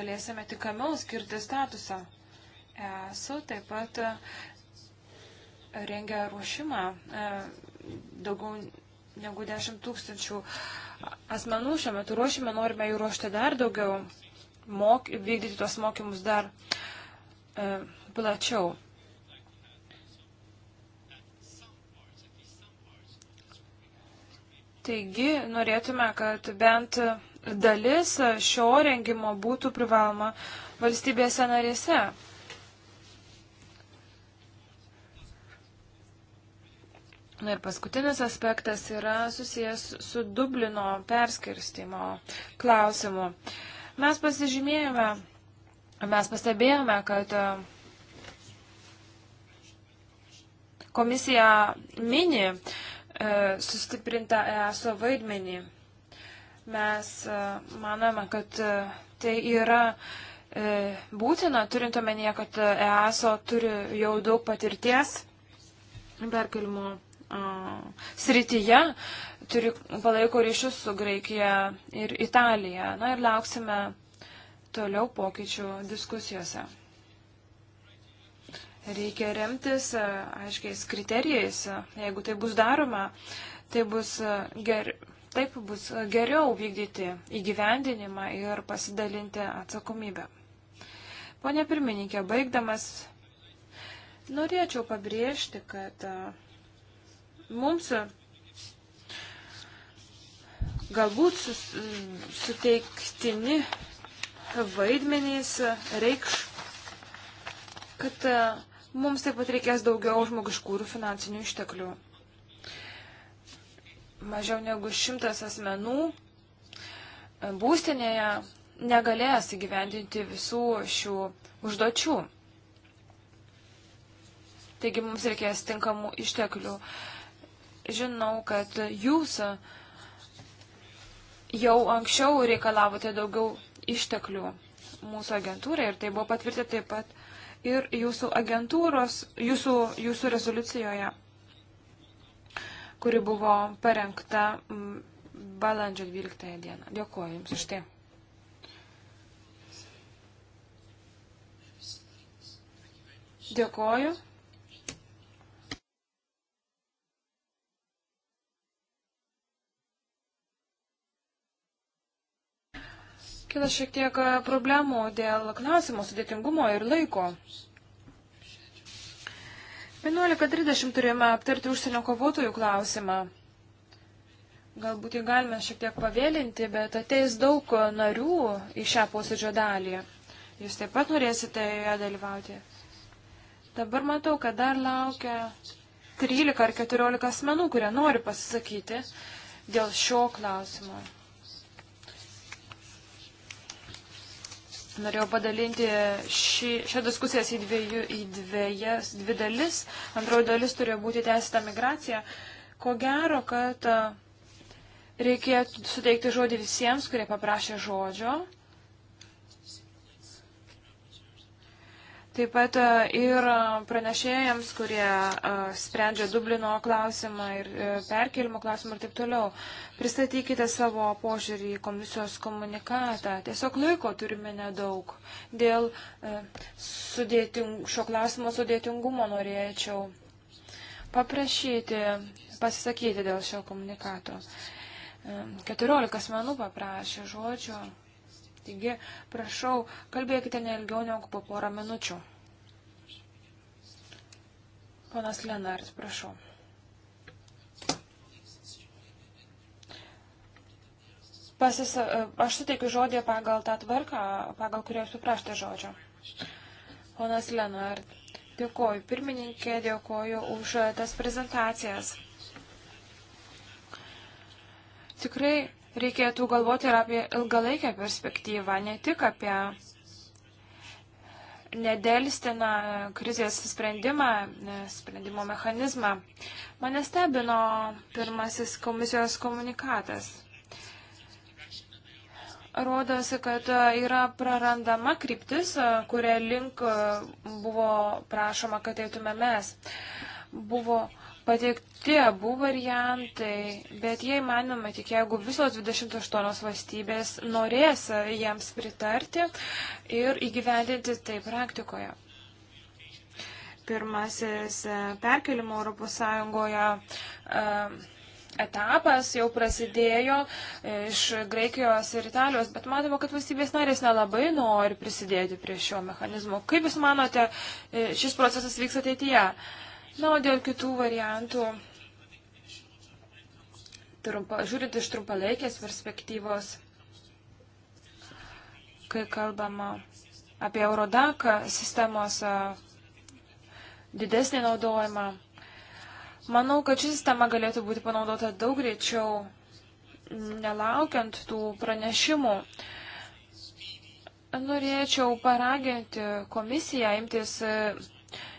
galėsime tikamiau skirti statusą ESU taip pat e, rengia ruošimą e, daugiau negu 10 tūkstančių asmenų šiuo metu ruošime, norime jų ruošti dar daugiau, mok, vykdyti tuos mokymus dar e, plačiau. Taigi norėtume, kad bent dalis šio rengimo būtų privaloma valstybėse narėse. Na ir paskutinis aspektas yra susijęs su Dublino perskirstimo klausimu. Mes pasižymėjome, mes pastebėjome, kad e, komisija mini e, sustiprintą ESO vaidmenį. Mes e, manome, kad e, tai yra e, būtina, turint omenyje, kad ESO turi jau daug patirties perkelimo srityje turi, palaiko ryšius su Graikija ir Italija. Na ir lauksime toliau pokyčių diskusijose. Reikia remtis aiškiais kriterijais. Jeigu tai bus daroma, tai bus ger, taip bus geriau vykdyti įgyvendinimą ir pasidalinti atsakomybę. Pone pirmininkė, baigdamas, norėčiau pabrėžti, kad Mums e, galbūt sus, suteiktini vaidmenys e, reikš, kad e, mums taip pat reikės daugiau žmogiškų ir finansinių išteklių. Mažiau negu šimtas asmenų būstinėje negalės įgyvendinti visų šių užduočių. Taigi mums reikės tinkamų išteklių. Uh, žinau, kad jūs jau anksčiau reikalavote daugiau išteklių mūsų agentūrai ir tai buvo patvirtinta taip pat ir jūsų agentūros, jūsų, jūsų rezoliucijoje, kuri buvo parengta balandžio 12 dieną. Dėkuoju Jums už tai. Dėkuoju. kila šiek tiek e, problemų dėl klausimo sudėtingumo ir laiko. 11.30 turėjome aptarti užsienio kovotojų klausimą. Galbūt jį galime šiek tiek pavėlinti, bet ateis daug narių į šią posėdžio dalį. Jūs taip pat norėsite joje dalyvauti. Dabar matau, kad dar laukia 13 ar 14 asmenų, kurie nori pasisakyti dėl šio klausimo. Norėjau padalinti šį, šią diskusiją į, dviejų, į dviejas, dvi dalis. Antroji dalis turėjo būti teisėta migracija. Ko gero, kad reikėtų suteikti žodį visiems, kurie paprašė žodžio. Taip pat e, ir e, pranešėjams, kurie e, sprendžia Dublino klausimą ir perkelimo klausimą ir taip toliau. Pristatykite savo požiūrį į komisijos komunikatą. Tiesiog laiko turime nedaug. Dėl sudėting, šio klausimo sudėtingumo norėčiau paprašyti, pasisakyti dėl šio komunikato. 14 asmenų paprašė žodžio. Taigi, prašau, kalbėkite ne ilgiau negu po porą minučių. Ponas Lenart, prašau. Pasisa aš suteikiu žodį pagal tą tvarką, pagal kurią jūs suprašėte žodžio. Ponas Lenart, dėkoju pirmininkė, dėkoju už tas prezentacijas. Tikrai reikėtų galvoti ir apie ilgalaikę perspektyvą, ne tik apie nedelstiną krizės sprendimą, sprendimo mechanizmą. Mane stebino pirmasis komisijos komunikatas. Rodosi, kad yra prarandama kryptis, kuria link buvo prašoma, kad eitumėmės. Buvo Pateikti abu variantai, bet jei manoma, tik jeigu visos 28 valstybės norės jiems pritarti ir įgyvendinti tai praktikoje. Pirmasis e, perkelimo ES e, etapas jau prasidėjo e, iš Graikijos ir Italijos, bet matome, kad valstybės narės nelabai nori prisidėti prie šio mechanizmo. Kaip Jūs manote, šis procesas vyks ateityje? Na, o dėl kitų variantų, trumpa, žiūrint iš trumpalaikės perspektyvos, kai kalbama apie Eurodaką sistemos didesnį naudojimą, manau, kad ši sistema galėtų būti panaudota daug greičiau, nelaukiant tų pranešimų. Norėčiau paraginti komisiją imtis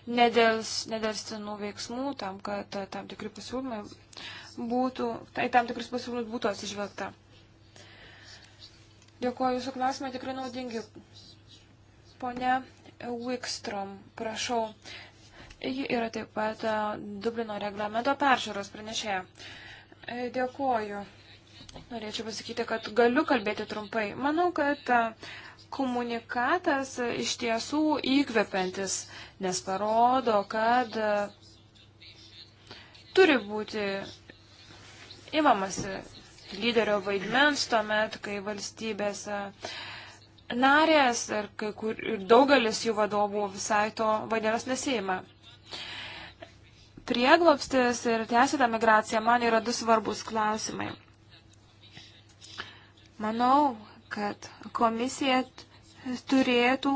nedelstinų veiksmų tam, kad e, tam tikri pasiūlymai būtų, tai tam tikrus pasiūlymus būtų atsižvelgta. Dėkuoju, jūsų klausimai tikrai naudingi. Pone Wikstrom, prašau. Ji yra taip pat e, Dublino reglamento peržiūros pranešėja. E, dėkuoju. Norėčiau pasakyti, kad galiu kalbėti trumpai. Manau, kad Komunikatas iš tiesų įkvepiantis, nes parodo, kad e, turi būti imamasi lyderio vaidmens tuomet, kai valstybės e, narės ir, kai kur, ir daugelis jų vadovų visai to vadienos nesėima. Prieglopstis ir tęsita migracija man yra du svarbus klausimai. Manau, kad komisija turėtų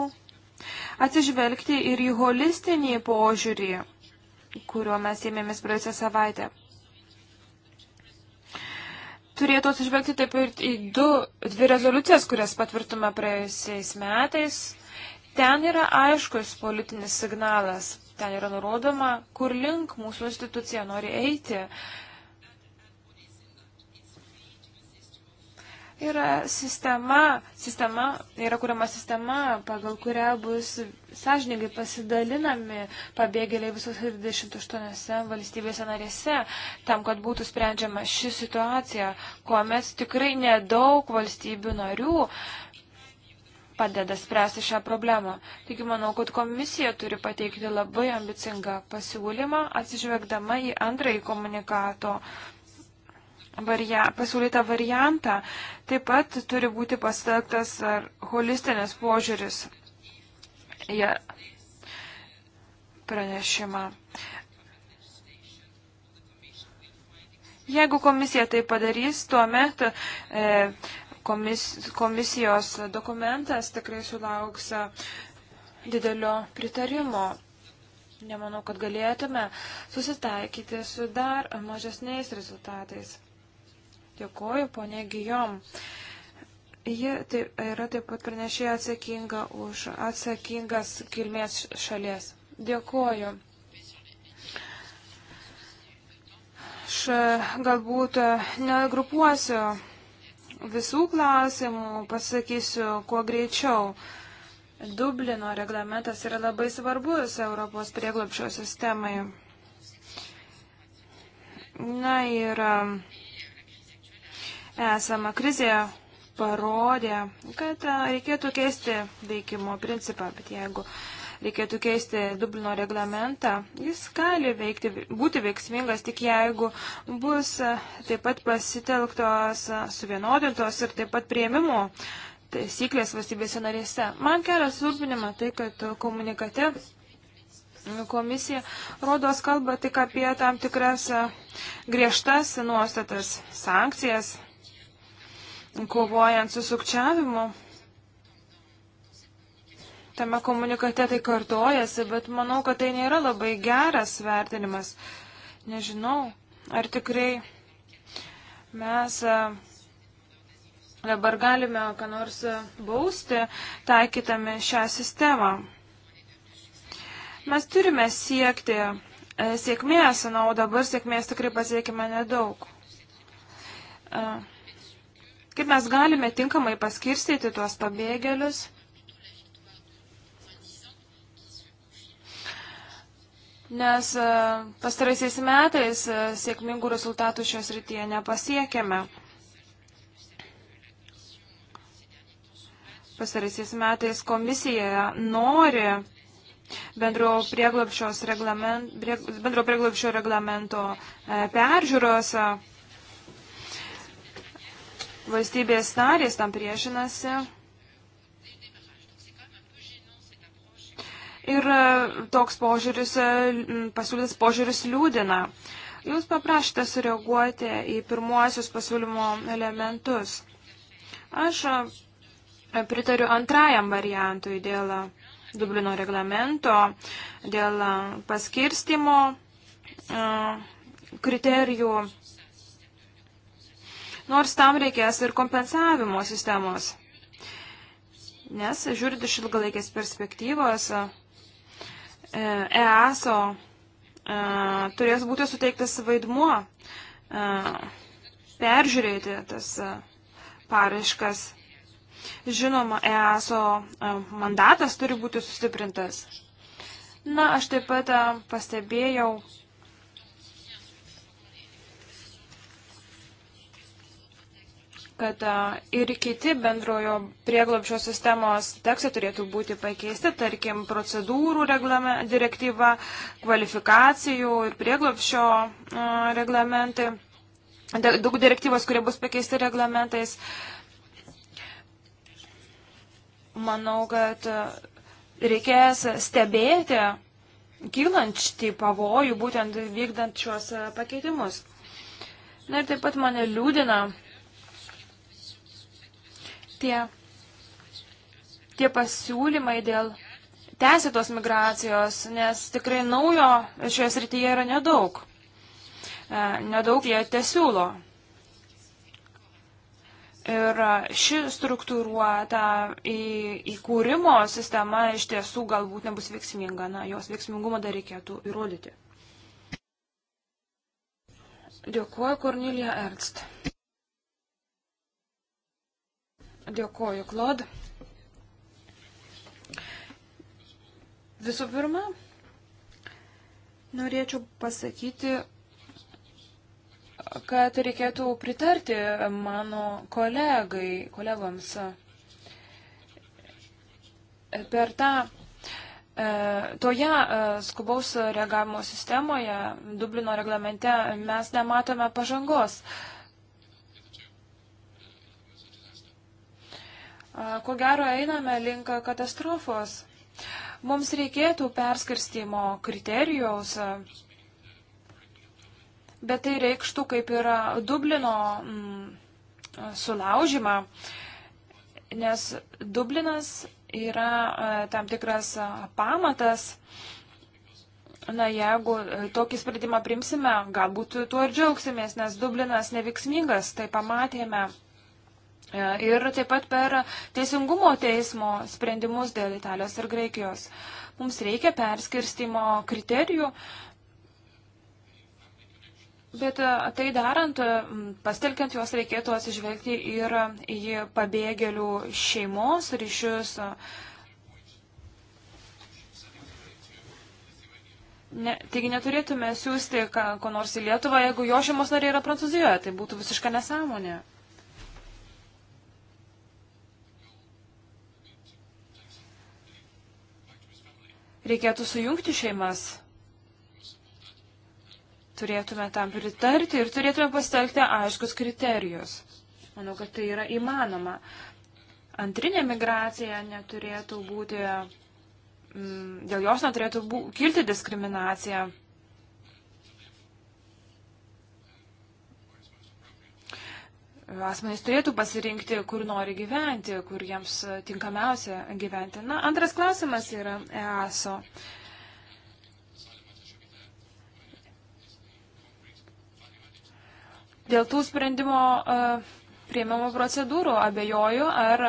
atsižvelgti ir į holistinį požiūrį, kuriuo mes ėmėmės praėjusią savaitę. Turėtų atsižvelgti taip ir į du, dvi rezoliucijas, kurias patvirtume praėjusiais metais. Ten yra aiškus politinis signalas, ten yra nurodoma, kur link mūsų institucija nori eiti yra sistema, sistema, yra kuriama sistema, pagal kurią bus sąžininkai pasidalinami pabėgėliai visose 28 valstybėse narėse, tam, kad būtų sprendžiama ši situacija, kuomet tikrai nedaug valstybių narių padeda spręsti šią problemą. Taigi manau, kad komisija turi pateikti labai ambicingą pasiūlymą, atsižvelgdama į antrąjį komunikato varia pasiūlytą variantą. Taip pat turi būti pasitelktas ar holistinis požiūris į ja. pranešimą. Jeigu komisija tai padarys, tuomet e, komis, komisijos dokumentas tikrai sulauks e, didelio pritarimo. Nemanau, kad galėtume susitaikyti su dar mažesniais rezultatais. Dėkoju, ponė Gijom. Ji taip, yra taip pat pranešėja atsakinga už atsakingas kilmės šalies. Dėkoju. Aš e, galbūt e, negrupuosiu visų klausimų, pasakysiu kuo greičiau. Dublino reglamentas yra labai svarbus Europos prieglapšio sistemai. Na ir esama krizė parodė, kad reikėtų keisti veikimo principą, bet jeigu reikėtų keisti Dublino reglamentą, jis gali veikti, būti veiksmingas tik jeigu bus taip pat pasitelktos, suvienodintos ir taip pat prieimimo taisyklės valstybėse narėse. Man kelia surpinimą tai, kad komunikate komisija rodos kalba tik apie tam tikras griežtas nuostatas, sankcijas, kovojant su sukčiavimu. Tame komunikate tai kartojasi, bet manau, kad tai nėra labai geras vertinimas. Nežinau, ar tikrai mes e, dabar galime ką nors e, bausti, taikydami šią sistemą. Mes turime siekti e, sėkmės, na, o dabar sėkmės tikrai pasiekime nedaug. Uh Kaip mes galime tinkamai paskirstyti tuos pabėgėlius? Nes e, pastaraisiais metais e, sėkmingų rezultatų šios rytyje nepasiekėme. Pastaraisiais metais komisija nori bendro prieglapščio reglamento e, peržiūros valstybės narės tam priešinasi. Ir e, toks požiūris, e, pasiūlytas požiūris liūdina. Jūs paprašėte sureaguoti į pirmuosius pasiūlymo elementus. Aš e, pritariu antrajam variantui dėl Dublino reglamento, dėl paskirstimo kriterijų nors tam reikės ir kompensavimo sistemos. Nes, žiūrint iš ilgalaikės perspektyvos, e, EASO e, turės būti suteiktas vaidmuo e, peržiūrėti tas paraiškas. Žinoma, EASO mandatas turi būti sustiprintas. Na, aš taip pat pastebėjau kad ir kiti bendrojo prieglobšio sistemos tekstai turėtų būti pakeisti, tarkim, procedūrų reglame, direktyva, kvalifikacijų ir prieglobšio reglamentai, daug direktyvos, kurie bus pakeisti reglamentais. Manau, kad reikės stebėti kylančį pavojų būtent vykdant šios pakeitimus. Na ir taip pat mane liūdina tie, tie pasiūlymai dėl teisėtos migracijos, nes tikrai naujo šioje srityje yra nedaug. E, nedaug jie tesiūlo. Ir ši struktūruota įkūrimo sistema iš tiesų galbūt nebus veiksminga. Na, jos veiksmingumą dar reikėtų įrodyti. Dėkuoju, Kornelija Ernst. Dėkoju, Klod. Visų pirma, norėčiau pasakyti, kad reikėtų pritarti mano kolegai, kolegoms per tą e, Toje e, skubaus reagavimo sistemoje, Dublino reglamente, mes nematome pažangos. ko gero einame link katastrofos. Mums reikėtų perskirstimo kriterijaus, bet tai reikštų kaip ir Dublino mm, sulaužimą, nes Dublinas yra tam tikras pamatas. Na, jeigu tokį sprendimą primsime, galbūt tuo ir džiaugsimės, nes Dublinas neveiksmingas, tai pamatėme. E, ir taip pat per teisingumo teismo sprendimus dėl Italijos ir Graikijos. Mums reikia perskirstimo kriterijų, bet e, tai darant, pastelkiant juos reikėtų atsižvelgti ir į pabėgėlių šeimos ryšius. Ne, taigi neturėtume siūsti ką, ko nors į Lietuvą, jeigu jo šeimos nariai yra Prancūzijoje, tai būtų visiška nesąmonė. reikėtų sujungti šeimas. Turėtume tam pritarti ir turėtume pasitelkti aiškus kriterijus. Manau, kad tai yra įmanoma. Antrinė migracija neturėtų būti, mm, dėl jos neturėtų bū, kilti diskriminacija. asmenys turėtų pasirinkti, kur nori gyventi, kur jiems tinkamiausia gyventi. Na, antras klausimas yra EASO. Dėl tų sprendimo e, prieimimo procedūrų abejoju, ar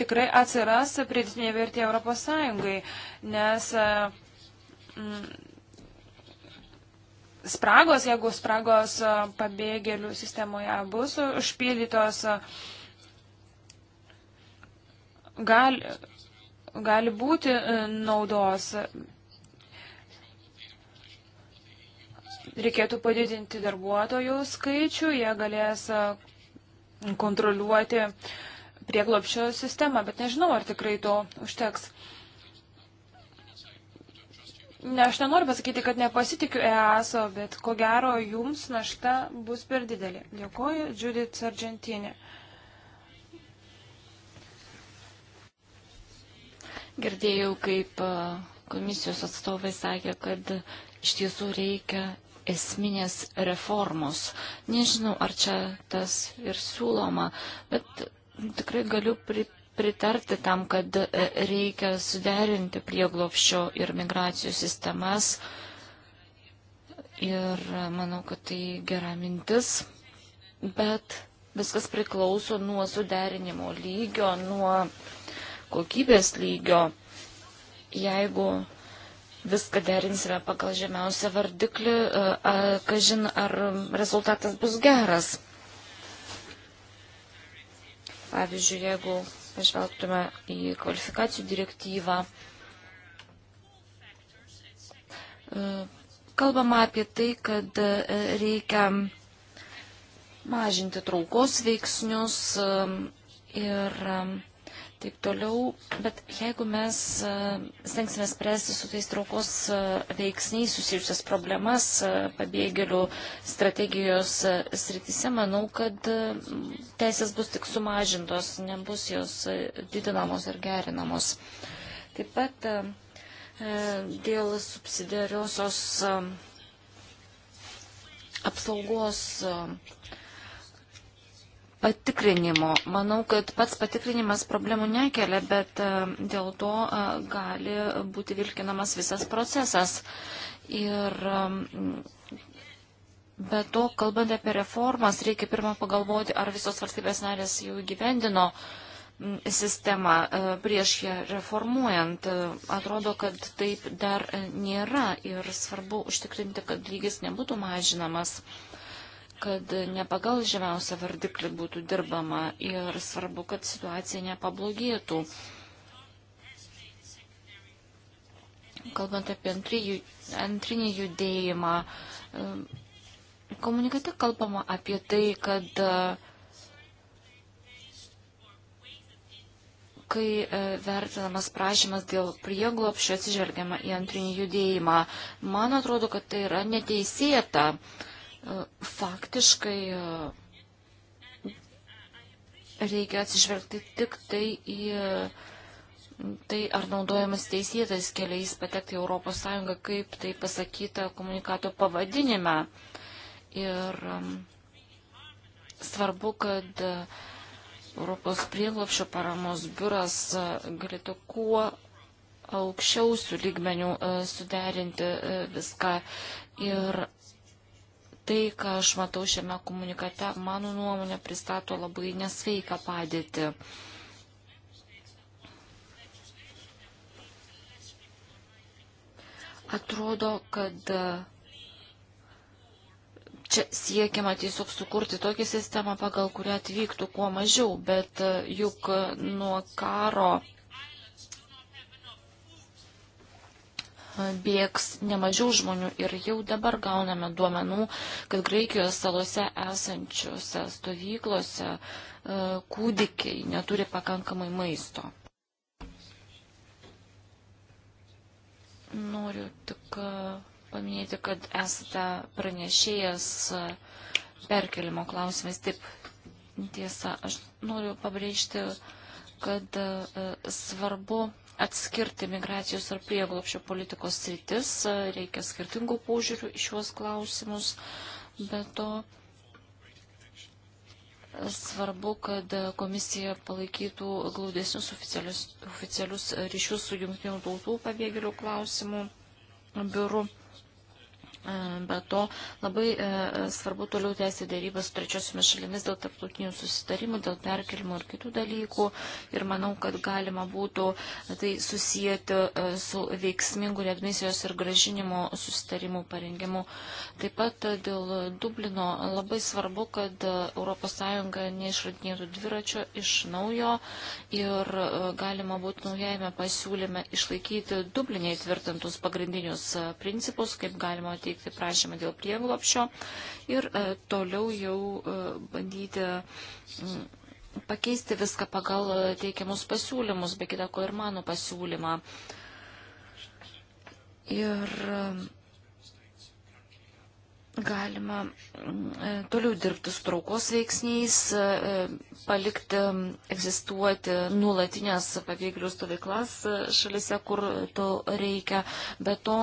tikrai atsiras pridėtinė vertė Europos Sąjungai, nes e, spragos, jeigu spragos pabėgėlių sistemoje bus užpildytos, gali, gali būti e, naudos. Reikėtų padidinti darbuotojų skaičių, jie galės kontroliuoti prieglopščio sistemą, bet nežinau, ar tikrai to užteks. Ne, aš nenoriu pasakyti, kad nepasitikiu EASO, bet ko gero jums našta bus per didelė. Dėkoju, Judith Sargentinė. Girdėjau, kaip uh, komisijos atstovai sakė, kad iš tiesų reikia esminės reformos. Nežinau, ar čia tas ir siūloma, bet tikrai galiu pripažinti pritarti tam, kad e, reikia suderinti prieglopščio ir migracijų sistemas. Ir e, manau, kad tai gera mintis. Bet viskas priklauso nuo suderinimo lygio, nuo kokybės lygio. Jeigu viską derinsime pagal žemiausią vardiklį, e, kažin ar rezultatas bus geras. Pavyzdžiui, jeigu pažvelgtume į kvalifikacijų direktyvą, e, kalbama apie tai, kad e, reikia mažinti traukos veiksnius e, ir taip toliau. Bet jeigu mes e, stengsime spręsti su tais traukos e, veiksniais susijusias problemas e, pabėgėlių strategijos srityse, manau, kad teisės bus tik sumažintos, nebus jos didinamos ir gerinamos. Taip pat dėl subsidiariosios apsaugos patikrinimo. Manau, kad pats patikrinimas problemų nekelia, bet e, dėl to e, gali būti vilkinamas visas procesas. Ir e, be to, kalbant apie reformas, reikia pirmą pagalvoti, ar visos valstybės narės jau gyvendino sistemą prieš ją reformuojant. Atrodo, kad taip dar nėra ir svarbu užtikrinti, kad lygis nebūtų mažinamas kad ne pagal žemiausią vardiklį būtų dirbama ir svarbu, kad situacija nepablogėtų. Kalbant apie antrinį judėjimą, e, komunikate kalbama apie tai, kad e, kai e, vertinamas prašymas dėl prieglopščio atsižvelgiama į antrinį judėjimą, man atrodo, kad tai yra neteisėta. Uh, faktiškai e, reikia atsižvelgti tik tai į tai, ar naudojamas teisėtais keliais patekti į Europos Sąjungą, kaip tai pasakyta komunikato pavadinime. Ir svarbu, kad Europos prieglopšio paramos biuras e, galėtų kuo aukščiausių lygmenių e, suderinti viską ir Tai, ką aš matau šiame komunikate, mano nuomonė pristato labai nesveiką padėtį. Atrodo, kad e, čia siekiama tiesiog sukurti tokią sistemą, pagal kurią atvyktų kuo mažiau, bet e, juk e, nuo karo bėgs nemažiau žmonių ir jau dabar gauname duomenų, kad Graikijos salose esančiose stovyklose e, kūdikiai neturi pakankamai maisto. Noriu tik e, paminėti, kad esate pranešėjas e, perkelimo klausimais. Taip, tiesa, aš noriu pabrėžti, kad svarbu atskirti migracijos ar prieglopšio politikos sritis, reikia skirtingų požiūrių į šiuos klausimus, bet to svarbu, kad komisija palaikytų glaudesnius oficialius, oficialius ryšius su jungtinių tautų pabėgėlių klausimų biuru. E, be to, labai e, svarbu toliau tęsti dėrybą su trečiosiomis šalimis dėl tarptautinių susitarimų, dėl perkelimų ir kitų dalykų. Ir manau, kad galima būtų e, tai susijęti su veiksmingų readmisijos ir gražinimo susitarimų parengimu. Taip pat dėl Dublino labai svarbu, kad ES neišradinėtų dviračio iš naujo ir galima būtų naujajame pasiūlyme išlaikyti Dublinė įtvirtintus pagrindinius principus, kaip galima teikti pateikti prašymą dėl prieglopšio ir e, toliau jau e, bandyti pakeisti viską pagal e, teikiamus pasiūlymus, be kitako ir mano pasiūlymą. Ir galima mm, e, toliau dirbti su traukos veiksniais, e, e, palikti egzistuoti nulatinės pabėgėlių stovyklas šalise, kur to reikia. Be to,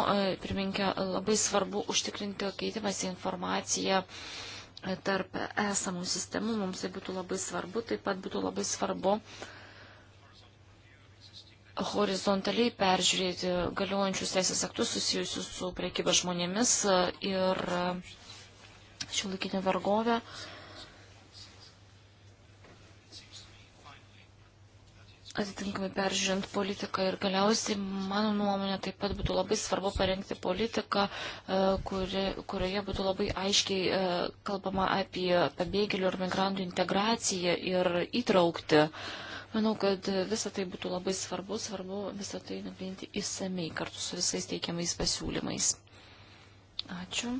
pirminkė, labai svarbu užtikrinti keitimąsi informaciją tarp esamų sistemų. Mums tai būtų labai svarbu, taip pat būtų labai svarbu uh, horizontaliai peržiūrėti galiojančius teisės aktus susijusius su priekyba žmonėmis ir šiuolaikinė vergovė. Atitinkamai peržiūrint politiką ir galiausiai, mano nuomonė, taip pat būtų labai svarbu parengti politiką, e, kuri, kurioje būtų labai aiškiai e, kalbama apie pabėgėlių ir migrantų integraciją ir įtraukti uh, Manau, kad visa tai būtų labai svarbu, svarbu visą tai nagrinti įsamei kartu su visais teikiamais pasiūlymais. Ačiū.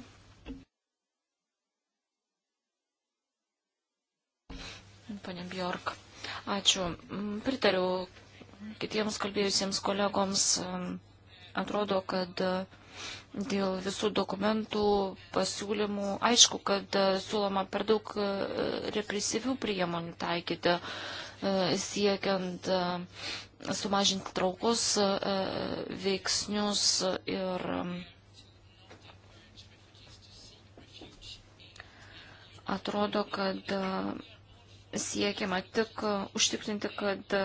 Pane Bjork, ačiū. Mm, pritariu kitiems kalbėjusiems kolegoms. Mm, atrodo, kad mm, dėl visų dokumentų, pasiūlymų. Aišku, kad siūloma per daug represyvių priemonių taikyti. E, siekiant e, sumažinti traukus e, veiksnius ir atrodo, kad siekiama tik užtikrinti, kad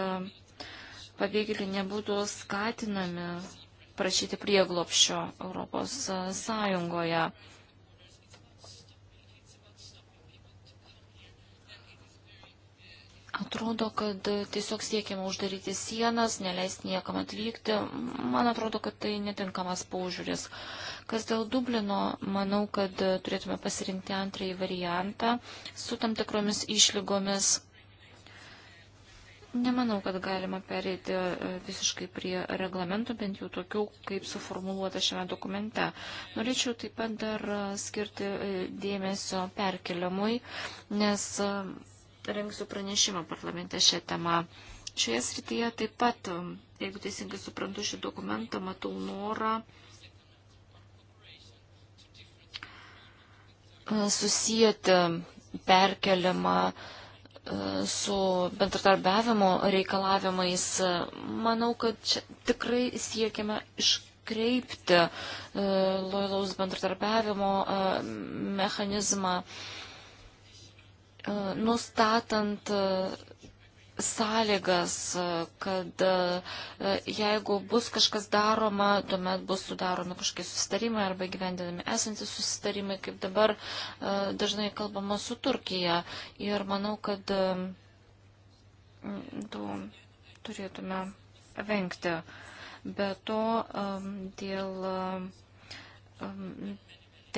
pabėgėliai nebūtų skatinami prašyti prieglopščio Europos Sąjungoje. Atrodo, kad tiesiog siekiama uždaryti sienas, neleisti niekam atvykti. Man atrodo, kad tai netinkamas paužiūris. Kas dėl Dublino, manau, kad turėtume pasirinkti antrąjį variantą su tam tikromis išlygomis. Nemanau, kad galima perėti e, visiškai prie reglamentų, bent jau tokių, kaip suformuluota šiame dokumente. Norėčiau taip pat dar e, skirti e, dėmesio perkeliamui, nes rengsiu pranešimą parlamente šią temą. Šioje srityje taip pat, um, jeigu teisingai suprantu šį dokumentą, matau norą uh, susijęti perkeliamą uh, su bendradarbiavimo reikalavimais. Manau, kad čia tikrai siekiame iškreipti uh, lojalaus bendradarbiavimo mechanizmą. E, nustatant e, sąlygas, e, kad jeigu bus kažkas daroma, tuomet bus sudaromi kažkokie susitarimai arba gyvendinami esantys susitarimai, kaip dabar dažnai kalbama su Turkija. Ir manau, kad to turėtume vengti. Be to, dėl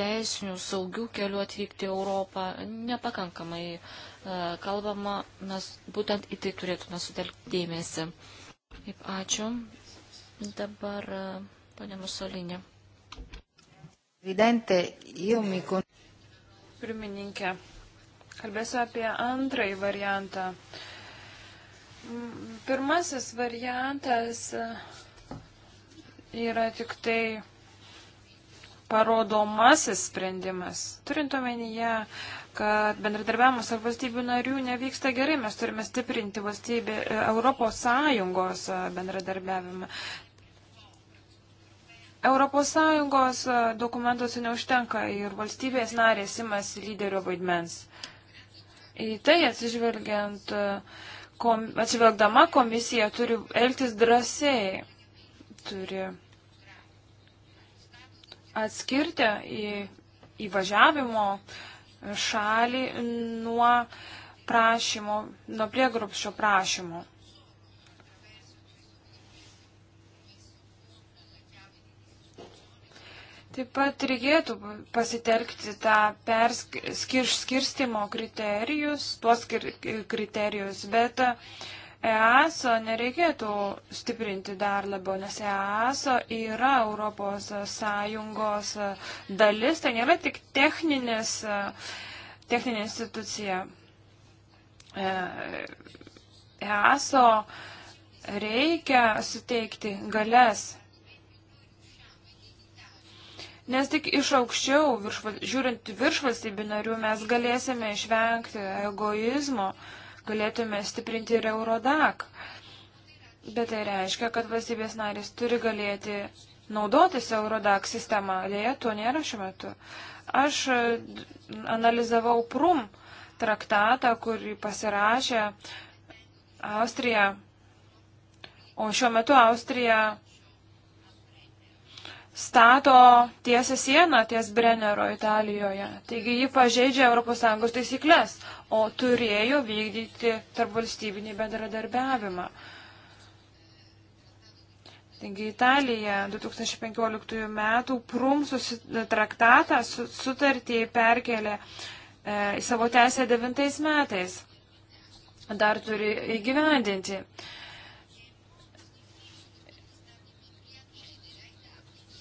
teisinių, saugių kelių atvykti į Europą nepakankamai e, kalbama, mes būtent į tai turėtume sutelkti dėmesį. Taip, ačiū. Dabar e, ponė Musolinė. Vidente, jau myku. Pirmininkė, kalbėsiu apie antrąjį variantą. Mm, pirmasis variantas e, yra tik tai parodomasis sprendimas. Turint omenyje, kad bendradarbiavimas ar valstybių narių nevyksta gerai, mes turime stiprinti valstybė, e, Europos Sąjungos e, bendradarbiavimą. Europos Sąjungos e, dokumentuose neužtenka ir valstybės narės imasi lyderio vaidmens. Į tai atsižvelgiant, kom, atsižvelgdama komisija turi elgtis drąsiai, turi atskirti į įvažiavimo šalį nuo prašymo, nuo priegrupščio prašymo. Taip pat reikėtų pasitelkti tą perskirstimo kriterijus, tuos kriterijus, bet EASO nereikėtų stiprinti dar labiau, nes EASO yra Europos Sąjungos dalis, tai nėra tik techninis, techninė institucija. E, EASO reikia suteikti galės Nes tik iš aukščiau, virš, žiūrint virš valstybių narių, mes galėsime išvengti egoizmo, uh, galėtume stiprinti ir Eurodak. Bet tai reiškia, kad valstybės narės turi galėti naudotis Eurodak sistema. Dėja, to nėra šiuo metu. Aš e, analizavau PRUM traktatą, kurį pasirašė Austrija. O šiuo metu Austrija stato tiesią sieną ties Brennero Italijoje. Taigi ji pažeidžia ES taisyklės, o turėjo vykdyti tarpvalstybinį bendradarbiavimą. Taigi Italija 2015 metų prum traktatą sutartį perkelė e, į e, savo teisę devintais metais. Dar turi įgyvendinti. E,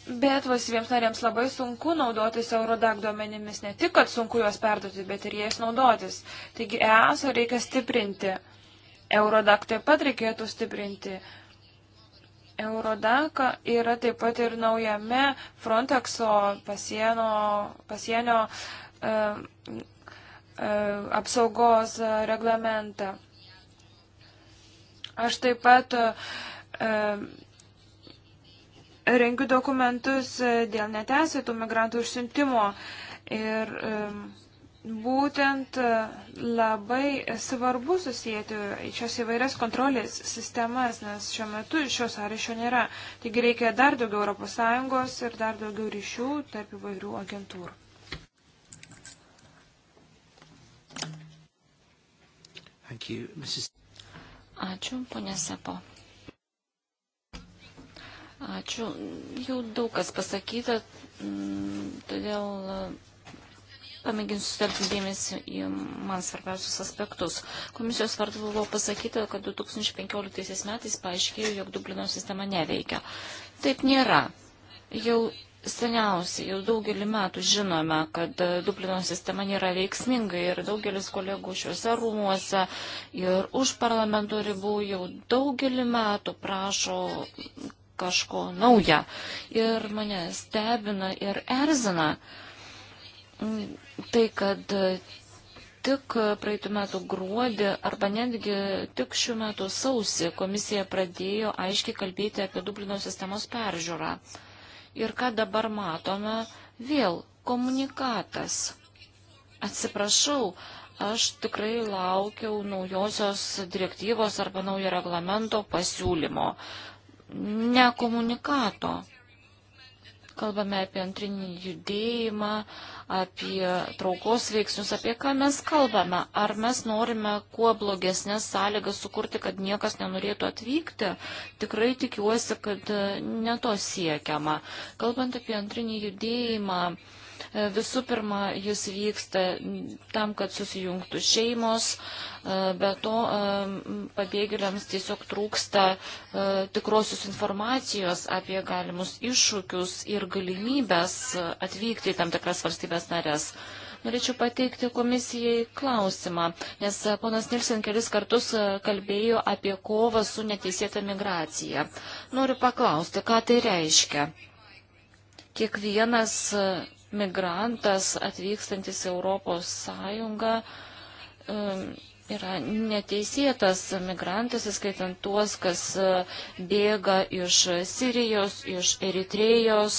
Bet valstybėms narėms labai sunku naudotis Eurodag duomenimis, ne tik, kad sunku juos perduoti, bet ir jais naudotis. Taigi EASO reikia stiprinti. Eurodag taip pat reikėtų stiprinti. Eurodag yra taip pat ir naujame Frontexo pasienio, pasienio e, e, apsaugos reglamentą. Aš taip pat e, rengiu dokumentus e, dėl neteisėtų migrantų išsiuntimo. Ir e, būtent e, labai svarbu susijęti šias įvairias kontrolės sistemas, nes šiuo metu šio sąryšio nėra. Taigi reikia dar daugiau ES ir dar daugiau ryšių tarp įvairių agentūrų. Ačiū, ponė Sepo. Ačiū. Jau daug kas pasakyta, mm, todėl e, pamėginsiu sutelkti dėmesį į man svarbiausius aspektus. Komisijos vardu buvo pasakyta, kad 2015 metais paaiškėjo, jog Dublino sistema neveikia. Taip nėra. Jau seniausiai, jau daugelį metų žinome, kad e, Dublino sistema nėra veiksminga ir daugelis kolegų šiuose rūmuose ir už parlamento ribų jau daugelį metų prašo kažko nauja. Ir mane stebina ir erzina tai, kad tik praeitų metų gruodį arba netgi tik šių metų sausį komisija pradėjo aiškiai kalbėti apie Dublino sistemos peržiūrą. Ir ką dabar matome, vėl komunikatas. Atsiprašau, aš tikrai laukiau naujosios direktyvos arba naujo reglamento pasiūlymo nekomunikato. Kalbame apie antrinį judėjimą, apie traukos veiksnius, apie ką mes kalbame. Ar mes norime kuo blogesnės sąlygas sukurti, kad niekas nenorėtų atvykti? Tikrai tikiuosi, kad e, ne to siekiama. Kalbant apie antrinį judėjimą, uh, E, visų pirma, jis vyksta tam, kad susijungtų šeimos, e, be to e, pabėgėliams tiesiog trūksta tikrosios informacijos apie galimus iššūkius ir galimybės atvykti į tam tikras valstybės narės norėčiau pateikti komisijai klausimą, nes ponas Nilsen kelis kartus kalbėjo apie kovą su neteisėta migracija. Noriu paklausti, ką tai reiškia? Kiekvienas migrantas atvykstantis Europos Sąjungą um, yra neteisėtas migrantas, įskaitant tuos, kas uh, bėga iš Sirijos, iš Eritrėjos.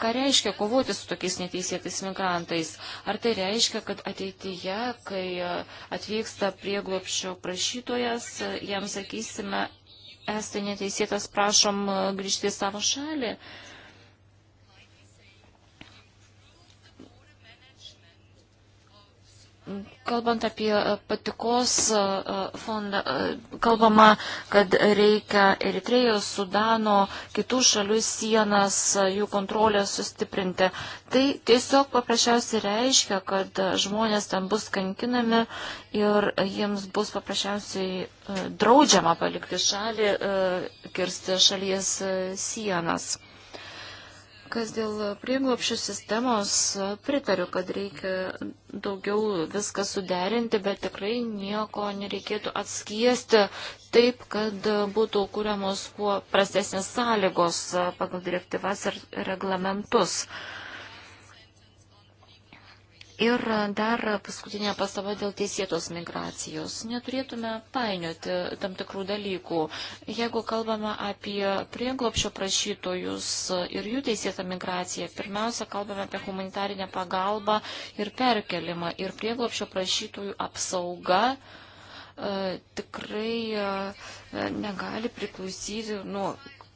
Ką reiškia kovoti su tokiais neteisėtais migrantais? Ar tai reiškia, kad ateityje, kai uh, atvyksta prieglopščio prašytojas, uh, jam sakysime, esate neteisėtas, prašom grįžti į savo šalį? Uh, Kalbant apie e, patikos e, e, fondą, kalbama, kad reikia Eritrejos, Sudano, kitų šalių sienas, jų kontrolę sustiprinti. Tai tiesiog paprasčiausiai reiškia, kad žmonės ten bus kankinami ir jiems bus paprasčiausiai draudžiama palikti šalį, kirsti šalies sienas. Kas dėl prieglopščių sistemos, pritariu, kad reikia daugiau viską suderinti, bet tikrai nieko nereikėtų atskiesti taip, kad būtų kūriamos kuo prastesnės sąlygos pagal direktyvas ir reglamentus. Uh, Ir dar paskutinė pastaba dėl teisėtos migracijos. Neturėtume painioti tam tikrų dalykų. Jeigu kalbame apie prieglopšio prašytojus ir jų teisėtą migraciją, pirmiausia, kalbame apie humanitarinę pagalbą ir perkelimą. Ir prieglopšio prašytojų apsauga e, tikrai e, negali priklausyti nuo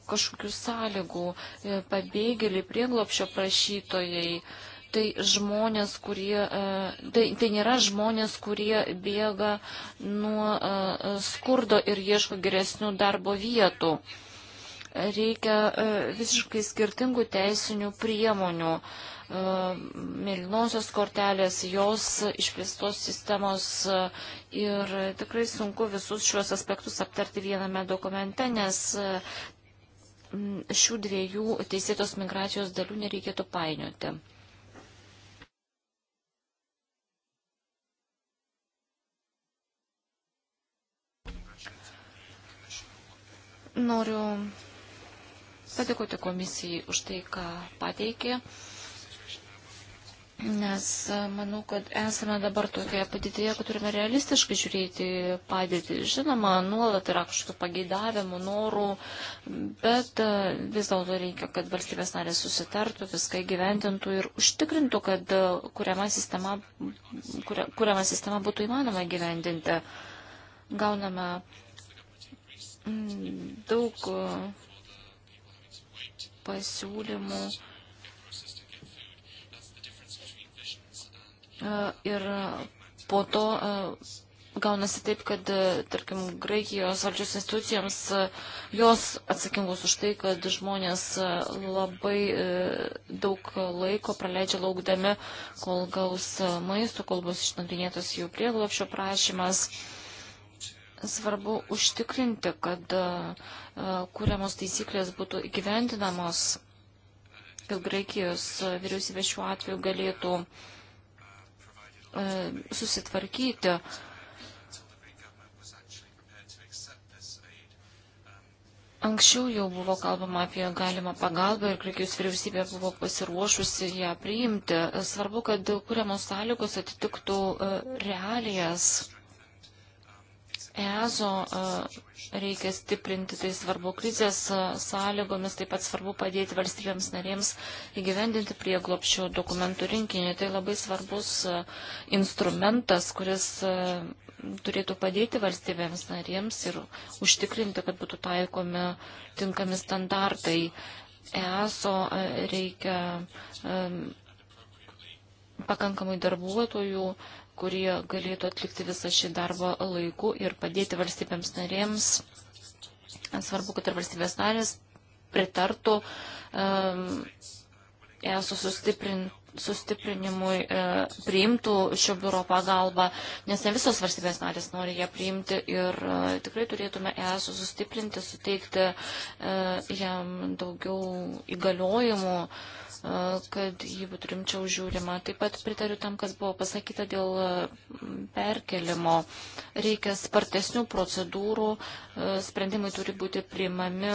kažkokių sąlygų. E, pabėgėliai, prieglopšio prašytojai. E, tai žmonės, kurie, e, tai, tai nėra žmonės, kurie bėga nuo e, skurdo ir ieško geresnių darbo vietų. Reikia e, visiškai skirtingų teisinių priemonių. Mėlynosios kortelės, jos išplėstos sistemos ir tikrai sunku visus šiuos aspektus aptarti viename dokumente, nes šių dviejų teisėtos migracijos dalių nereikėtų painioti. Noriu padėkoti komisijai už tai, ką pateikė, nes manau, kad esame dabar tokioje padėtėje, kad turime realistiškai žiūrėti padėtį. Žinoma, nuolat yra kažkokių pageidavimų, norų, bet vis dėlto reikia, kad valstybės narės susitartų, viską įgyvendintų ir užtikrintų, kad kuriama sistema, kuria, kuriama sistema būtų įmanoma gyvendinti. Gauname Mm, daug e, pasiūlymų e, ir po to e, gaunasi taip, kad, tarkim, Graikijos valdžios institucijoms jos atsakingos už tai, kad žmonės labai daug laiko praleidžia laukdami, kol gaus maisto, kol bus išnagrinėtas jų prieglopšio prašymas svarbu užtikrinti, kad e, e, kūriamos taisyklės būtų įgyvendinamos, kad Graikijos vyriausybė šiuo atveju galėtų e, susitvarkyti. Anksčiau jau buvo kalbama apie galimą pagalbą ir Graikijos vyriausybė buvo pasiruošusi ją priimti. Svarbu, kad kūriamos sąlygos atitiktų realijas EZO e, reikia stiprinti, tai svarbu krizės e, sąlygomis, taip pat svarbu padėti valstybėms narėms įgyvendinti prieglopščio dokumentų rinkinį. Tai labai svarbus e, instrumentas, kuris turėtų padėti valstybėms narėms ir užtikrinti, kad būtų taikomi tinkami standartai. ESO reikia pakankamai darbuotojų, kurie galėtų atlikti visą šį darbą laiku ir padėti valstybėms narėms. Svarbu, kad ir valstybės narės pritartų um, ehm, ESO sustiprin, sustiprinimui, e, priimtų šio biuro pagalbą, nes ne visos valstybės narės nori ją priimti ir e, tikrai turėtume ESO sustiprinti, suteikti e, jam daugiau įgaliojimų. E, kad jį būtų rimčiau žiūrima. Taip pat pritariu tam, kas buvo pasakyta dėl perkelimo. Reikia spartesnių procedūrų, sprendimai turi būti priimami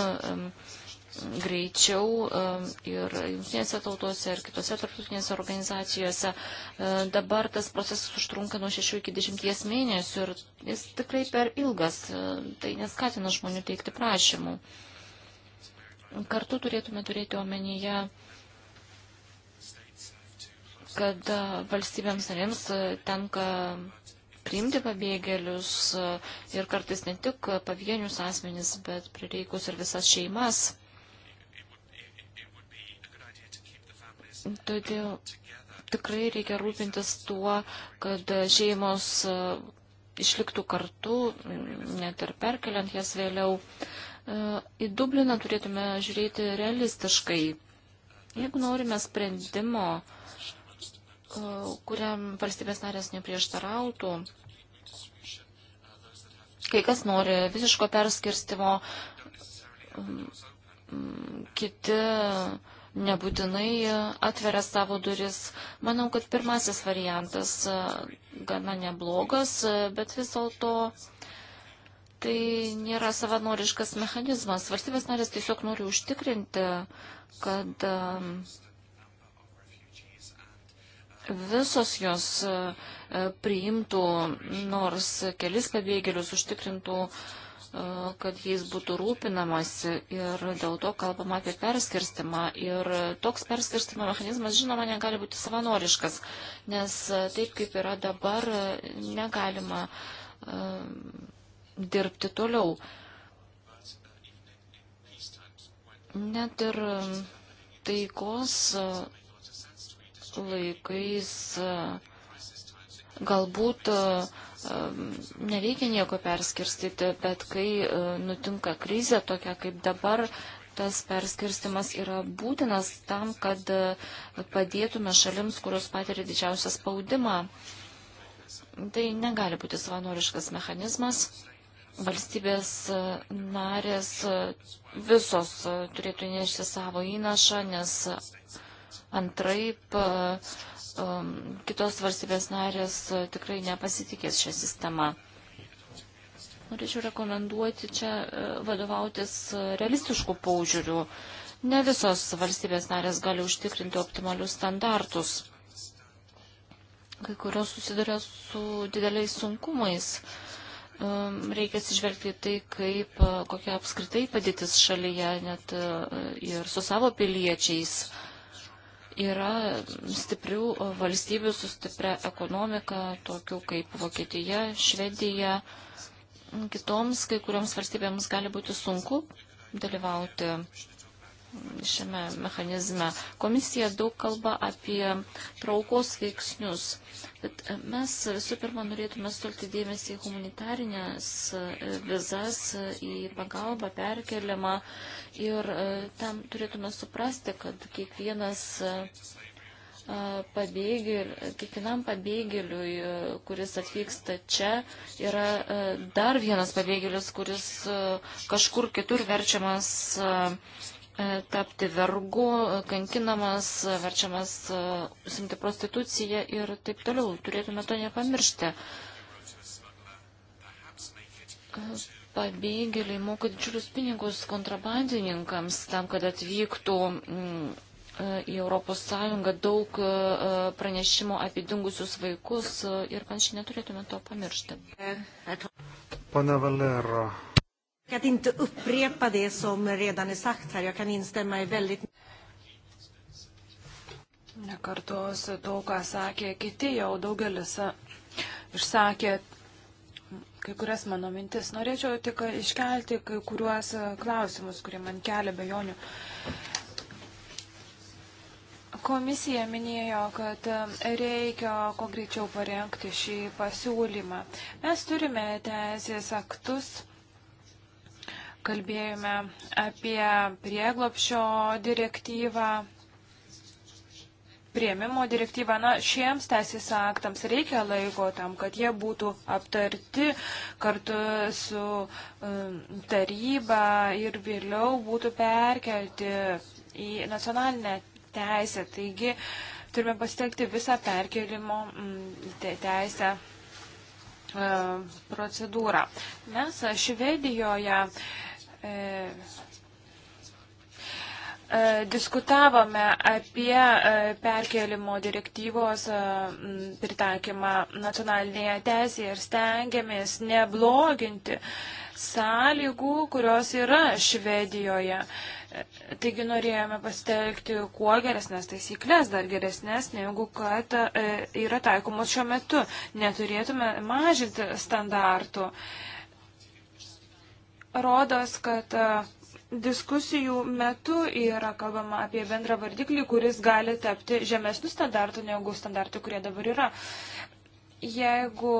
greičiau ir jungtinėse tautose, ir kitose tarptautinėse organizacijose. Dabar tas procesas užtrunka nuo 6 iki 10 mėnesių ir jis tikrai per ilgas, tai neskatina žmonių teikti prašymų. Kartu turėtume turėti omenyje kad e, valstybėms narėms e, tenka priimti pabėgėlius e, ir kartais ne tik pavienius asmenys, bet prireikus ir visas šeimas. Todėl tikrai reikia rūpintis tuo, kad šeimos išliktų kartu, net ir perkeliant jas vėliau. Į Dubliną turėtume žiūrėti realistiškai. Jeigu norime sprendimo, kuriam valstybės narės neprieštarautų. Kai kas nori visiško perskirstimo, kiti nebūtinai atveria savo duris. Manau, kad pirmasis variantas gana neblogas, bet vis dėlto tai nėra savanoriškas mechanizmas. Valstybės narės tiesiog nori užtikrinti, kad uh, visos jos e, e, priimtų nors kelis pabėgėlius, užtikrintų, e, kad jais būtų rūpinamasi ir dėl to kalbama apie perskirstimą. Ir toks perskirstimo mechanizmas, žinoma, negali būti savanoriškas, nes taip kaip yra dabar, negalima dirbti toliau. Net ir taikos laikais galbūt e, nereikia nieko perskirstyti, bet kai e, nutinka krizė tokia kaip dabar, tas perskirstimas yra būtinas tam, kad e, padėtume šalims, kurios patiria didžiausią spaudimą. Tai negali būti savanoriškas mechanizmas. Valstybės narės visos turėtų nešti savo įnašą, nes Antraip, e, um, kitos valstybės narės e, tikrai nepasitikės šią sistemą. Norėčiau rekomenduoti čia e, vadovautis realistiškų paužiūrių. Ne visos valstybės narės gali užtikrinti optimalius standartus. Kai kurios susiduria su dideliais sunkumais. Reikia atsižvelgti tai, kaip, kokia apskritai padėtis šalyje, net ir su savo piliečiais. Yra stiprių valstybių su stipria ekonomika, tokių kaip Vokietija, Švedija. Kitoms kai kurioms valstybėms gali būti sunku dalyvauti šiame mechanizme. Komisija daug kalba apie traukos veiksnius, bet e, mes visų pirma norėtume stulti dėmesį į humanitarinės e, vizas, e, į pagalbą perkeliamą ir tam turėtume suprasti, kad kiekvienas pabėgėl, kiekvienam pabėgėliui, kuris atvyksta čia, yra dar vienas pabėgėlis, kuris kažkur kitur verčiamas tapti vergu, kankinamas, verčiamas e, simti prostituciją ir taip toliau. Turėtume to nepamiršti. Pabėgėliai moka didžiulius pinigus kontrabandininkams tam, kad atvyktų mm, e, į Europos Sąjungą daug e, pranešimų apie dingusius vaikus ir panašiai neturėtume to pamiršti. Pane Valero, Att inte upprepa det som redan är sagt här. Jag kan instämma i väldigt... Nekartosiu to, ką sakė kiti, jau daugelis e, išsakė kai kurias mano mintis. Norėčiau tik iškelti kai kuriuos e, klausimus, kurie man kelia bejonių. Komisija minėjo, kad e, reikia kuo greičiau parengti šį pasiūlymą. Mes turime teisės aktus kalbėjome apie prieglopšio direktyvą, prieimimo direktyvą. Na, šiems teisės aktams reikia laiko tam, kad jie būtų aptarti kartu su um, taryba ir vėliau būtų perkelti į nacionalinę teisę. Taigi, turime pasitelkti visą perkelimo mm, teisę e, procedūrą. Mes Švedijoje E, e, diskutavome apie e, perkelimo direktyvos pritaikymą nacionalinėje teisėje ir stengiamės nebloginti sąlygų, kurios yra Švedijoje. Taigi norėjome pasitelkti kuo geresnės taisyklės, dar geresnės, negu kad yra taikomos šiuo metu. Neturėtume mažinti standartų. E, rodos, kad e, diskusijų metu yra kalbama apie bendrą vardiklį, kuris gali tapti žemesnių standartų negu standartų, kurie dabar yra. Jeigu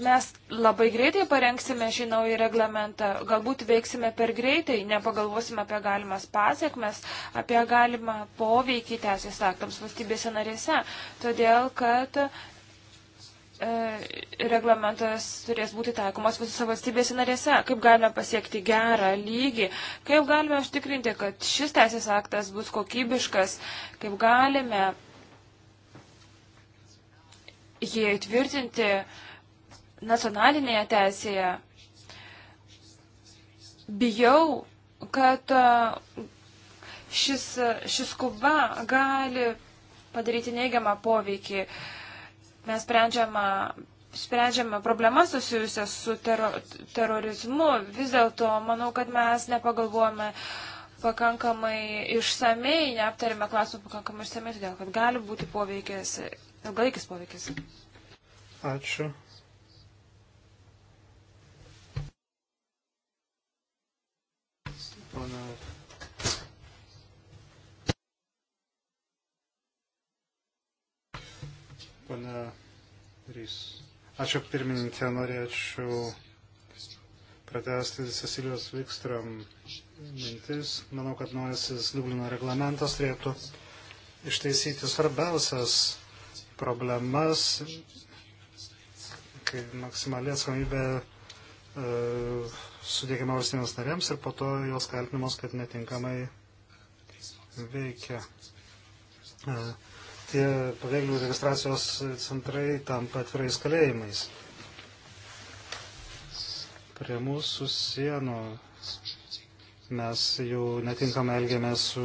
mes labai greitai parengsime šį naują reglamentą, galbūt veiksime per greitai, nepagalvosime apie galimas pasiekmes, apie galimą poveikį teisės aktams valstybėse narėse, todėl kad E, reglamentas turės būti taikomas visose valstybėse narėse, kaip galime pasiekti gerą lygį, kaip galime užtikrinti, kad šis teisės aktas bus kokybiškas, kaip galime jį įtvirtinti nacionalinėje teisėje. Bijau, kad e, šis, šis skuba gali padaryti neigiamą poveikį uh, Mes sprendžiame, sprendžiame problemas susijusias su tero, terorizmu. Vis dėlto manau, kad mes nepagalvojame pakankamai išsamei, neaptarėme klausimų pakankamai išsamei, todėl kad gali būti poveikis, ilgalaikis poveikis. Ačiū. Pana pana Rys. Ačiū pirmininkė, norėčiau pratesti Cecilijos Vikstram mintis. Manau, kad naujasis Dublino reglamentas turėtų išteisyti svarbiausias problemas, kai maksimaliai atsakomybė e, sudėkiama valstybės narėms ir po to jos kaltinamos, kad netinkamai veikia. E, tie pabėgėlių registracijos centrai tampa atvirais kalėjimais. Prie mūsų sienų mes jau netinkamai elgėmės su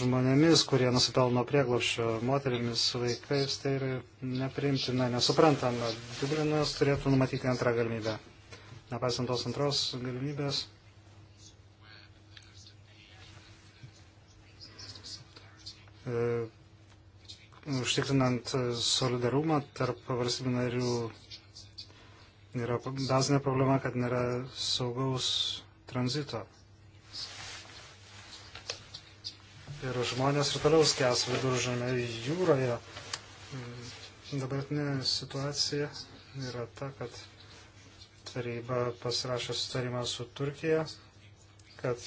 žmonėmis, kurie nusipelno prieglopščio, moterimis, vaikais, tai yra neprimtina, nesuprantama. Dublinas turėtų numatyti antrą galimybę. Nepaisant tos antros galimybės. E, užtikrinant solidarumą tarp valstybių narių yra bazinė problema, kad nėra saugaus tranzito. Ir žmonės ir toliau skęs viduržame jūroje. Dabartinė situacija yra ta, kad taryba pasirašė sutarimą su Turkija, kad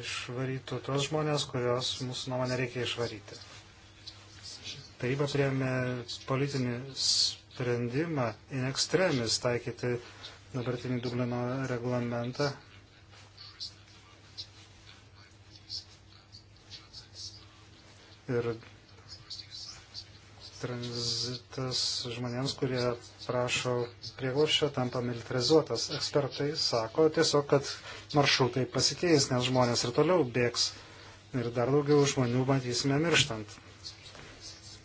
išvarytų tuos žmonės, kurios mūsų nuomonė reikia išvaryti taryba priėmė politinį sprendimą in extremis taikyti dabartinį Dublino reglamentą. Ir tranzitas žmonėms, kurie prašo prieglobščio, tampa militarizuotas. Ekspertai sako tiesiog, kad maršrutai pasikeis, nes žmonės ir toliau bėgs ir dar daugiau žmonių matysime mirštant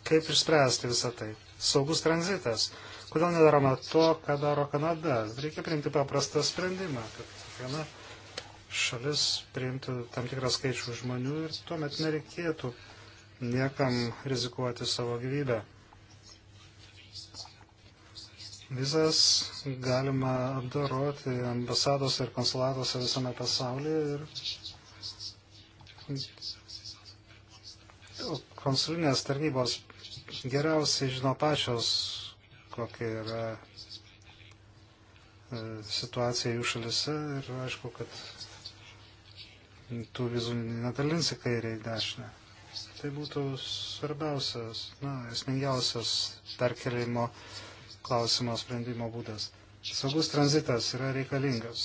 kaip išspręsti visą tai. Saugus tranzitas. Kodėl nedaroma to, ką daro Kanada? Reikia priimti paprastą sprendimą, kad kiekviena šalis priimtų tam tikrą skaičių žmonių ir tuomet nereikėtų niekam rizikuoti savo gyvybę. Vizas galima apdaroti ambasados ir konsulatose visame pasaulyje. Ir konsulinės tarnybos geriausiai žino pačios, kokia yra e, situacija jų šalise ir aišku, kad tų vizų nedalins į kairę į dešinę. Tai būtų svarbiausias, na, esmingiausias perkelimo klausimo sprendimo būdas. Saugus tranzitas yra reikalingas.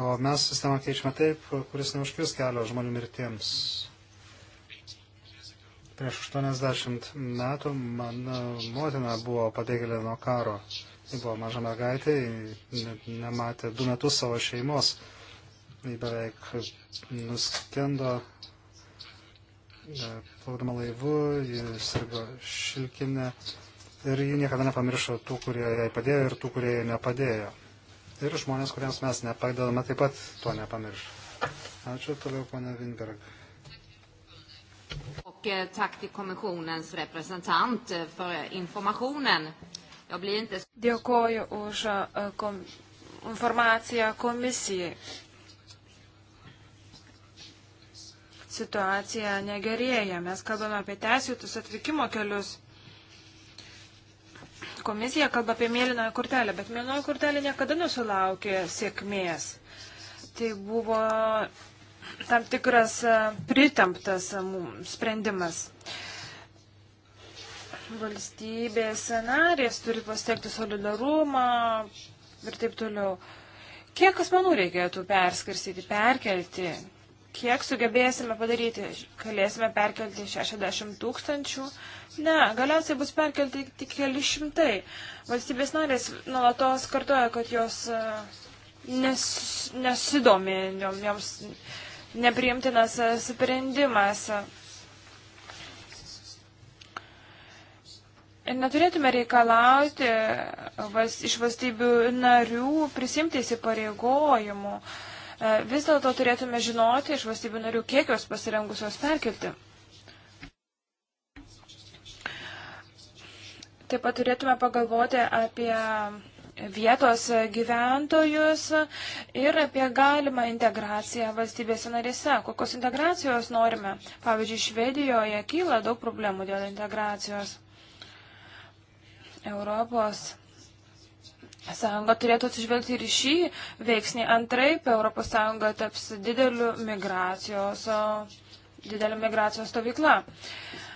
O mes sistemą keičiame taip, kuris neužkirs kelio žmonių mirtiems Prieš 80 metų mano motina buvo pabėgėlė nuo karo. Ji buvo maža mergaitė, nematė du metus savo šeimos. Ji beveik nuskendo e, plaukdama laivu, ji sirgo šilkinę ir ji niekada nepamiršo tų, kurie jai padėjo ir tų, kurie jai nepadėjo. Ir žmonės, kuriems mes nepadedame, taip pat to nepamiršo. Ačiū toliau, ponia Vinberg och eh, tack till kommissionens representant eh, för informationen. Jag blir inte... Dėkoju už eh, kom... informaciją komisijai. Situacija negerėja. Mes kalbame apie teisėtus atvykimo kelius. Komisija kalba apie mėlynąją kortelę, bet mėlynoji kortelė niekada nesulaukė sėkmės. Tai buvo tam tikras e, pritemptas e, sprendimas. Valstybės narės turi pasiekti solidarumą ir taip toliau. Kiek asmenų reikėtų perskirstyti, perkelti? Kiek sugebėsime padaryti? Galėsime perkelti 60 tūkstančių? Ne, galiausiai bus perkelti tik keli šimtai. Valstybės narės nuolatos kartoja, kad jos e, nes, nesidomi joms. Jom, nepriimtinas e, sprendimas. Neturėtume reikalauti e, vas, iš valstybių narių prisimti įsipareigojimų. E, vis dėlto turėtume žinoti iš valstybių narių, kiek jos pasirengusios perkelti. Taip pat turėtume pagalvoti apie vietos gyventojus ir apie galimą integraciją valstybėse narėse. Kokios integracijos norime? Pavyzdžiui, Švedijoje kyla daug problemų dėl integracijos. Europos Sąjunga turėtų atsižvelgti ir šį veiksnį. Antraip, Europos Sąjunga taps dideliu migracijos, dideliu migracijos stovykla. Uh,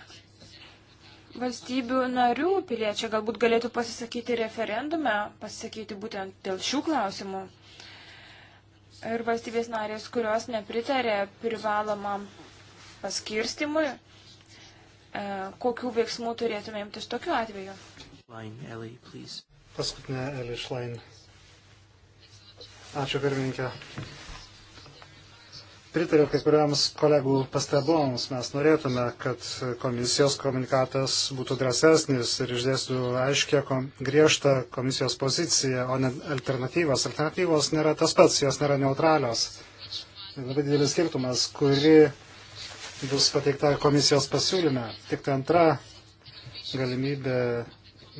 valstybių narių piliečiai galbūt galėtų pasisakyti referendume, pasisakyti būtent dėl šių klausimų. Ir valstybės narės, kurios nepritarė privalomam paskirstimui, e, kokių veiksmų turėtume imtis tokiu atveju. Paskutinė Eli Šlain. Ačiū pirmininkė pritariu kai kuriams kolegų pastaboms. Mes norėtume, kad komisijos komunikatas būtų drąsesnis ir išdėstų aiškę, kom, griežtą komisijos poziciją, o ne alternatyvas. Alternatyvos nėra tas pats, jos nėra neutralios. Labai didelis skirtumas, kuri bus pateikta komisijos pasiūlyme. Tik tai antra galimybė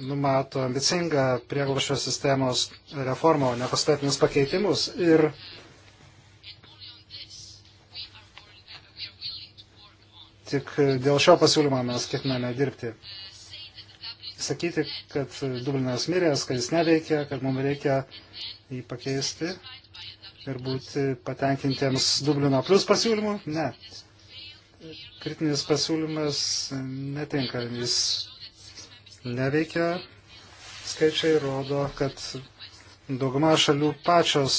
numato ambicingą prieglobšio sistemos reformą, o ne pastatinius pakeitimus. Ir tik dėl šio pasiūlymo mes ketiname dirbti. Sakyti, kad Dublinas miręs, kad jis neveikia, kad mums reikia jį pakeisti ir būti patenkintiems Dublino plus pasiūlymų, ne. Kritinis pasiūlymas netinka, jis neveikia. Skaičiai rodo, kad dauguma šalių pačios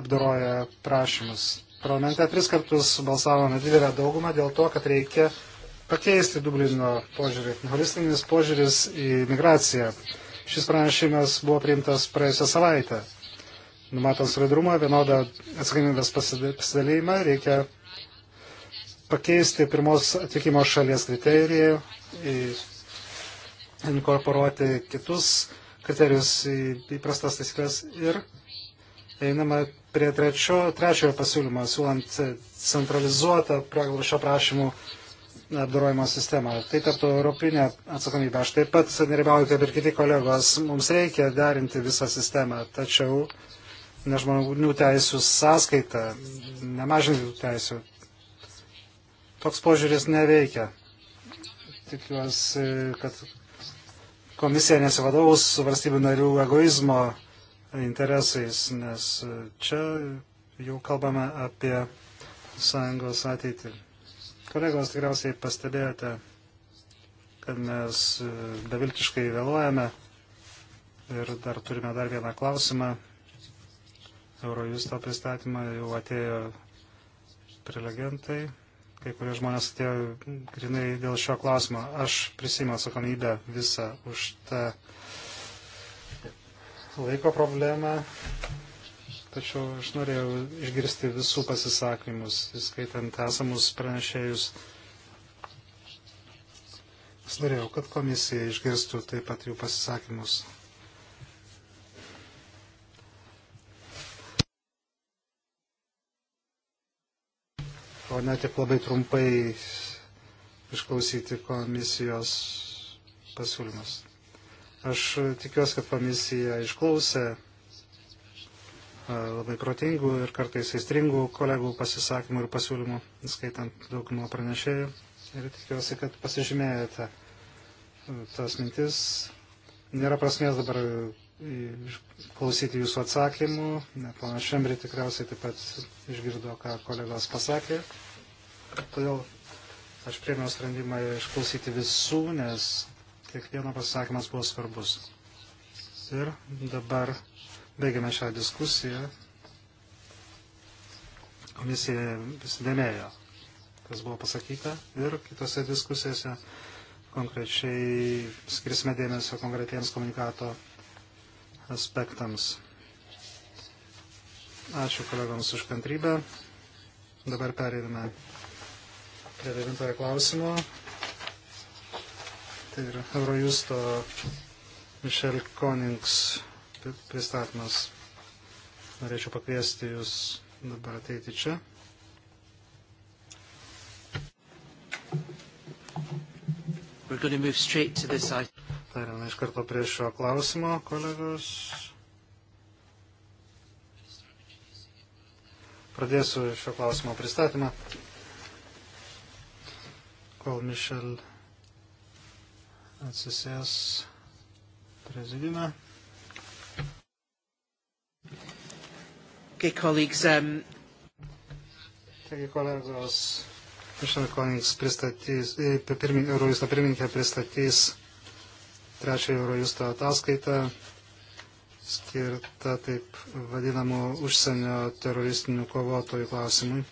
apdaroja prašymus Parlamente tris kartus balsavome didelę daugumą dėl to, kad reikia pakeisti Dublino požiūrį, holistinis požiūris į migraciją. Šis pranešimas buvo priimtas praėjusią savaitę. Numatant solidarumą, vienodą atsakomybės pasidalymą, reikia pakeisti pirmos atvykimo šalies kriterijų, inkorporuoti kitus kriterijus į įprastas taisyklės ir einama prie trečio, trečiojo pasiūlymo, siūlant centralizuotą prieglobšio prašymų apdorojimo sistemą. Tai taptų europinė atsakomybė. Aš taip pat nerimauju, kaip ir kiti kolegos, mums reikia derinti visą sistemą, tačiau nežmonių teisų sąskaita, nemažinti teisų. Toks požiūris neveikia. Tikiuosi, kad komisija nesivadovaus valstybių narių egoizmo interesais, nes čia jau kalbame apie sąjungos ateitį. Kolegos tikriausiai pastebėjote, kad mes beviltiškai vėluojame ir dar turime dar vieną klausimą. Eurojusto pristatymą jau atėjo prelegentai, kai kurie žmonės atėjo grinai dėl šio klausimo. Aš prisimu atsakomybę visą už tą laiko problemą, tačiau aš norėjau išgirsti visų pasisakymus, įskaitant esamus pranešėjus. Aš norėjau, kad komisija išgirstų taip pat jų pasisakymus. O ne tik labai trumpai išklausyti komisijos pasiūlymus. Aš tikiuosi, kad komisija išklausė labai protingų ir kartais aistringų kolegų pasisakymų ir pasiūlymų, skaitant daugumą pranešėjų. Ir tikiuosi, kad pasižymėjote tas mintis. Nėra prasmės dabar klausyti jūsų atsakymų. Ponas Šemri tikriausiai taip pat išgirdo, ką kolegos pasakė. Todėl aš priemiau sprendimą išklausyti visų, nes Kiekvieno pasakymas buvo svarbus. Ir dabar baigiame šią diskusiją. Komisija prisidėmėjo, kas buvo pasakyta ir kitose diskusijose konkrečiai skirsime dėmesio konkretiems komunikato aspektams. Ačiū kolegams už kantrybę. Dabar perėdame prie devintojo klausimo. Tai yra Eurojusto Michel Konings pristatymas. Norėčiau pakviesti Jūs dabar ateiti čia. Tarėme iš karto prie šio klausimo, kolegos. Pradėsiu šio klausimo pristatymą. Kol Mišel atsisės prezidiume. Okay, colleagues, um... Taigi kolegos, šiandien kolegos pristatys, e, pirmin, Eurojusto pirmininkė pristatys trečią Eurojusto ataskaitą skirta taip vadinamų užsienio teroristinių kovotojų klausimui.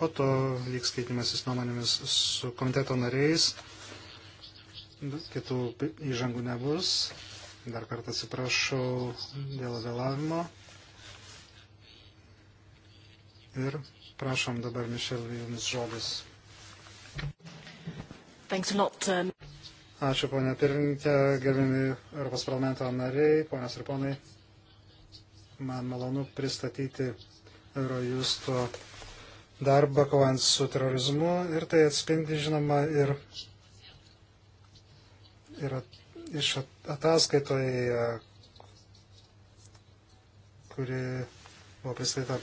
Po to vyks keitimasis nuomonėmis su komiteto nariais. Kitų įžangų nebus. Dar kartą atsiprašau dėl vėlavimo. Ir prašom dabar, Mišel, jums žodis. Lot, um... Ačiū, ponė pirmininkė, gerbimi Europos parlamento nariai, ponios ir ponai. Man malonu pristatyti Eurojusto darbą kovant su terorizmu ir tai atspindi, žinoma, ir yra iš ataskaitoje, kuri buvo pristatyta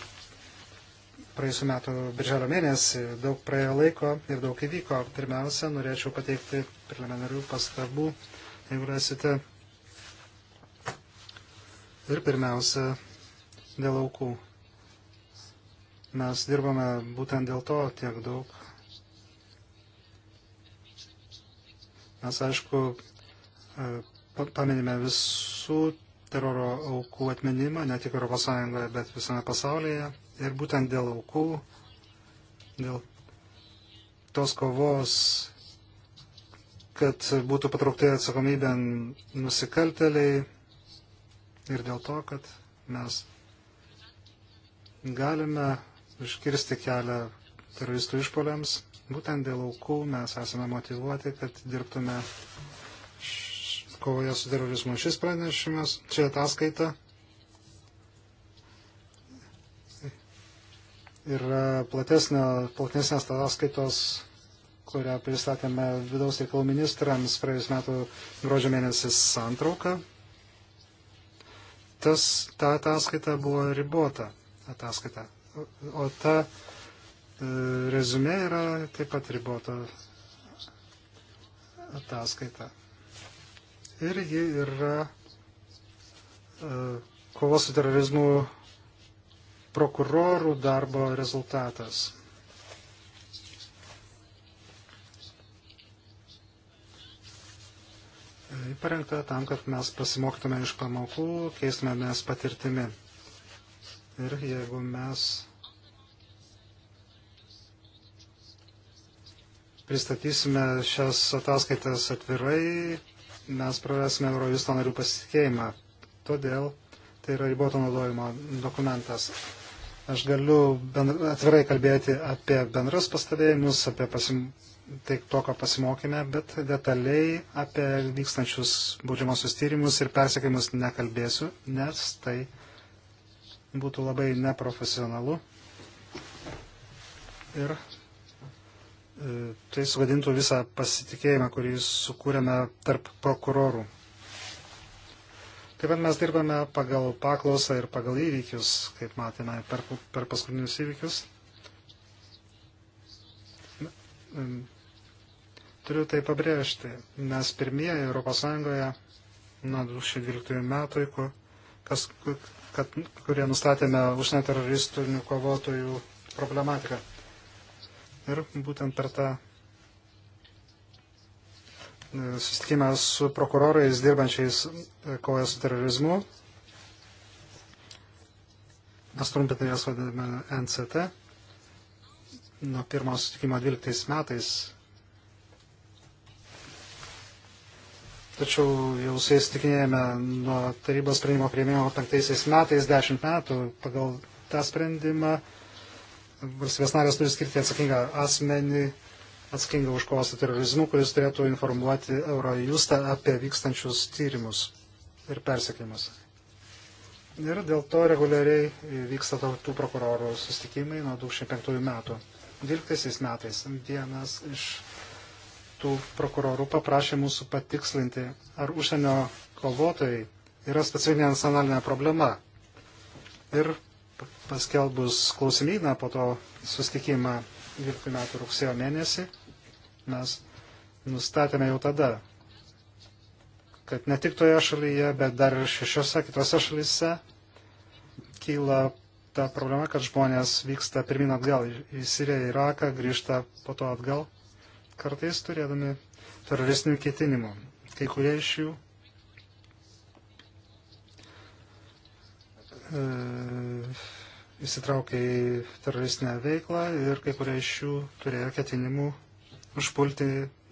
praėjusiu metu birželio mėnesį, daug praėjo laiko ir daug įvyko. Pirmiausia, norėčiau pateikti preliminarių pastabų, jeigu rasite. Ir pirmiausia, dėl aukų. Mes dirbame būtent dėl to tiek daug Mes, aišku, e, paminime visų teroro aukų atminimą, ne tik ES, bet visame pasaulyje. Ir būtent dėl aukų, dėl tos kovos, kad būtų patraukti atsakomybę nusikalteliai ir dėl to, kad mes galime iškirsti kelią teroristų išpoliams Būtent dėl aukų mes esame motivuoti, kad dirbtume kovoje su terorizmu. Šis pranešimas, čia ataskaita ir platesnės ataskaitos, kurią pristatėme vidaus reikalų ministrams praėjus metų gruodžio mėnesį santrauką. Tas, ta ataskaita buvo ribota ataskaita. O ta rezume yra taip pat ribota ataskaita. Ir ji yra e, kovos su terorizmu prokurorų darbo rezultatas. Parengta tam, kad mes pasimoktume iš pamokų, keistumėmės patirtimi. Ir jeigu mes pristatysime šias ataskaitas atvirai, mes prarasime Eurojusto narių pasitikėjimą. Todėl tai yra riboto naudojimo dokumentas. Aš galiu bendra, atvirai kalbėti apie bendras pastabėjimus, apie pasim, tai to, ko pasimokime, bet detaliai apie vykstančius baudžiamosius tyrimus ir persekimus nekalbėsiu, nes tai būtų labai neprofesionalu. Ir tai sugadintų visą pasitikėjimą, kurį sukūrėme tarp prokurorų. Taip pat mes dirbame pagal paklausą ir pagal įvykius, kaip matėme per, per paskutinius įvykius. Turiu tai pabrėžti, nes pirmieji Europos Sąjungoje nuo 2012 metų, kur, kas, kad, kurie nustatėme užsienio teroristų kovotojų problematiką. Ir būtent per tą e, susitikimą su prokurorais dirbančiais e, kovoje su terorizmu. Mes trumpintai jas vadiname NCT. Nuo pirmo susitikimo 12 metais. Tačiau jau su jais tikinėjame nuo tarybos sprendimo prieimimo 5 metais 10 metų pagal tą sprendimą valstybės narės turi skirti atsakingą asmenį, atsakingą už kovą su terorizmu, kuris turėtų informuoti Eurojustą apie vykstančius tyrimus ir persekimus. Ir dėl to reguliariai vyksta tautų prokurorų sustikimai nuo 2005 metų. 12 metais vienas iš tų prokurorų paprašė mūsų patikslinti, ar užsienio kovotojai yra specifinė nacionalinė problema. Ir paskelbus klausimyną po to sustikimą 12 metų rugsėjo mėnesį, mes nustatėme jau tada, kad ne tik toje šalyje, bet dar ir šešiose kitose šalyse kyla ta problema, kad žmonės vyksta pirmin atgal į Siriją, į Iraką, grįžta po to atgal, kartais turėdami teroristinių ketinimų. Kai kurie iš jų E, įsitraukė į teroristinę veiklą ir kai kurie iš jų turėjo ketinimų užpulti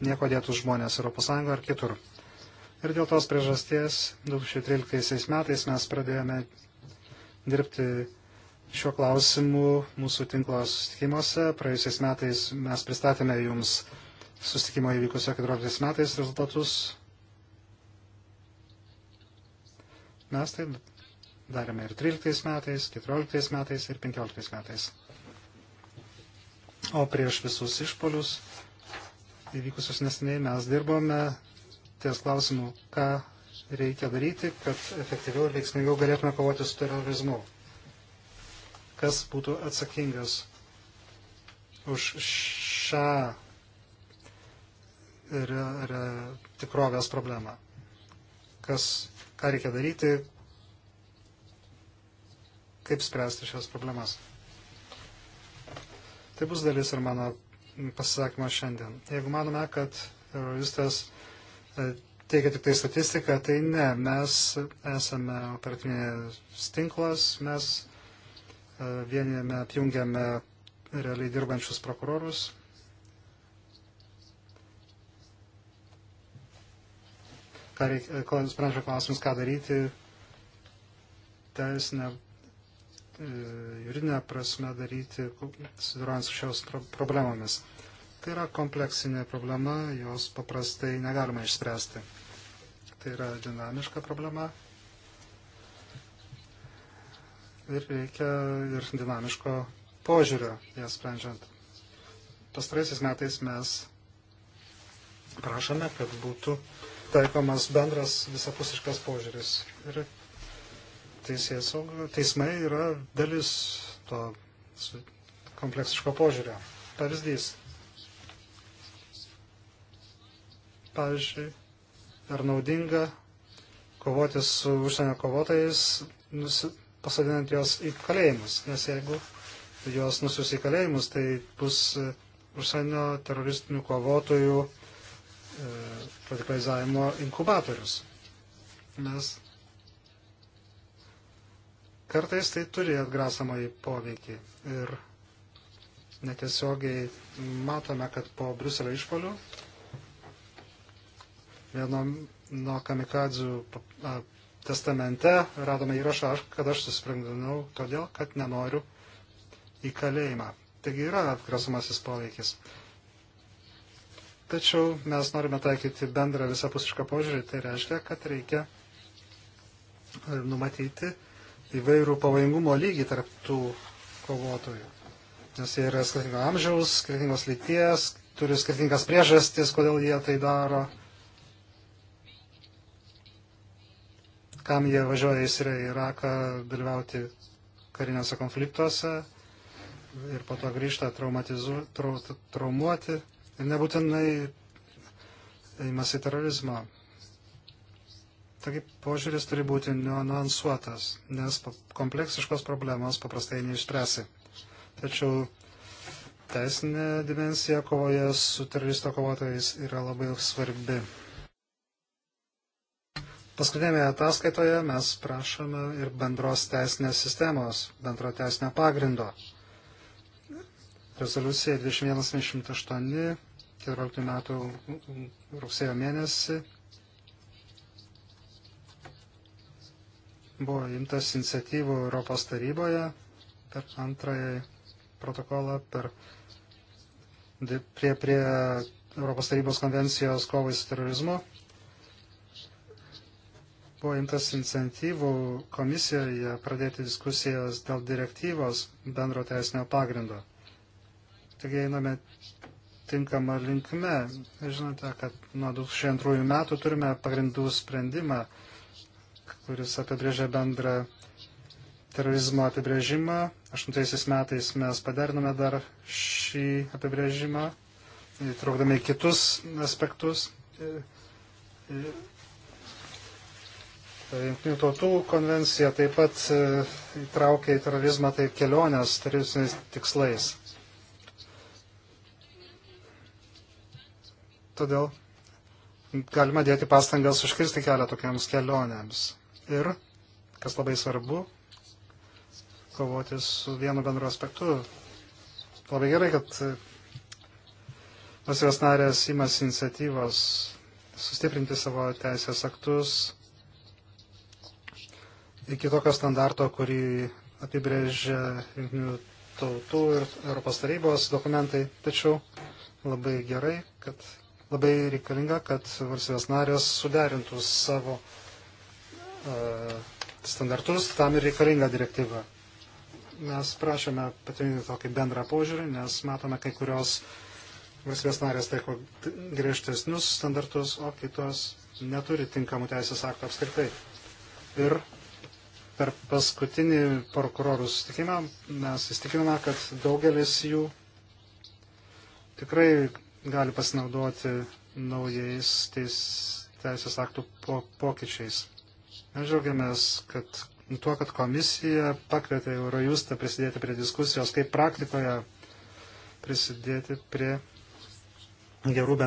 nieko dėtus žmonės ES ar kitur. Ir dėl tos priežasties 2013 metais mes pradėjome dirbti šiuo klausimu mūsų tinklo susitikimuose. Praėjusiais metais mes pristatėme jums susitikimo įvykusio 14 metais rezultatus. Mes tai darėme ir 13 metais, 14 metais ir 15 metais. O prieš visus išpolius įvykusius nesiniai mes dirbome ties klausimu, ką reikia daryti, kad efektyviau ir veiksmingiau galėtume kovoti su terorizmu. Kas būtų atsakingas už šią ir, ir tikrovės problemą. Kas, ką reikia daryti, kaip spręsti šias problemas. Tai bus dalis ir mano pasisakymas šiandien. Jeigu manome, kad teroristas e, teikia tik tai statistiką, tai ne, mes esame operatyvinės tinklas, mes e, vienijame, apjungiame realiai dirbančius prokurorus. E, sprendžia klausimus, ką daryti, teisinę E, juridinę prasme daryti, sudarant su šios problemomis. Tai yra kompleksinė problema, jos paprastai negalima išspręsti. Tai yra dinamiška problema ir reikia ir dinamiško požiūrio ją sprendžiant. Pastaraisiais metais mes prašome, kad būtų taikomas bendras visapusiškas požiūris. Ir teisės teismai yra dalis to kompleksiško požiūrio. Pavyzdys. Pavyzdžiui, ar naudinga kovoti su užsienio kovotojais, pasadinant juos į kalėjimus, nes jeigu juos nusius į kalėjimus, tai bus e, užsienio teroristinių kovotojų e, radikalizavimo inkubatorius. Mes Kartais tai turi atgrasamąjį poveikį ir netiesiogiai matome, kad po Bruselio išpolių vieno nuo kamikadzių testamente radome įrašą, kad aš susprendinau todėl, kad nenoriu į kalėjimą. Taigi yra atgrasamasis poveikis. Tačiau mes norime taikyti bendrą visapusišką požiūrį, tai reiškia, kad reikia e, numatyti įvairių pavojingumo lygį tarp tų kovotojų. Nes jie yra skirtingo amžiaus, skirtingos lyties, turi skirtingas priežastis, kodėl jie tai daro, kam jie važiuoja į Siriją, Iraką dalyvauti kariniuose konfliktuose ir po to grįžta traumatizu, trau, traumuoti ir nebūtinai įmasi terorizmo. Taigi požiūris turi būti niuansuotas, nes kompleksiškos problemos paprastai neišspręsi. Tačiau teisinė dimensija kovoje su teroristo kovotojais yra labai svarbi. Paskutinėme ataskaitoje mes prašome ir bendros teisinės sistemos, bendro teisinio pagrindo. Rezoliucija 2128, 14 metų rugsėjo mėnesį Buvo imtas iniciatyvų Europos taryboje per antrąjį protokolą per, prie, prie Europos tarybos konvencijos kovai su terorizmu. Buvo imtas iniciatyvų komisijoje pradėti diskusijas dėl direktyvos bendro teisinio pagrindo. Taigi einame tinkama linkme. Žinote, kad nuo 2002 metų turime pagrindų sprendimą kuris apibrėžia bendrą terorizmo apibrėžimą. Aštuntaisiais metais mes padarinome dar šį apibrėžimą, įtraukdami kitus aspektus. Junktinių tautų konvencija taip pat e, įtraukia į terorizmą tai kelionės teroristiniais tikslais. Todėl galima dėti pastangas užkirsti kelią tokiams kelionėms ir, kas labai svarbu, kovoti su vienu bendru aspektu. Labai gerai, kad valstybės narės įmas iniciatyvos sustiprinti savo teisės aktus iki tokio standarto, kurį apibrėžia jungtinių tautų ir Europos tarybos dokumentai. Tačiau labai gerai, kad labai reikalinga, kad valstybės narės suderintų savo E, standartus, tam ir reikalinga direktyva. Mes prašome patvirtinti tokį bendrą požiūrį, nes matome kai kurios valstybės narės taiko griežtesnius standartus, o kitos neturi tinkamų teisės aktų apskritai. Ir per paskutinį prokurorų susitikimą mes įstikinome, kad daugelis jų tikrai gali pasinaudoti naujais teis, teisės aktų po, pokyčiais. Mes džiaugiamės, kad tuo, kad komisija pakvietė Eurojustą prisidėti prie diskusijos, kaip praktikoje prisidėti prie gerų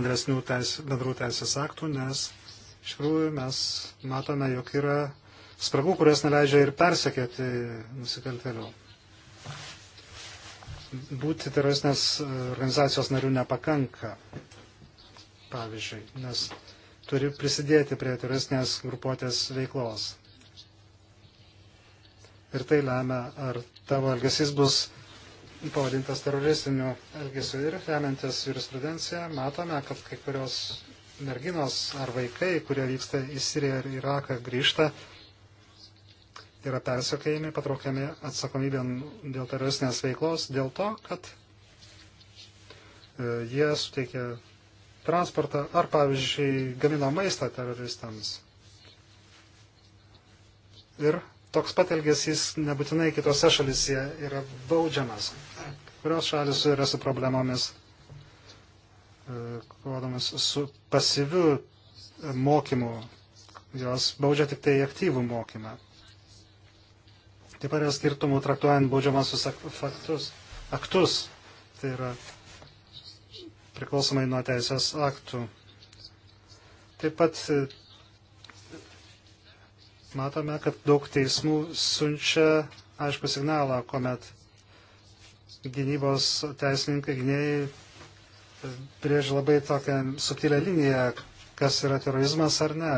teis, bendrų teisės aktų, nes iš tikrųjų mes matome, jog yra spragų, kurias neleidžia ir persekėti nusikaltėlių. Būti teroristinės organizacijos narių nepakanka, pavyzdžiui, nes turi prisidėti prie teroristinės grupuotės veiklos. Ir tai lemia, ar tavo elgesys bus pavadintas teroristiniu elgesiu. Ir remiantis jurisprudenciją, matome, kad kai kurios merginos ar vaikai, kurie vyksta į Siriją ir Iraką, grįžta, yra persiekėjami, patraukiami atsakomybė dėl teroristinės veiklos, dėl to, kad e, jie suteikia transportą ar, pavyzdžiui, gamina maistą teroristams. Ir toks pat elgesys nebūtinai kitose šalise yra baudžiamas. Kurios šalis yra su problemomis, e, kovodamas su pasyviu mokymu, jos baudžia tik tai aktyvų mokymą. Taip pat yra skirtumų traktuojant baudžiamasus faktus, aktus. Tai yra priklausomai nuo teisės aktų. Taip pat e, matome, kad daug teismų sunčia aišku signalą, kuomet gynybos teisininkai, gynėjai e, brėžia labai tokią subtilę liniją, kas yra terorizmas ar ne.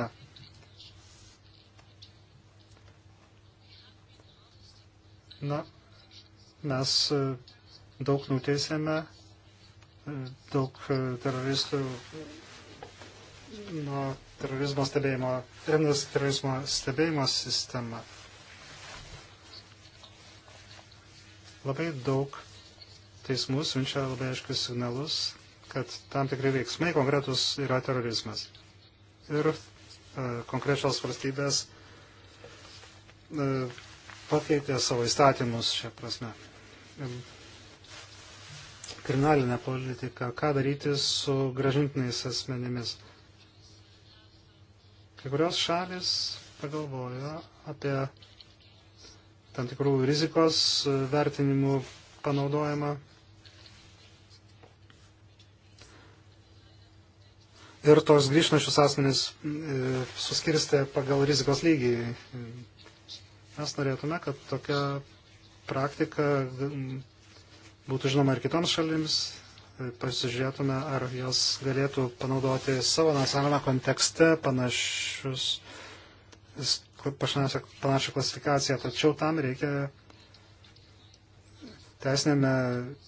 Na, mes e, daug nuteisėme daug e, teroristų nuo terorizmo stebėjimo, remdas terorizmo stebėjimo sistema. Labai daug teismų siunčia labai aiškius signalus, kad tam tikri veiksmai konkretus yra terorizmas. Ir e, konkrečios valstybės e, pakeitė savo įstatymus šią prasme. E, kriminalinę politiką, ką daryti su gražintiniais asmenimis. Kai kurios šalis pagalvojo apie tam tikrų rizikos vertinimų panaudojimą. Ir tos grįžtančius asmenys e, suskirstė pagal rizikos lygį. Mes norėtume, kad tokia praktika būtų žinoma ir kitoms šalims, e, pasižiūrėtume, ar jos galėtų panaudoti savo nacionalinę kontekste panašius, panašią klasifikaciją. Tačiau tam reikia teisinėme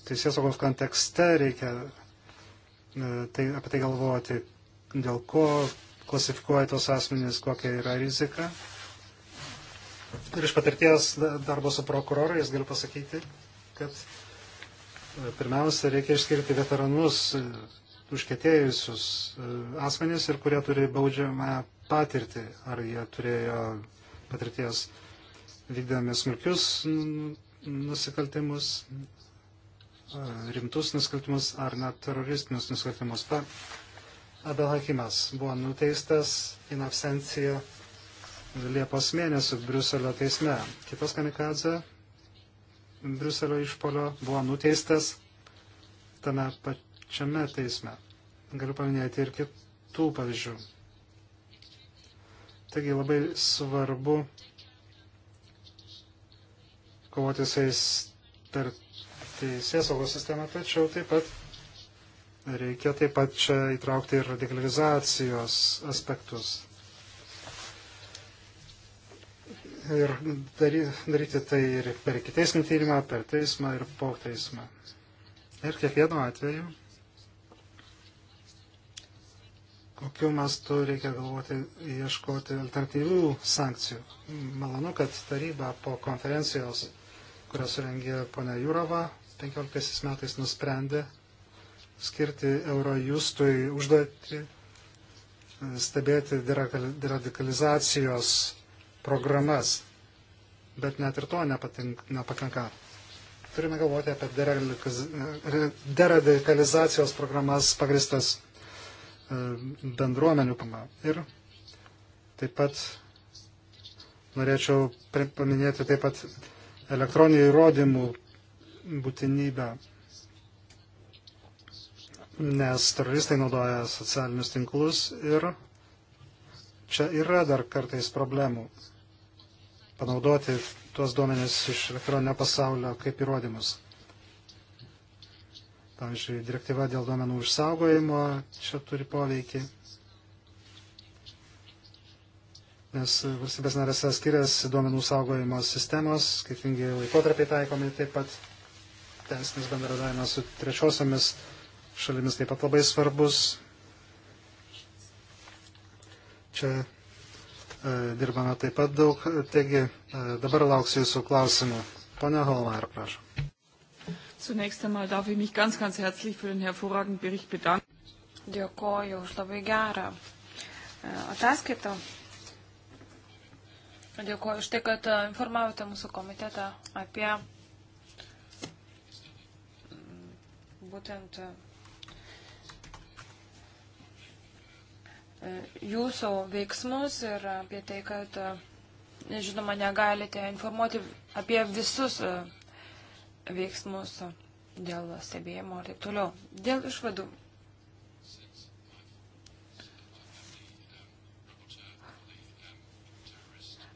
teisės saugos kontekste, reikia e, tai, apie tai galvoti, dėl ko klasifikuoja tos asmenys, kokia yra rizika. Ir iš patirties darbo su prokurorais galiu pasakyti, kad Pirmiausia, reikia išskirti veteranus, e, užkėtėjusius e, asmenys ir kurie turi baudžiamą patirtį, ar jie turėjo patirties vykdami smulkius nusikaltimus, e, rimtus nusikaltimus ar net teroristinius nusikaltimus. Pa, Abelakimas buvo nuteistas in absencija Liepos mėnesį Briuselio teisme. Kitas kamikadze Briuselio išpolio buvo nuteistas tame pačiame teisme. Galiu paminėti ir kitų pavyzdžių. Taigi labai svarbu kovoti su jais per teisės saugos sistemą, tačiau taip pat reikia taip pat čia įtraukti ir radikalizacijos aspektus. ir daryti tai ir per kitesnį tyrimą, per teismą ir po teismą. Ir kiekvienu atveju, kokiu mastu reikia galvoti, ieškoti alternatyvių sankcijų. Malonu, kad taryba po konferencijos, kurią surengė ponia Jūrova, 15 metais nusprendė skirti Eurojustui užduoti stebėti deradikalizacijos programas, bet net ir to nepatink, nepakanka. Turime galvoti apie e, deradikalizacijos programas pagristas e, bendruomenių pama. Ir taip pat norėčiau paminėti taip pat elektroninių įrodymų būtinybę, nes teroristai naudoja socialinius tinklus ir čia yra dar kartais problemų panaudoti tuos duomenis iš elektroninio pasaulio kaip įrodymus. Pavyzdžiui, direktyva dėl duomenų išsaugojimo čia turi poveikį, nes valstybės narėse skiriasi duomenų saugojimo sistemos, skirtingi laikotarpiai taikomi, taip pat teisinis bendradavimas su trečiosiomis šalimis taip pat labai svarbus. Čia E, dirbame taip pat daug. Taigi e, dabar lauksiu jūsų klausimų. Pone Holmar, prašom. Zunächst einmal darf ich mich ganz, ganz herzlich für den hervorragenden Bericht bedanken. Dėkoju už labai gerą e, ataskaitą. Dėkuoju už tai, kad informavote mūsų komitetą apie būtent jūsų veiksmus ir apie tai, kad, e, žinoma, negalite informuoti apie visus e, veiksmus dėl stebėjimo ir taip toliau. Dėl išvadų.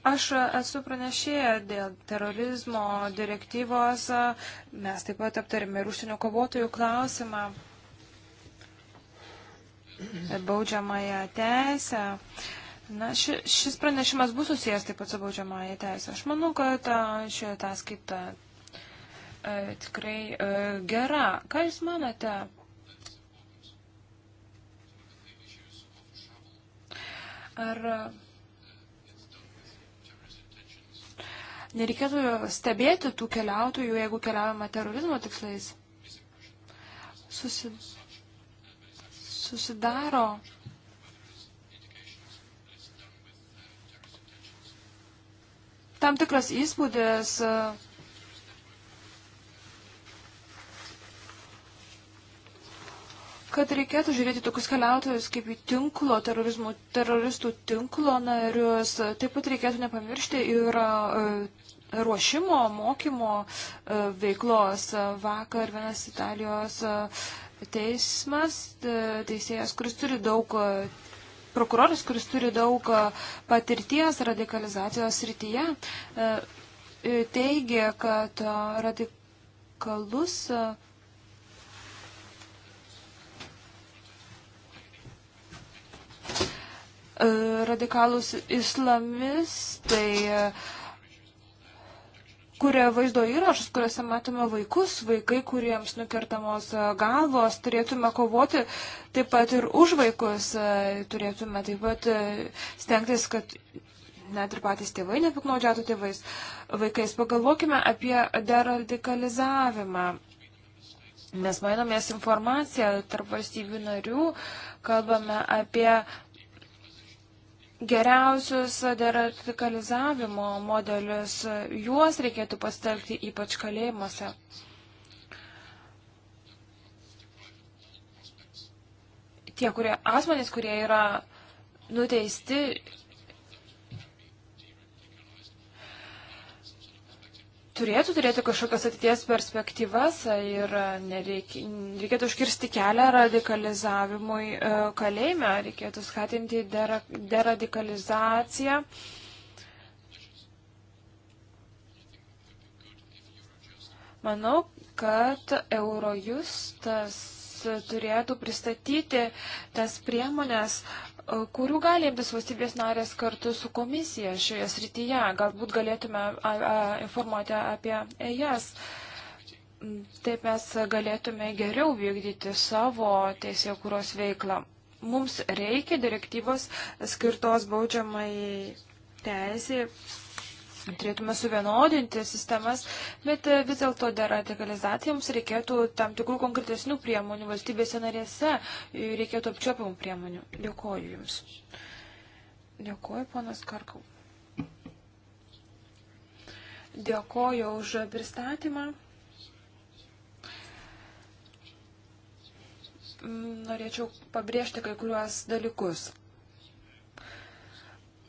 Aš esu pranešėję dėl terorizmo direktyvos, mes taip pat aptarėme ir užsienio kovotojų klausimą baudžiamąją teisę. Na, ši, šis pranešimas bus susijęs taip pat su baudžiamąją teisę. Aš manau, kad ši ataskaita e, tikrai e, gera. Ką Jūs manote? Ar nereikėtų stebėti tų keliautojų, jeigu keliaujama terorizmo tikslais? Susidūrė susidaro. Tam tikras įspūdis, e, kad reikėtų žiūrėti tokius keliautojus kaip į tinklo terorizmų, teroristų tinklo narius. Taip pat reikėtų nepamiršti ir e, ruošimo, mokymo e, veiklos. Vakar vienas Italijos teismas, e, teisėjas, kuris turi daug, e, prokuroras, kuris turi daug e, patirties radikalizacijos srityje, teigia, kad radikalus radikalus islamistai kuria vaizdo įrašus, kuriuose matome vaikus, vaikai, kuriems nukertamos e, galvos, turėtume kovoti taip pat ir už vaikus, e, turėtume taip pat e, stengtis, kad net ir patys tėvai nepiknaudžiatų tėvais vaikais. Pagalvokime apie deradikalizavimą. Mes mainomės informaciją tarp valstybių narių, kalbame apie geriausius deradikalizavimo modelius, juos reikėtų pastelgti ypač kalėjimuose. Tie kurie, asmenys, kurie yra nuteisti turėtų turėti kažkokias ateities perspektyvas ir e, nereikia, reikėtų užkirsti kelią radikalizavimui e, kalėjime, reikėtų skatinti dera, deradikalizaciją. Manau, kad Eurojustas turėtų pristatyti tas priemonės, uh, kurių gali imtis valstybės narės kartu su komisija šioje srityje. Galbūt galėtume a, a, informuoti apie jas. Taip mes galėtume geriau vykdyti savo teisėkūros veiklą. Mums reikia direktyvos skirtos baudžiamai teisė turėtume suvienodinti sistemas, bet e, vis dėlto deradikalizacijoms reikėtų tam tikrų konkretesnių priemonių valstybėse narėse, e, reikėtų apčiopiamų priemonių. Dėkoju Jums. Dėkoju, ponas Karkau. Dėkoju už pristatymą. Norėčiau pabrėžti kai kuriuos dalykus.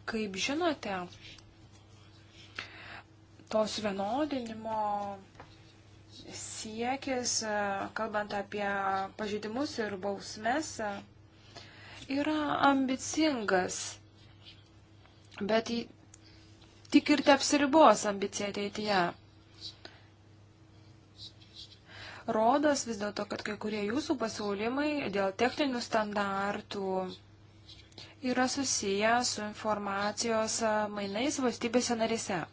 Kaip žinote, tos vienodinimo siekis, e, kalbant apie pažeidimus ir bausmes, e, yra ambicingas, bet tik ir te apsiribos ambicija ateityje. Rodas vis dėlto, kad kai kurie jūsų pasiūlymai dėl techninių standartų yra susiję su informacijos mainais valstybėse narise.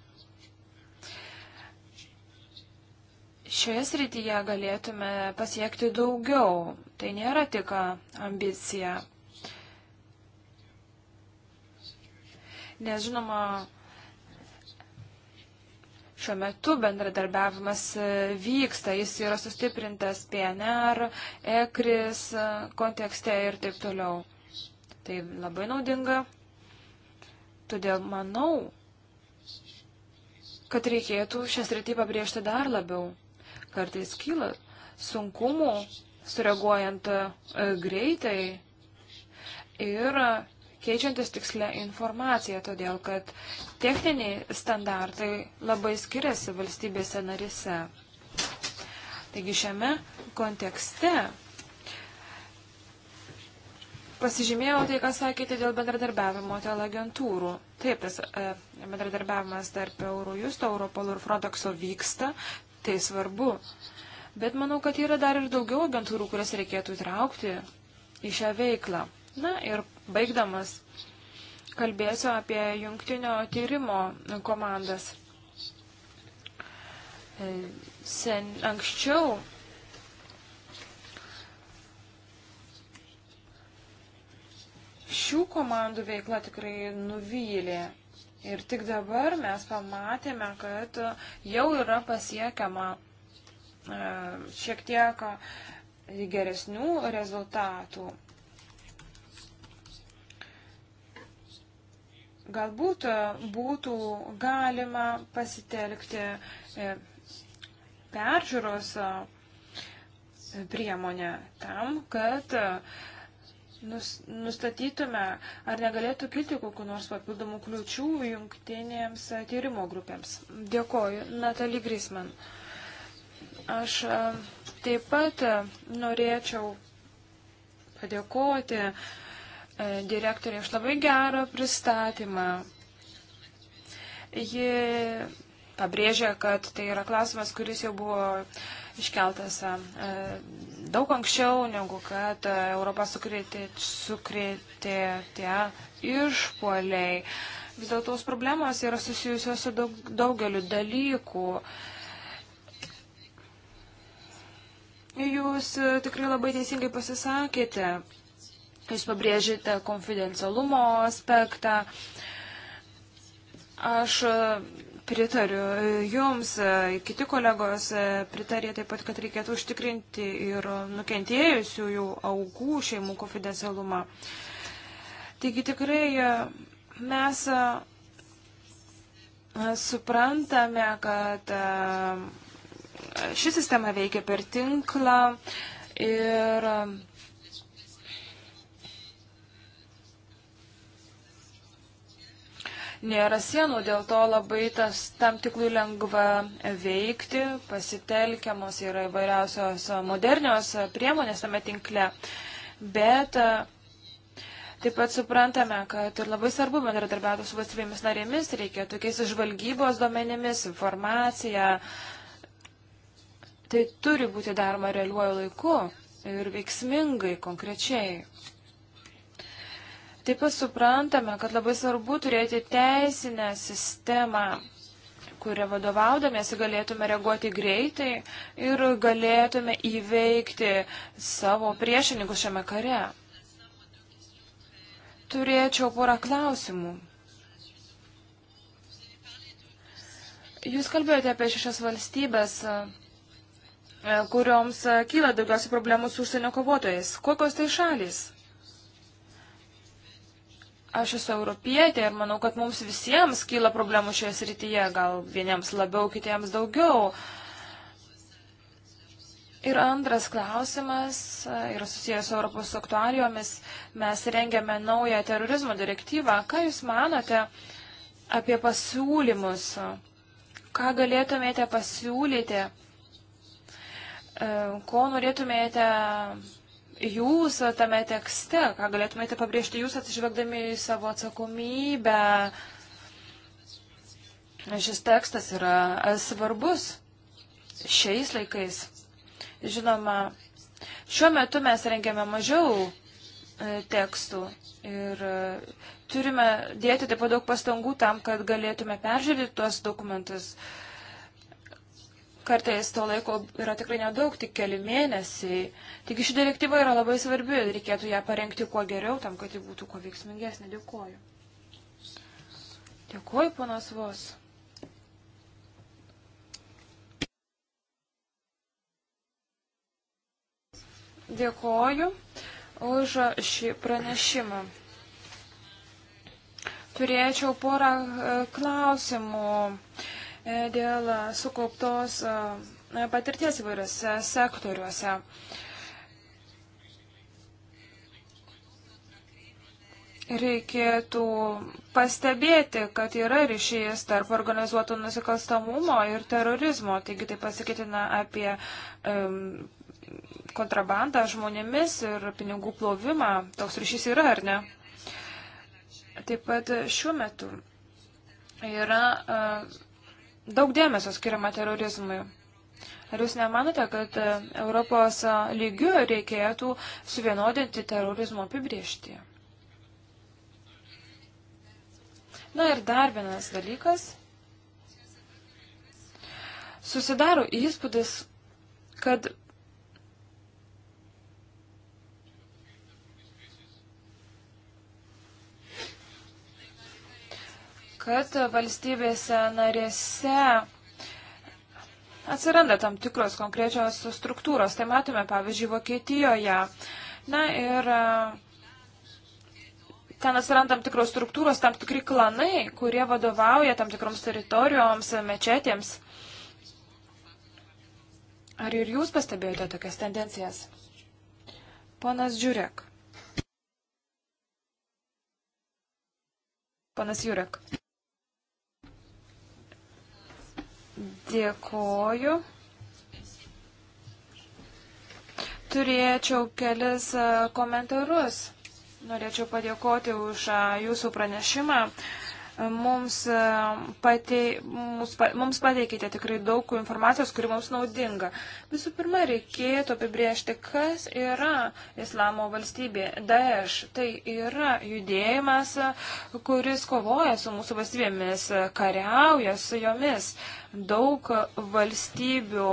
šioje srityje galėtume pasiekti daugiau. Tai nėra tik ambicija. Nes žinoma, šiuo metu bendradarbiavimas vyksta, jis yra sustiprintas PNR, ECRIS kontekste ir taip toliau. Tai labai naudinga. Todėl manau, kad reikėtų šią sritį pabrėžti dar labiau kartais kyla sunkumų sureaguojant e, greitai ir keičiantis tikslę informaciją, todėl kad techniniai standartai labai skiriasi valstybėse narise. Taigi šiame kontekste pasižymėjau tai, ką sakėte dėl bendradarbiavimo dėl agentūrų. Taip, tas e, bendradarbiavimas tarp Eurojusto, Europol ir Frontexo vyksta, tai svarbu. Bet manau, kad yra dar ir daugiau agentūrų, kurias reikėtų įtraukti į šią veiklą. Na ir baigdamas, kalbėsiu apie jungtinio tyrimo komandas. E, sen, anksčiau šių komandų veikla tikrai nuvylė Ir tik dabar mes pamatėme, kad jau yra pasiekiama e, šiek tiek geresnių rezultatų. Galbūt būtų galima pasitelkti e, peržiūros priemonę tam, kad nustatytume, ar negalėtų kilti kokiu nors papildomų kliučių jungtinėms e, tyrimo grupėms. Dėkoju, Natalie Grisman. Aš e, taip pat e, norėčiau padėkoti direktoriai už labai gerą pristatymą. Ji pabrėžia, kad tai yra klausimas, kuris jau buvo iškeltas e, daug anksčiau, negu kad e, Europą sukrėtė, sukrėtė tie išpoliai. Vis dėlto tos problemos yra susijusios su daug, daugeliu dalykų. Jūs e, tikrai labai teisingai pasisakėte. Jūs pabrėžėte konfidencialumo aspektą. Aš Pritariu Jums, kiti kolegos pritarė taip pat, kad reikėtų užtikrinti ir nukentėjusiųjų aukų šeimų konfidencialumą. Taigi tikrai mes suprantame, kad ši sistema veikia per tinklą ir nėra sienų, dėl to labai tas tam tiklui lengva veikti, pasitelkiamos yra įvairiausios modernios priemonės tame tinkle. Bet e, taip pat suprantame, kad ir labai svarbu bendradarbiauti su valstybėmis narėmis, reikia tokiais žvalgybos duomenimis, informacija. Tai turi būti daroma realiuoju laiku ir veiksmingai, konkrečiai. Taip pat suprantame, kad labai svarbu turėti teisinę sistemą, kurią vadovaudamėsi galėtume reaguoti greitai ir galėtume įveikti savo priešininkus šiame kare. Turėčiau porą klausimų. Jūs kalbėjote apie šešias valstybės, kurioms kyla daugiausiai problemų su užsienio kovotojais. Kokios tai šalis? Aš esu europietė ir manau, kad mums visiems kyla problemų šioje srityje, gal vieniems labiau, kitiems daugiau. Ir antras klausimas e, yra susijęs su Europos aktuarijomis. Mes rengiame naują terorizmo direktyvą. Ką Jūs manote apie pasiūlymus? Ką galėtumėte pasiūlyti? E, ko norėtumėte jūs tame tekste, ką galėtumėte pabrėžti jūs atsižvelgdami į savo atsakomybę. Šis tekstas yra svarbus šiais laikais. Žinoma, šiuo metu mes rengiame mažiau e, tekstų ir e, turime dėti taip pat daug pastangų tam, kad galėtume peržiūrėti tuos dokumentus. Uh, Kartais to laiko yra tikrai nedaug, tik keli mėnesiai. Tik ši direktyva yra labai svarbi, reikėtų ją parengti kuo geriau, tam, kad ji būtų kuo veiksmingesnė. Dėkuoju. Dėkuoju, ponas Vos. Dėkuoju už šį pranešimą. Turėčiau porą e, klausimų E, dėl e, sukauptos e, patirties įvairiose sektoriuose. Reikėtų pastebėti, kad yra ryšys tarp organizuoto nusikalstamumo ir terorizmo, taigi tai pasakytina apie um, kontrabandą žmonėmis ir pinigų plovimą. Toks ryšys yra, ar ne? Taip pat šiuo metu yra uh, daug dėmesio skiriama terorizmui. Ar jūs nemanote, kad e, Europos e, lygių reikėtų suvienodinti terorizmo apibriežtį? Na ir dar vienas dalykas. Susidaro įspūdis, kad kad valstybėse narėse atsiranda tam tikros konkrečios struktūros. Tai matome, pavyzdžiui, Vokietijoje. Na ir e, ten atsiranda tam tikros struktūros, tam tikri klanai, kurie vadovauja tam tikroms teritorijoms, mečetėms. Ar ir jūs pastebėjote tokias tendencijas? Ponas Džiurek. Panas Jurek. Dėkoju. Turėčiau kelis e, komentarus. Norėčiau padėkoti už e, jūsų pranešimą. Mums, e, patei, mums pateikite tikrai daug informacijos, kuri mums naudinga. Visų pirma, reikėtų apibriežti, kas yra Islamo valstybė. Daesh tai yra judėjimas, kuris kovoja su mūsų valstybėmis, kariauja su jomis. Daug valstybių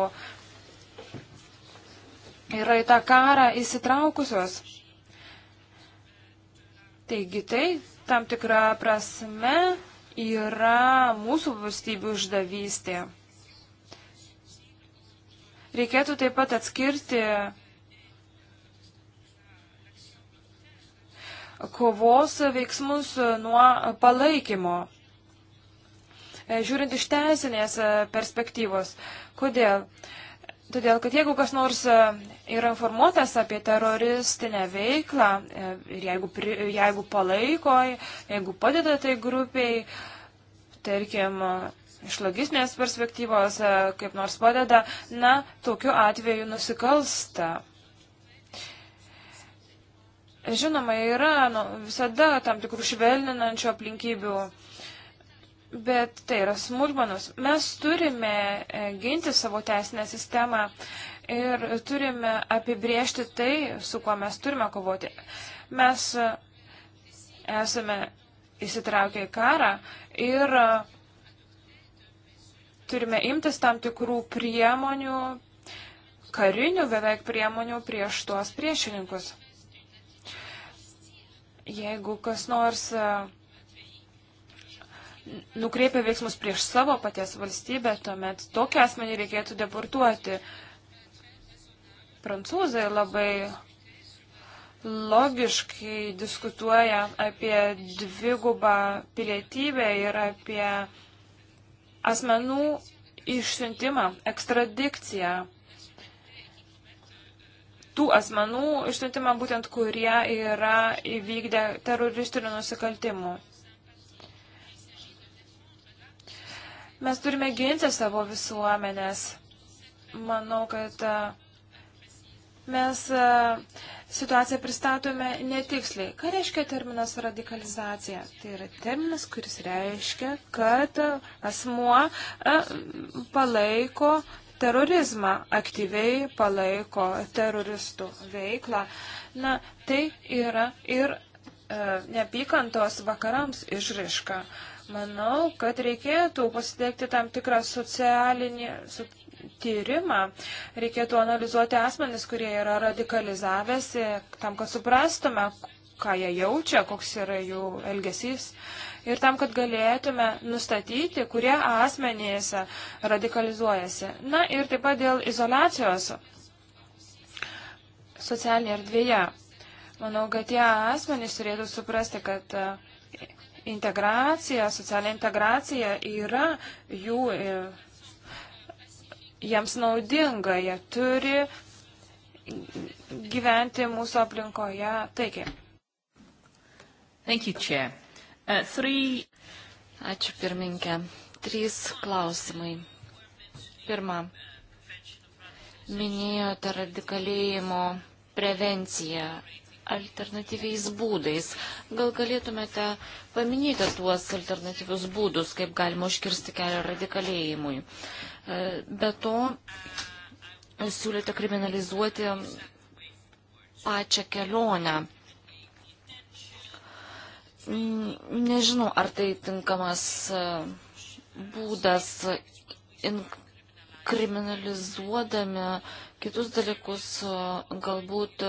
yra į tą karą įsitraukusios. Taigi tai tam tikra prasme yra mūsų valstybių uždavystė. Reikėtų taip pat atskirti kovos veiksmus nuo palaikymo. Žiūrint iš teisinės perspektyvos. Kodėl? Todėl, kad jeigu kas nors e, yra informuotas apie teroristinę veiklą e, ir jeigu, jeigu palaiko, jeigu padeda tai grupiai, tarkim, iš logistinės perspektyvos e, kaip nors padeda, na, tokiu atveju nusikalsta. Žinoma, yra nu, visada tam tikrų švelninančių aplinkybių bet tai yra smulkmenos. Mes turime e, ginti savo teisinę sistemą ir turime apibriežti tai, su kuo mes turime kovoti. Mes e, esame įsitraukę į karą ir e, turime imtis tam tikrų priemonių, karinių beveik priemonių prieš tuos priešininkus. Jeigu kas nors uh, nukreipia veiksmus prieš savo paties valstybę, tuomet tokį asmenį reikėtų deportuoti. Prancūzai labai logiškai diskutuoja apie dvigubą pilietybę ir apie asmenų išsiuntimą, ekstradikciją. Tų asmenų išsiuntimą būtent, kurie yra įvykdę teroristinių nusikaltimų. Mes turime ginti savo visuomenės. Manau, kad e, mes e, situaciją pristatome netiksliai. Ką reiškia terminas radikalizacija? Tai yra terminas, kuris reiškia, kad asmuo e, palaiko terorizmą, aktyviai palaiko teroristų veiklą. Na, tai yra ir e, neapykantos vakarams išriška. E, Manau, kad reikėtų pasidėkti tam tikrą socialinį su, tyrimą. Reikėtų analizuoti asmenis, kurie yra radikalizavęsi, e, tam, kad suprastume, ką jie jaučia, koks yra jų elgesys. Ir tam, kad galėtume nustatyti, kurie asmenys radikalizuojasi. Na ir taip pat dėl izolacijos socialinėje erdvėje. Manau, kad tie asmenys turėtų suprasti, kad uh, integracija, socialinė integracija yra jų, e, jiems naudinga, jie turi gyventi mūsų aplinkoje taikiai. Thank you, Chair. Uh, three... Ačiū pirminkė. Trys klausimai. Pirma, minėjote radikalėjimo prevenciją alternatyviais būdais. Gal galėtumėte paminėti tuos alternatyvius būdus, kaip galima užkirsti kelią radikalėjimui. E, be to, siūlėte kriminalizuoti pačią kelionę. Nežinau, ar tai tinkamas e, būdas kriminalizuodami kitus dalykus, e, galbūt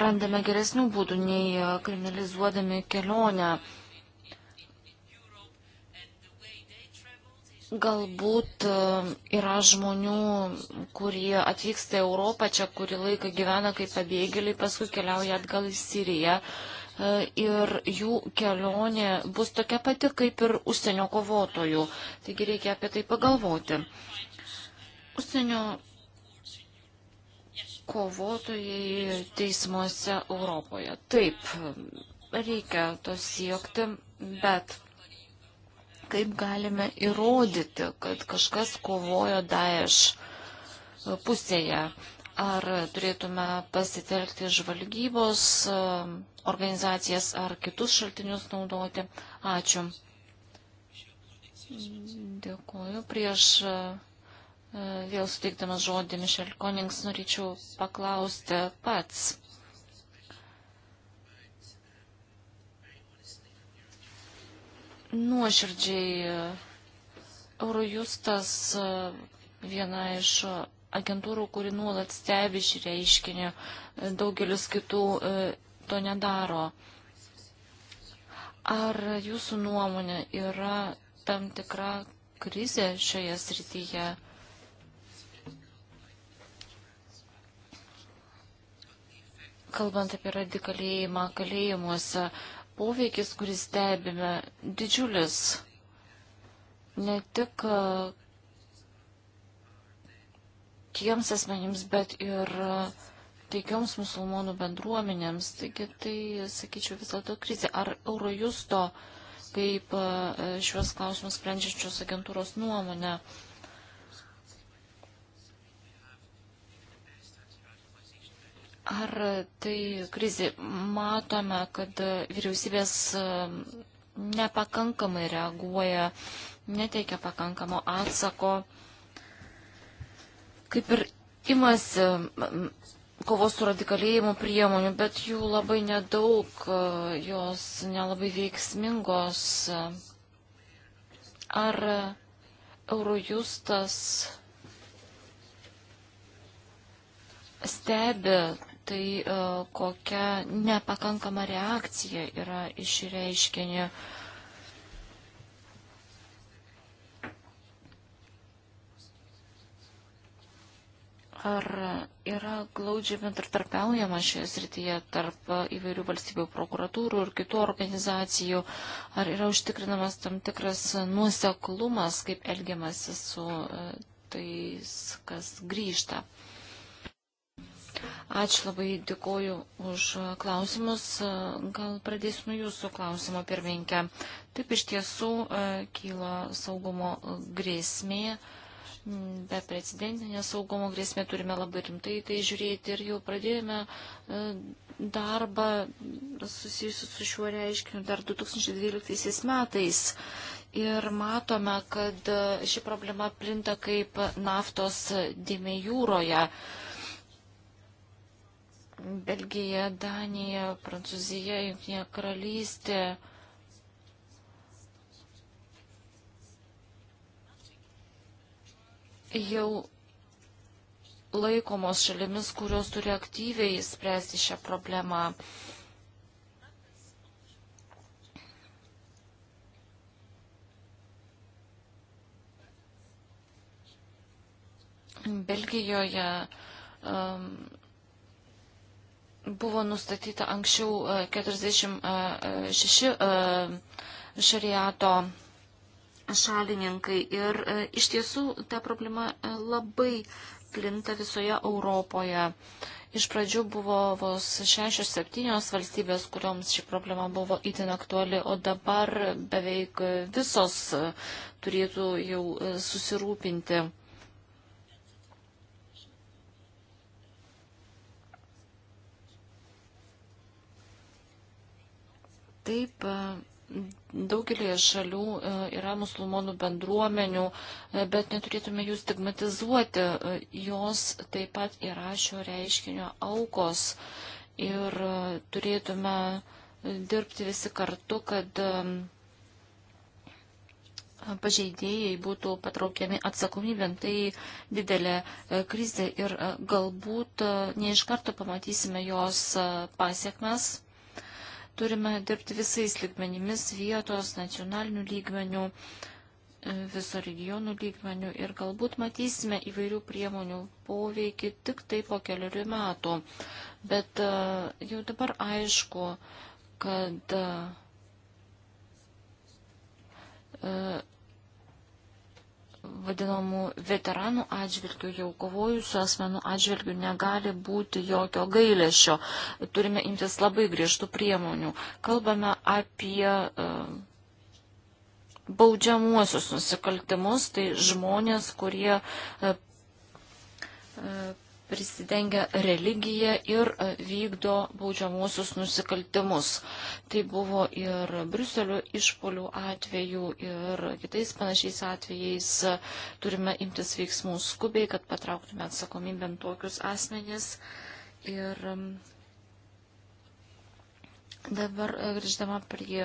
randame geresnių būdų nei e, kriminalizuodami kelionę. Galbūt e, yra žmonių, kurie atvyksta į Europą, čia kurį laiką gyvena kaip pabėgėliai, paskui keliauja atgal į Siriją. E, ir jų kelionė bus tokia pati kaip ir užsienio kovotojų. Taigi reikia apie tai pagalvoti. Užsienio kovotojai teismuose Europoje. Taip, reikia to siekti, bet kaip galime įrodyti, kad kažkas kovojo Daesh pusėje? Ar turėtume pasitelkti žvalgybos um, organizacijas ar kitus šaltinius naudoti? Ačiū. Dėkuoju. Prieš E, vėl suteikdamas žodį Mišel Konings norėčiau paklausti pats. Nuoširdžiai e, Eurojustas e, viena iš agentūrų, kuri nuolat stebi šį reiškinį, daugelis kitų to nedaro. Ar jūsų nuomonė yra tam tikra krizė šioje srityje? Kalbant apie radikalėjimą kalėjimuose, poveikis, kuris stebime, didžiulis. Ne tik e, tiems asmenims, bet ir e, taikioms musulmonų bendruomenėms. Taigi tai, sakyčiau, vis dėlto krizė. Ar Eurojusto kaip e, šiuos klausimus sprendžiančios agentūros nuomonė? Ar tai krizė? Matome, kad vyriausybės um, nepakankamai reaguoja, neteikia pakankamo atsako, kaip ir imasi um, kovos su radikalėjimu priemonių, bet jų labai nedaug, uh, jos nelabai veiksmingos. Ar Eurojustas stebi tai e, kokia nepakankama reakcija yra išreiškinė. Ar yra glaudžiai bendratarpiaujama šioje srityje tarp įvairių valstybių prokuratūrų ir kitų organizacijų? Ar yra užtikrinamas tam tikras nuoseklumas, kaip elgiamasi su e, tais, kas grįžta? Ačiū labai, dėkoju už e, klausimus. E, gal pradėsiu nuo jūsų klausimo pirminkę. Taip iš tiesų e, kyla saugumo grėsmė be precedentinė saugumo grėsmė turime labai rimtai tai žiūrėti ir jau pradėjome darbą susijusiu su šiuo reiškiniu dar 2012 metais. Ir matome, kad ši problema plinta kaip naftos dėmė jūroje. Belgija, Danija, Prancūzija, Junktinė karalystė. jau laikomos šalimis, kurios turi aktyviai spręsti šią problemą. Belgijoje um, Buvo nustatyta anksčiau 46 e, e, e, šariato šalininkai ir iš tiesų ta problema labai plinta visoje Europoje. Iš pradžių buvo vos šešios, septynios valstybės, kurioms ši problema buvo itin aktuali, o dabar beveik visos turėtų jau susirūpinti Taip, e, daugelėje šalių e, yra musulmonų bendruomenių, e, bet neturėtume jų stigmatizuoti. Jos taip pat yra šio reiškinio aukos ir turėtume dirbti visi kartu, kad pažeidėjai būtų patraukiami atsakomybėn. Tai didelė krizė ir galbūt neiš karto pamatysime jos pasiekmes Turime dirbti visais ligmenimis - vietos, nacionalinių lygmenių, e, viso regionų lygmenių ir galbūt matysime įvairių priemonių poveikį tik tai po keliarių metų. Bet e, jau dabar aišku, kad e, vadinamų veteranų atžvilgių, jau kovojusių asmenų atžvilgių negali būti jokio gailėšio. Turime imtis labai griežtų priemonių. Kalbame apie e, baudžiamuosius nusikaltimus, tai žmonės, kurie e, e, prisidengia religiją ir e, vykdo baudžiamusius nusikaltimus. Tai buvo ir Bruselio išpolių atveju ir kitais panašiais atvejais turime imtis veiksmų skubiai, kad patrauktume atsakomybėm tokius asmenis ir Dabar e, grįždama prie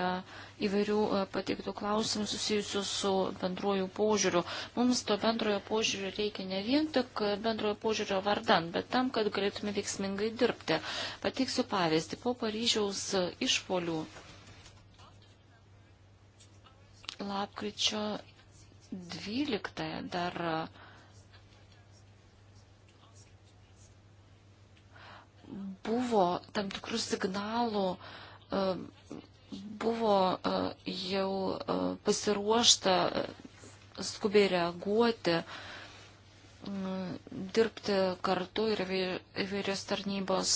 įvairių e, pateiktų klausimų susijusių su bendruoju požiūriu. Mums to bendrojo požiūrio reikia ne vien tik bendrojo požiūrio vardan, bet tam, kad galėtume veiksmingai dirbti. Pateiksiu pavyzdį. Po Paryžiaus išpolių lapkričio 12 dar e, buvo tam tikrų signalų, uh, buvo e, jau e, pasiruošta e, skubiai reaguoti, dirbti kartu ir įvairios tarnybos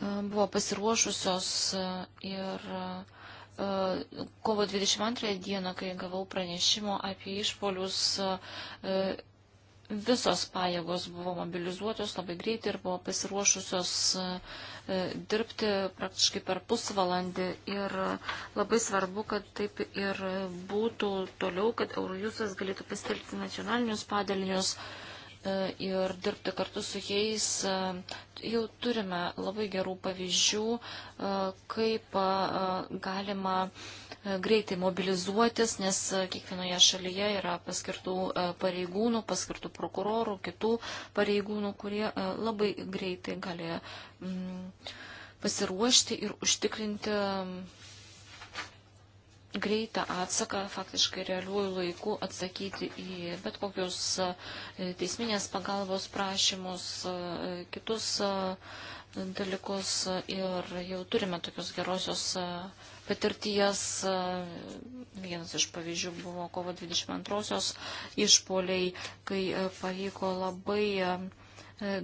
buvo pasiruošusios ir kovo 22 dieną, kai gavau pranešimo apie išpolius visos pajėgos buvo mobilizuotos labai greitai ir buvo pasiruošusios e, dirbti praktiškai per pusvalandį. Ir labai svarbu, kad taip ir būtų toliau, kad Eurojusas galėtų pasitelkti nacionalinius padalinius E, ir dirbti kartu su jais. E, jau turime labai gerų pavyzdžių, e, kaip galima greitai mobilizuotis, nes kiekvienoje šalyje yra paskirtų pareigūnų, paskirtų prokurorų, kitų pareigūnų, kurie labai greitai gali mm, pasiruošti ir užtikrinti greitą atsaką, faktiškai realiųjų laikų atsakyti į bet kokius e, teisminės pagalbos prašymus, e, kitus e, dalykus ir jau turime tokios gerosios patirties. Vienas iš pavyzdžių buvo kovo 22-osios išpoliai, kai pavyko labai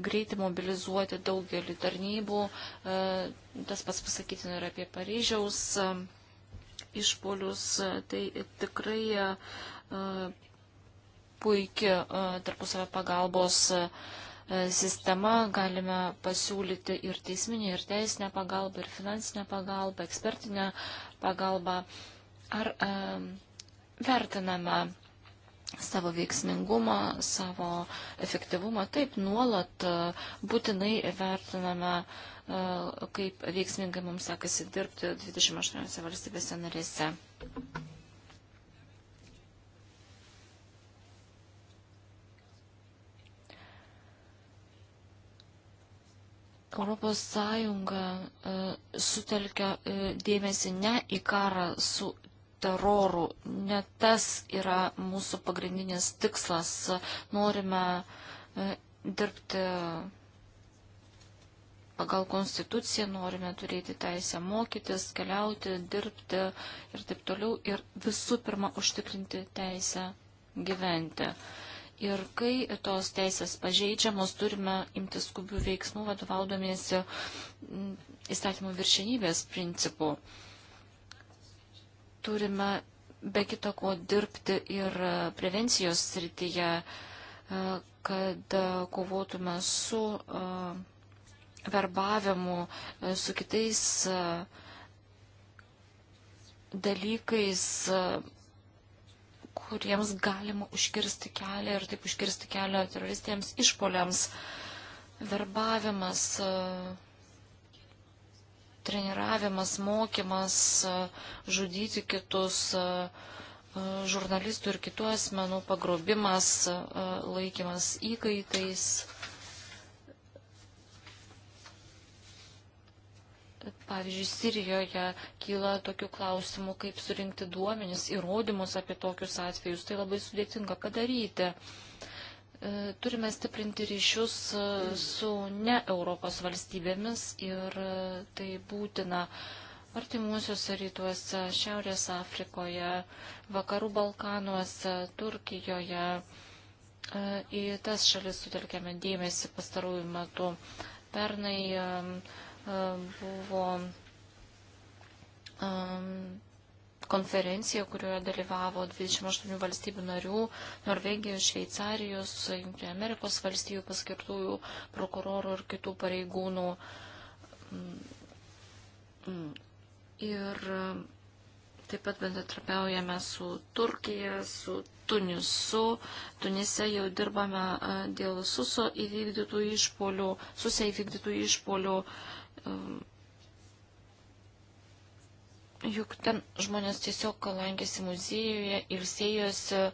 greitai mobilizuoti daugelį tarnybų. Tas pats pasakytina ir apie Paryžiaus išpolius. Tai tikrai e, puikia e, tarpusavio pagalbos e, sistema, galime pasiūlyti ir teisminį, ir teisinę pagalbą, ir finansinę pagalbą, ekspertinę pagalbą. Ar e, vertiname savo veiksmingumą, savo efektyvumą? Taip, nuolat būtinai vertiname e, kaip veiksmingai mums sekasi dirbti 28 valstybėse narėse. Europos Sąjunga e, sutelkia e, dėmesį ne į karą su teroru, ne tas yra mūsų pagrindinis tikslas. Norime e, dirbti pagal konstituciją norime turėti teisę mokytis, keliauti, dirbti ir taip toliau. Ir visų pirma, užtikrinti teisę gyventi. Ir kai tos teisės pažeidžiamos, turime imti skubių veiksmų, vadovaudomėsi įstatymų viršenybės principu. Turime be kita ko dirbti ir prevencijos srityje, e, kad e, kovotume su e, verbavimu, e, su kitais e, dalykais, e, kuriems galima užkirsti kelią ir taip užkirsti kelią teroristiems išpoliams. Verbavimas, treniravimas, mokymas, žudyti kitus, žurnalistų ir kitų asmenų pagrobimas, laikymas įkaitais. Pavyzdžiui, Sirijoje kyla tokių klausimų, kaip surinkti duomenis, įrodymus apie tokius atvejus. Tai labai sudėtinga padaryti. E, turime stiprinti ryšius e, su ne Europos valstybėmis ir e, tai būtina artimuosiuose rytuose, Šiaurės Afrikoje, Vakarų Balkanuose, Turkijoje. Į tas šalis sutelkėme dėmesį pastarųjų metų. Pernai buvo konferencija, kurioje dalyvavo 28 valstybių narių, Norvegijos, Šveicarijos, Junktinių Amerikos valstybių paskirtųjų prokurorų ir kitų pareigūnų. Mm, mm. Ir e, taip pat bendratrapiaujame su Turkija, su Tunisu. Tunise jau dirbame e, dėl suso įvykdytų išpolių, susia įvykdytų išpolių. Uh, Ehm, juk ten žmonės tiesiog lankėsi muziejuje, ilsėjosi.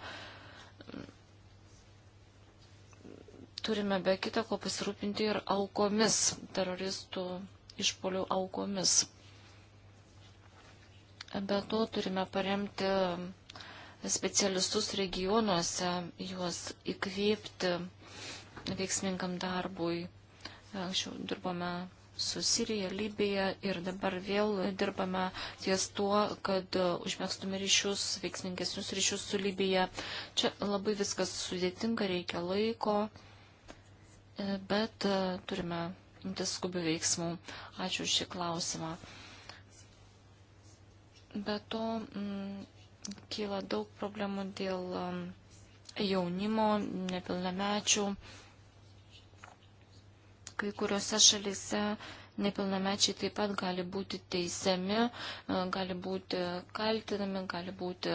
Turime be kita ko pasirūpinti ir aukomis, teroristų išpolių aukomis. Be to turime paremti specialistus regionuose, juos įkvėpti veiksmingam darbui. Anksčiau dirbome su Sirija, Libija ir dabar vėl dirbame ties tuo, kad užmėgstume ryšius, veiksmingesnius ryšius su Libija. Čia labai viskas sudėtinga, reikia laiko, bet e, turime imtis skubių veiksmų. Ačiū šį klausimą. Be to, m, mm, kyla daug problemų dėl e, jaunimo, nepilnamečių Kai kuriuose šalise nepilnamečiai taip pat gali būti teisiami, e, gali būti kaltinami, gali būti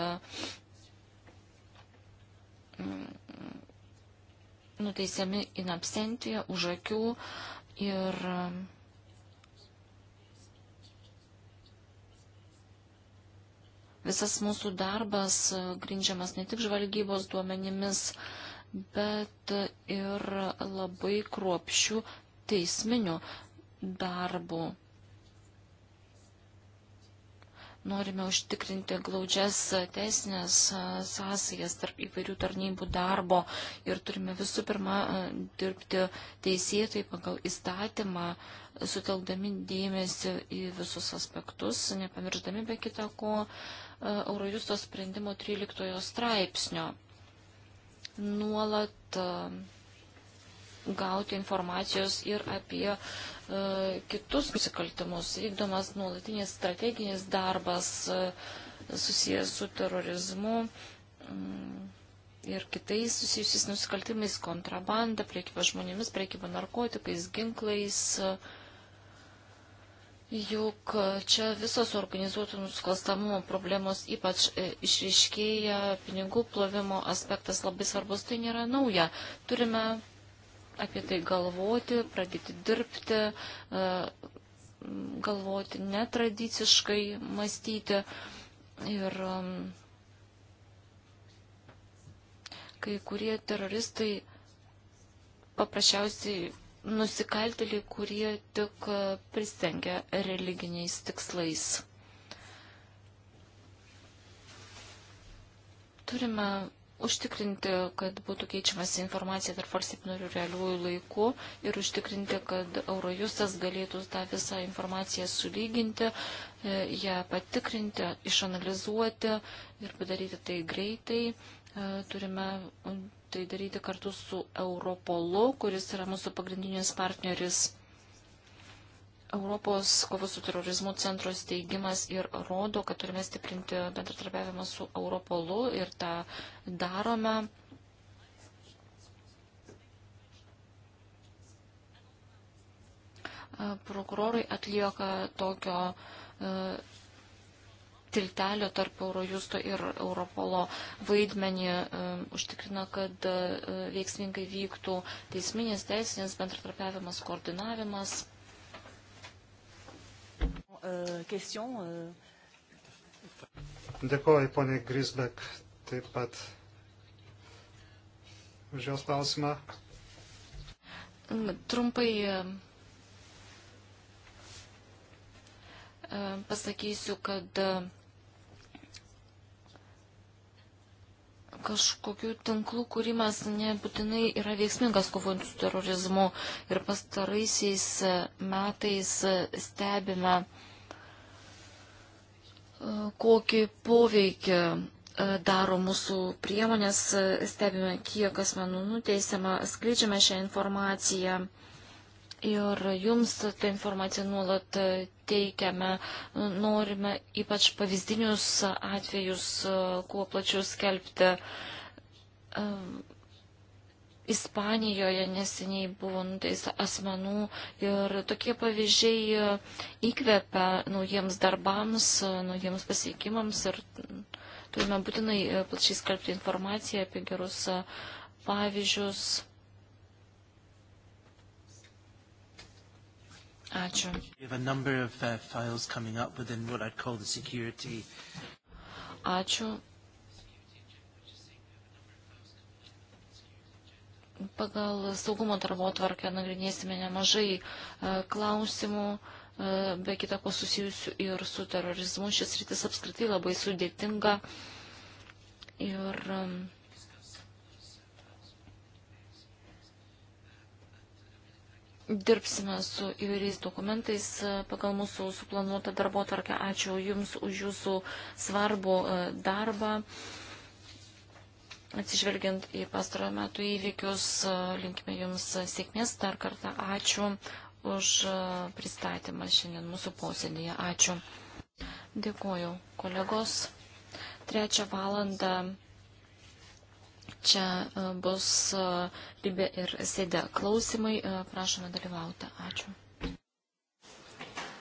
mm, nuteisiami in absentiją, už akių ir e, visas mūsų darbas e, grindžiamas ne tik žvalgybos duomenimis, bet ir labai kruopščių teisminiu darbu. Norime užtikrinti glaudžias teisinės sąsajas tarp įvairių tarnybų darbo ir turime visų pirma dirbti teisėtai pagal įstatymą, sutelkdami dėmesį į visus aspektus, nepamiršdami be kita ko Eurojusto sprendimo 13 straipsnio. Nuolat gauti informacijos ir apie e, kitus nusikaltimus. Vykdomas nuolatinis strateginis darbas e, susijęs su terorizmu m, mm, ir kitais susijusiais nusikaltimais - kontrabanda, priekyba žmonėmis, priekyba narkotikais, ginklais. E, Juk čia visos organizuotų nusikalstamumo problemos ypač e, išriškėja, pinigų plovimo aspektas labai svarbus, tai nėra nauja. Turime apie tai galvoti, pradėti dirbti, e, galvoti netradiciškai, mąstyti. Ir um, kai kurie teroristai paprasčiausiai nusikaltėliai, kurie tik e, prisengia religiniais tikslais. Turime užtikrinti, kad būtų keičiamas informacija tarp valstybinarių realiųjų laikų ir užtikrinti, kad Eurojustas galėtų tą visą informaciją sulyginti, e, ją patikrinti, išanalizuoti ir padaryti tai greitai. E, turime tai daryti kartu su Europolu, kuris yra mūsų pagrindinis partneris Europos kovos su terorizmu centro steigimas ir rodo, kad turime stiprinti bendratarbiavimą su Europolu ir tą darome. Prokurorai atlieka tokio e, tiltelio tarp Eurojusto ir Europolo vaidmenį e, užtikrina, kad e, veiksmingai vyktų teisminės, teisinės bendratarpiavimas, koordinavimas euh, questions. Euh... Dėkuoju, ponė Grisbek, taip pat už jos klausimą. Mm, trumpai e, e, pasakysiu, kad e, kažkokių tinklų kūrimas nebūtinai yra veiksmingas kovojant su terorizmu. Ir pastaraisiais metais stebime kokį poveikį e, daro mūsų priemonės, e, stebime, kiek asmenų nuteisiama, skleidžiame šią informaciją ir jums tą informaciją nuolat e, teikiame, norime ypač pavyzdinius atvejus kuo plačiau skelbti Ispanijoje neseniai buvo nuteista asmenų ir tokie pavyzdžiai e, įkvepia naujiems darbams, e, naujiems pasiekimams ir turime būtinai e, plačiai skalbti informaciją apie gerus pavyzdžius. Ačiū. Uh, Ačiū. Pagal saugumo darbo tvarkę nagrinėsime nemažai e, klausimų, e, be kitako susijusių ir su terorizmu. Šis rytis apskritai labai sudėtinga. Ir e, dirbsime su įvairiais dokumentais pagal mūsų suplanuotą darbo tvarkę. Ačiū Jums už Jūsų svarbų darbą. Atsižvelgiant į pastarojo metų įvykius, linkime Jums sėkmės. Dar kartą ačiū už pristatymą šiandien mūsų posėdėje. Ačiū. Dėkuoju, kolegos. Trečią valandą čia bus Libė ir Sėdė klausimai. Prašome dalyvauti. Ačiū.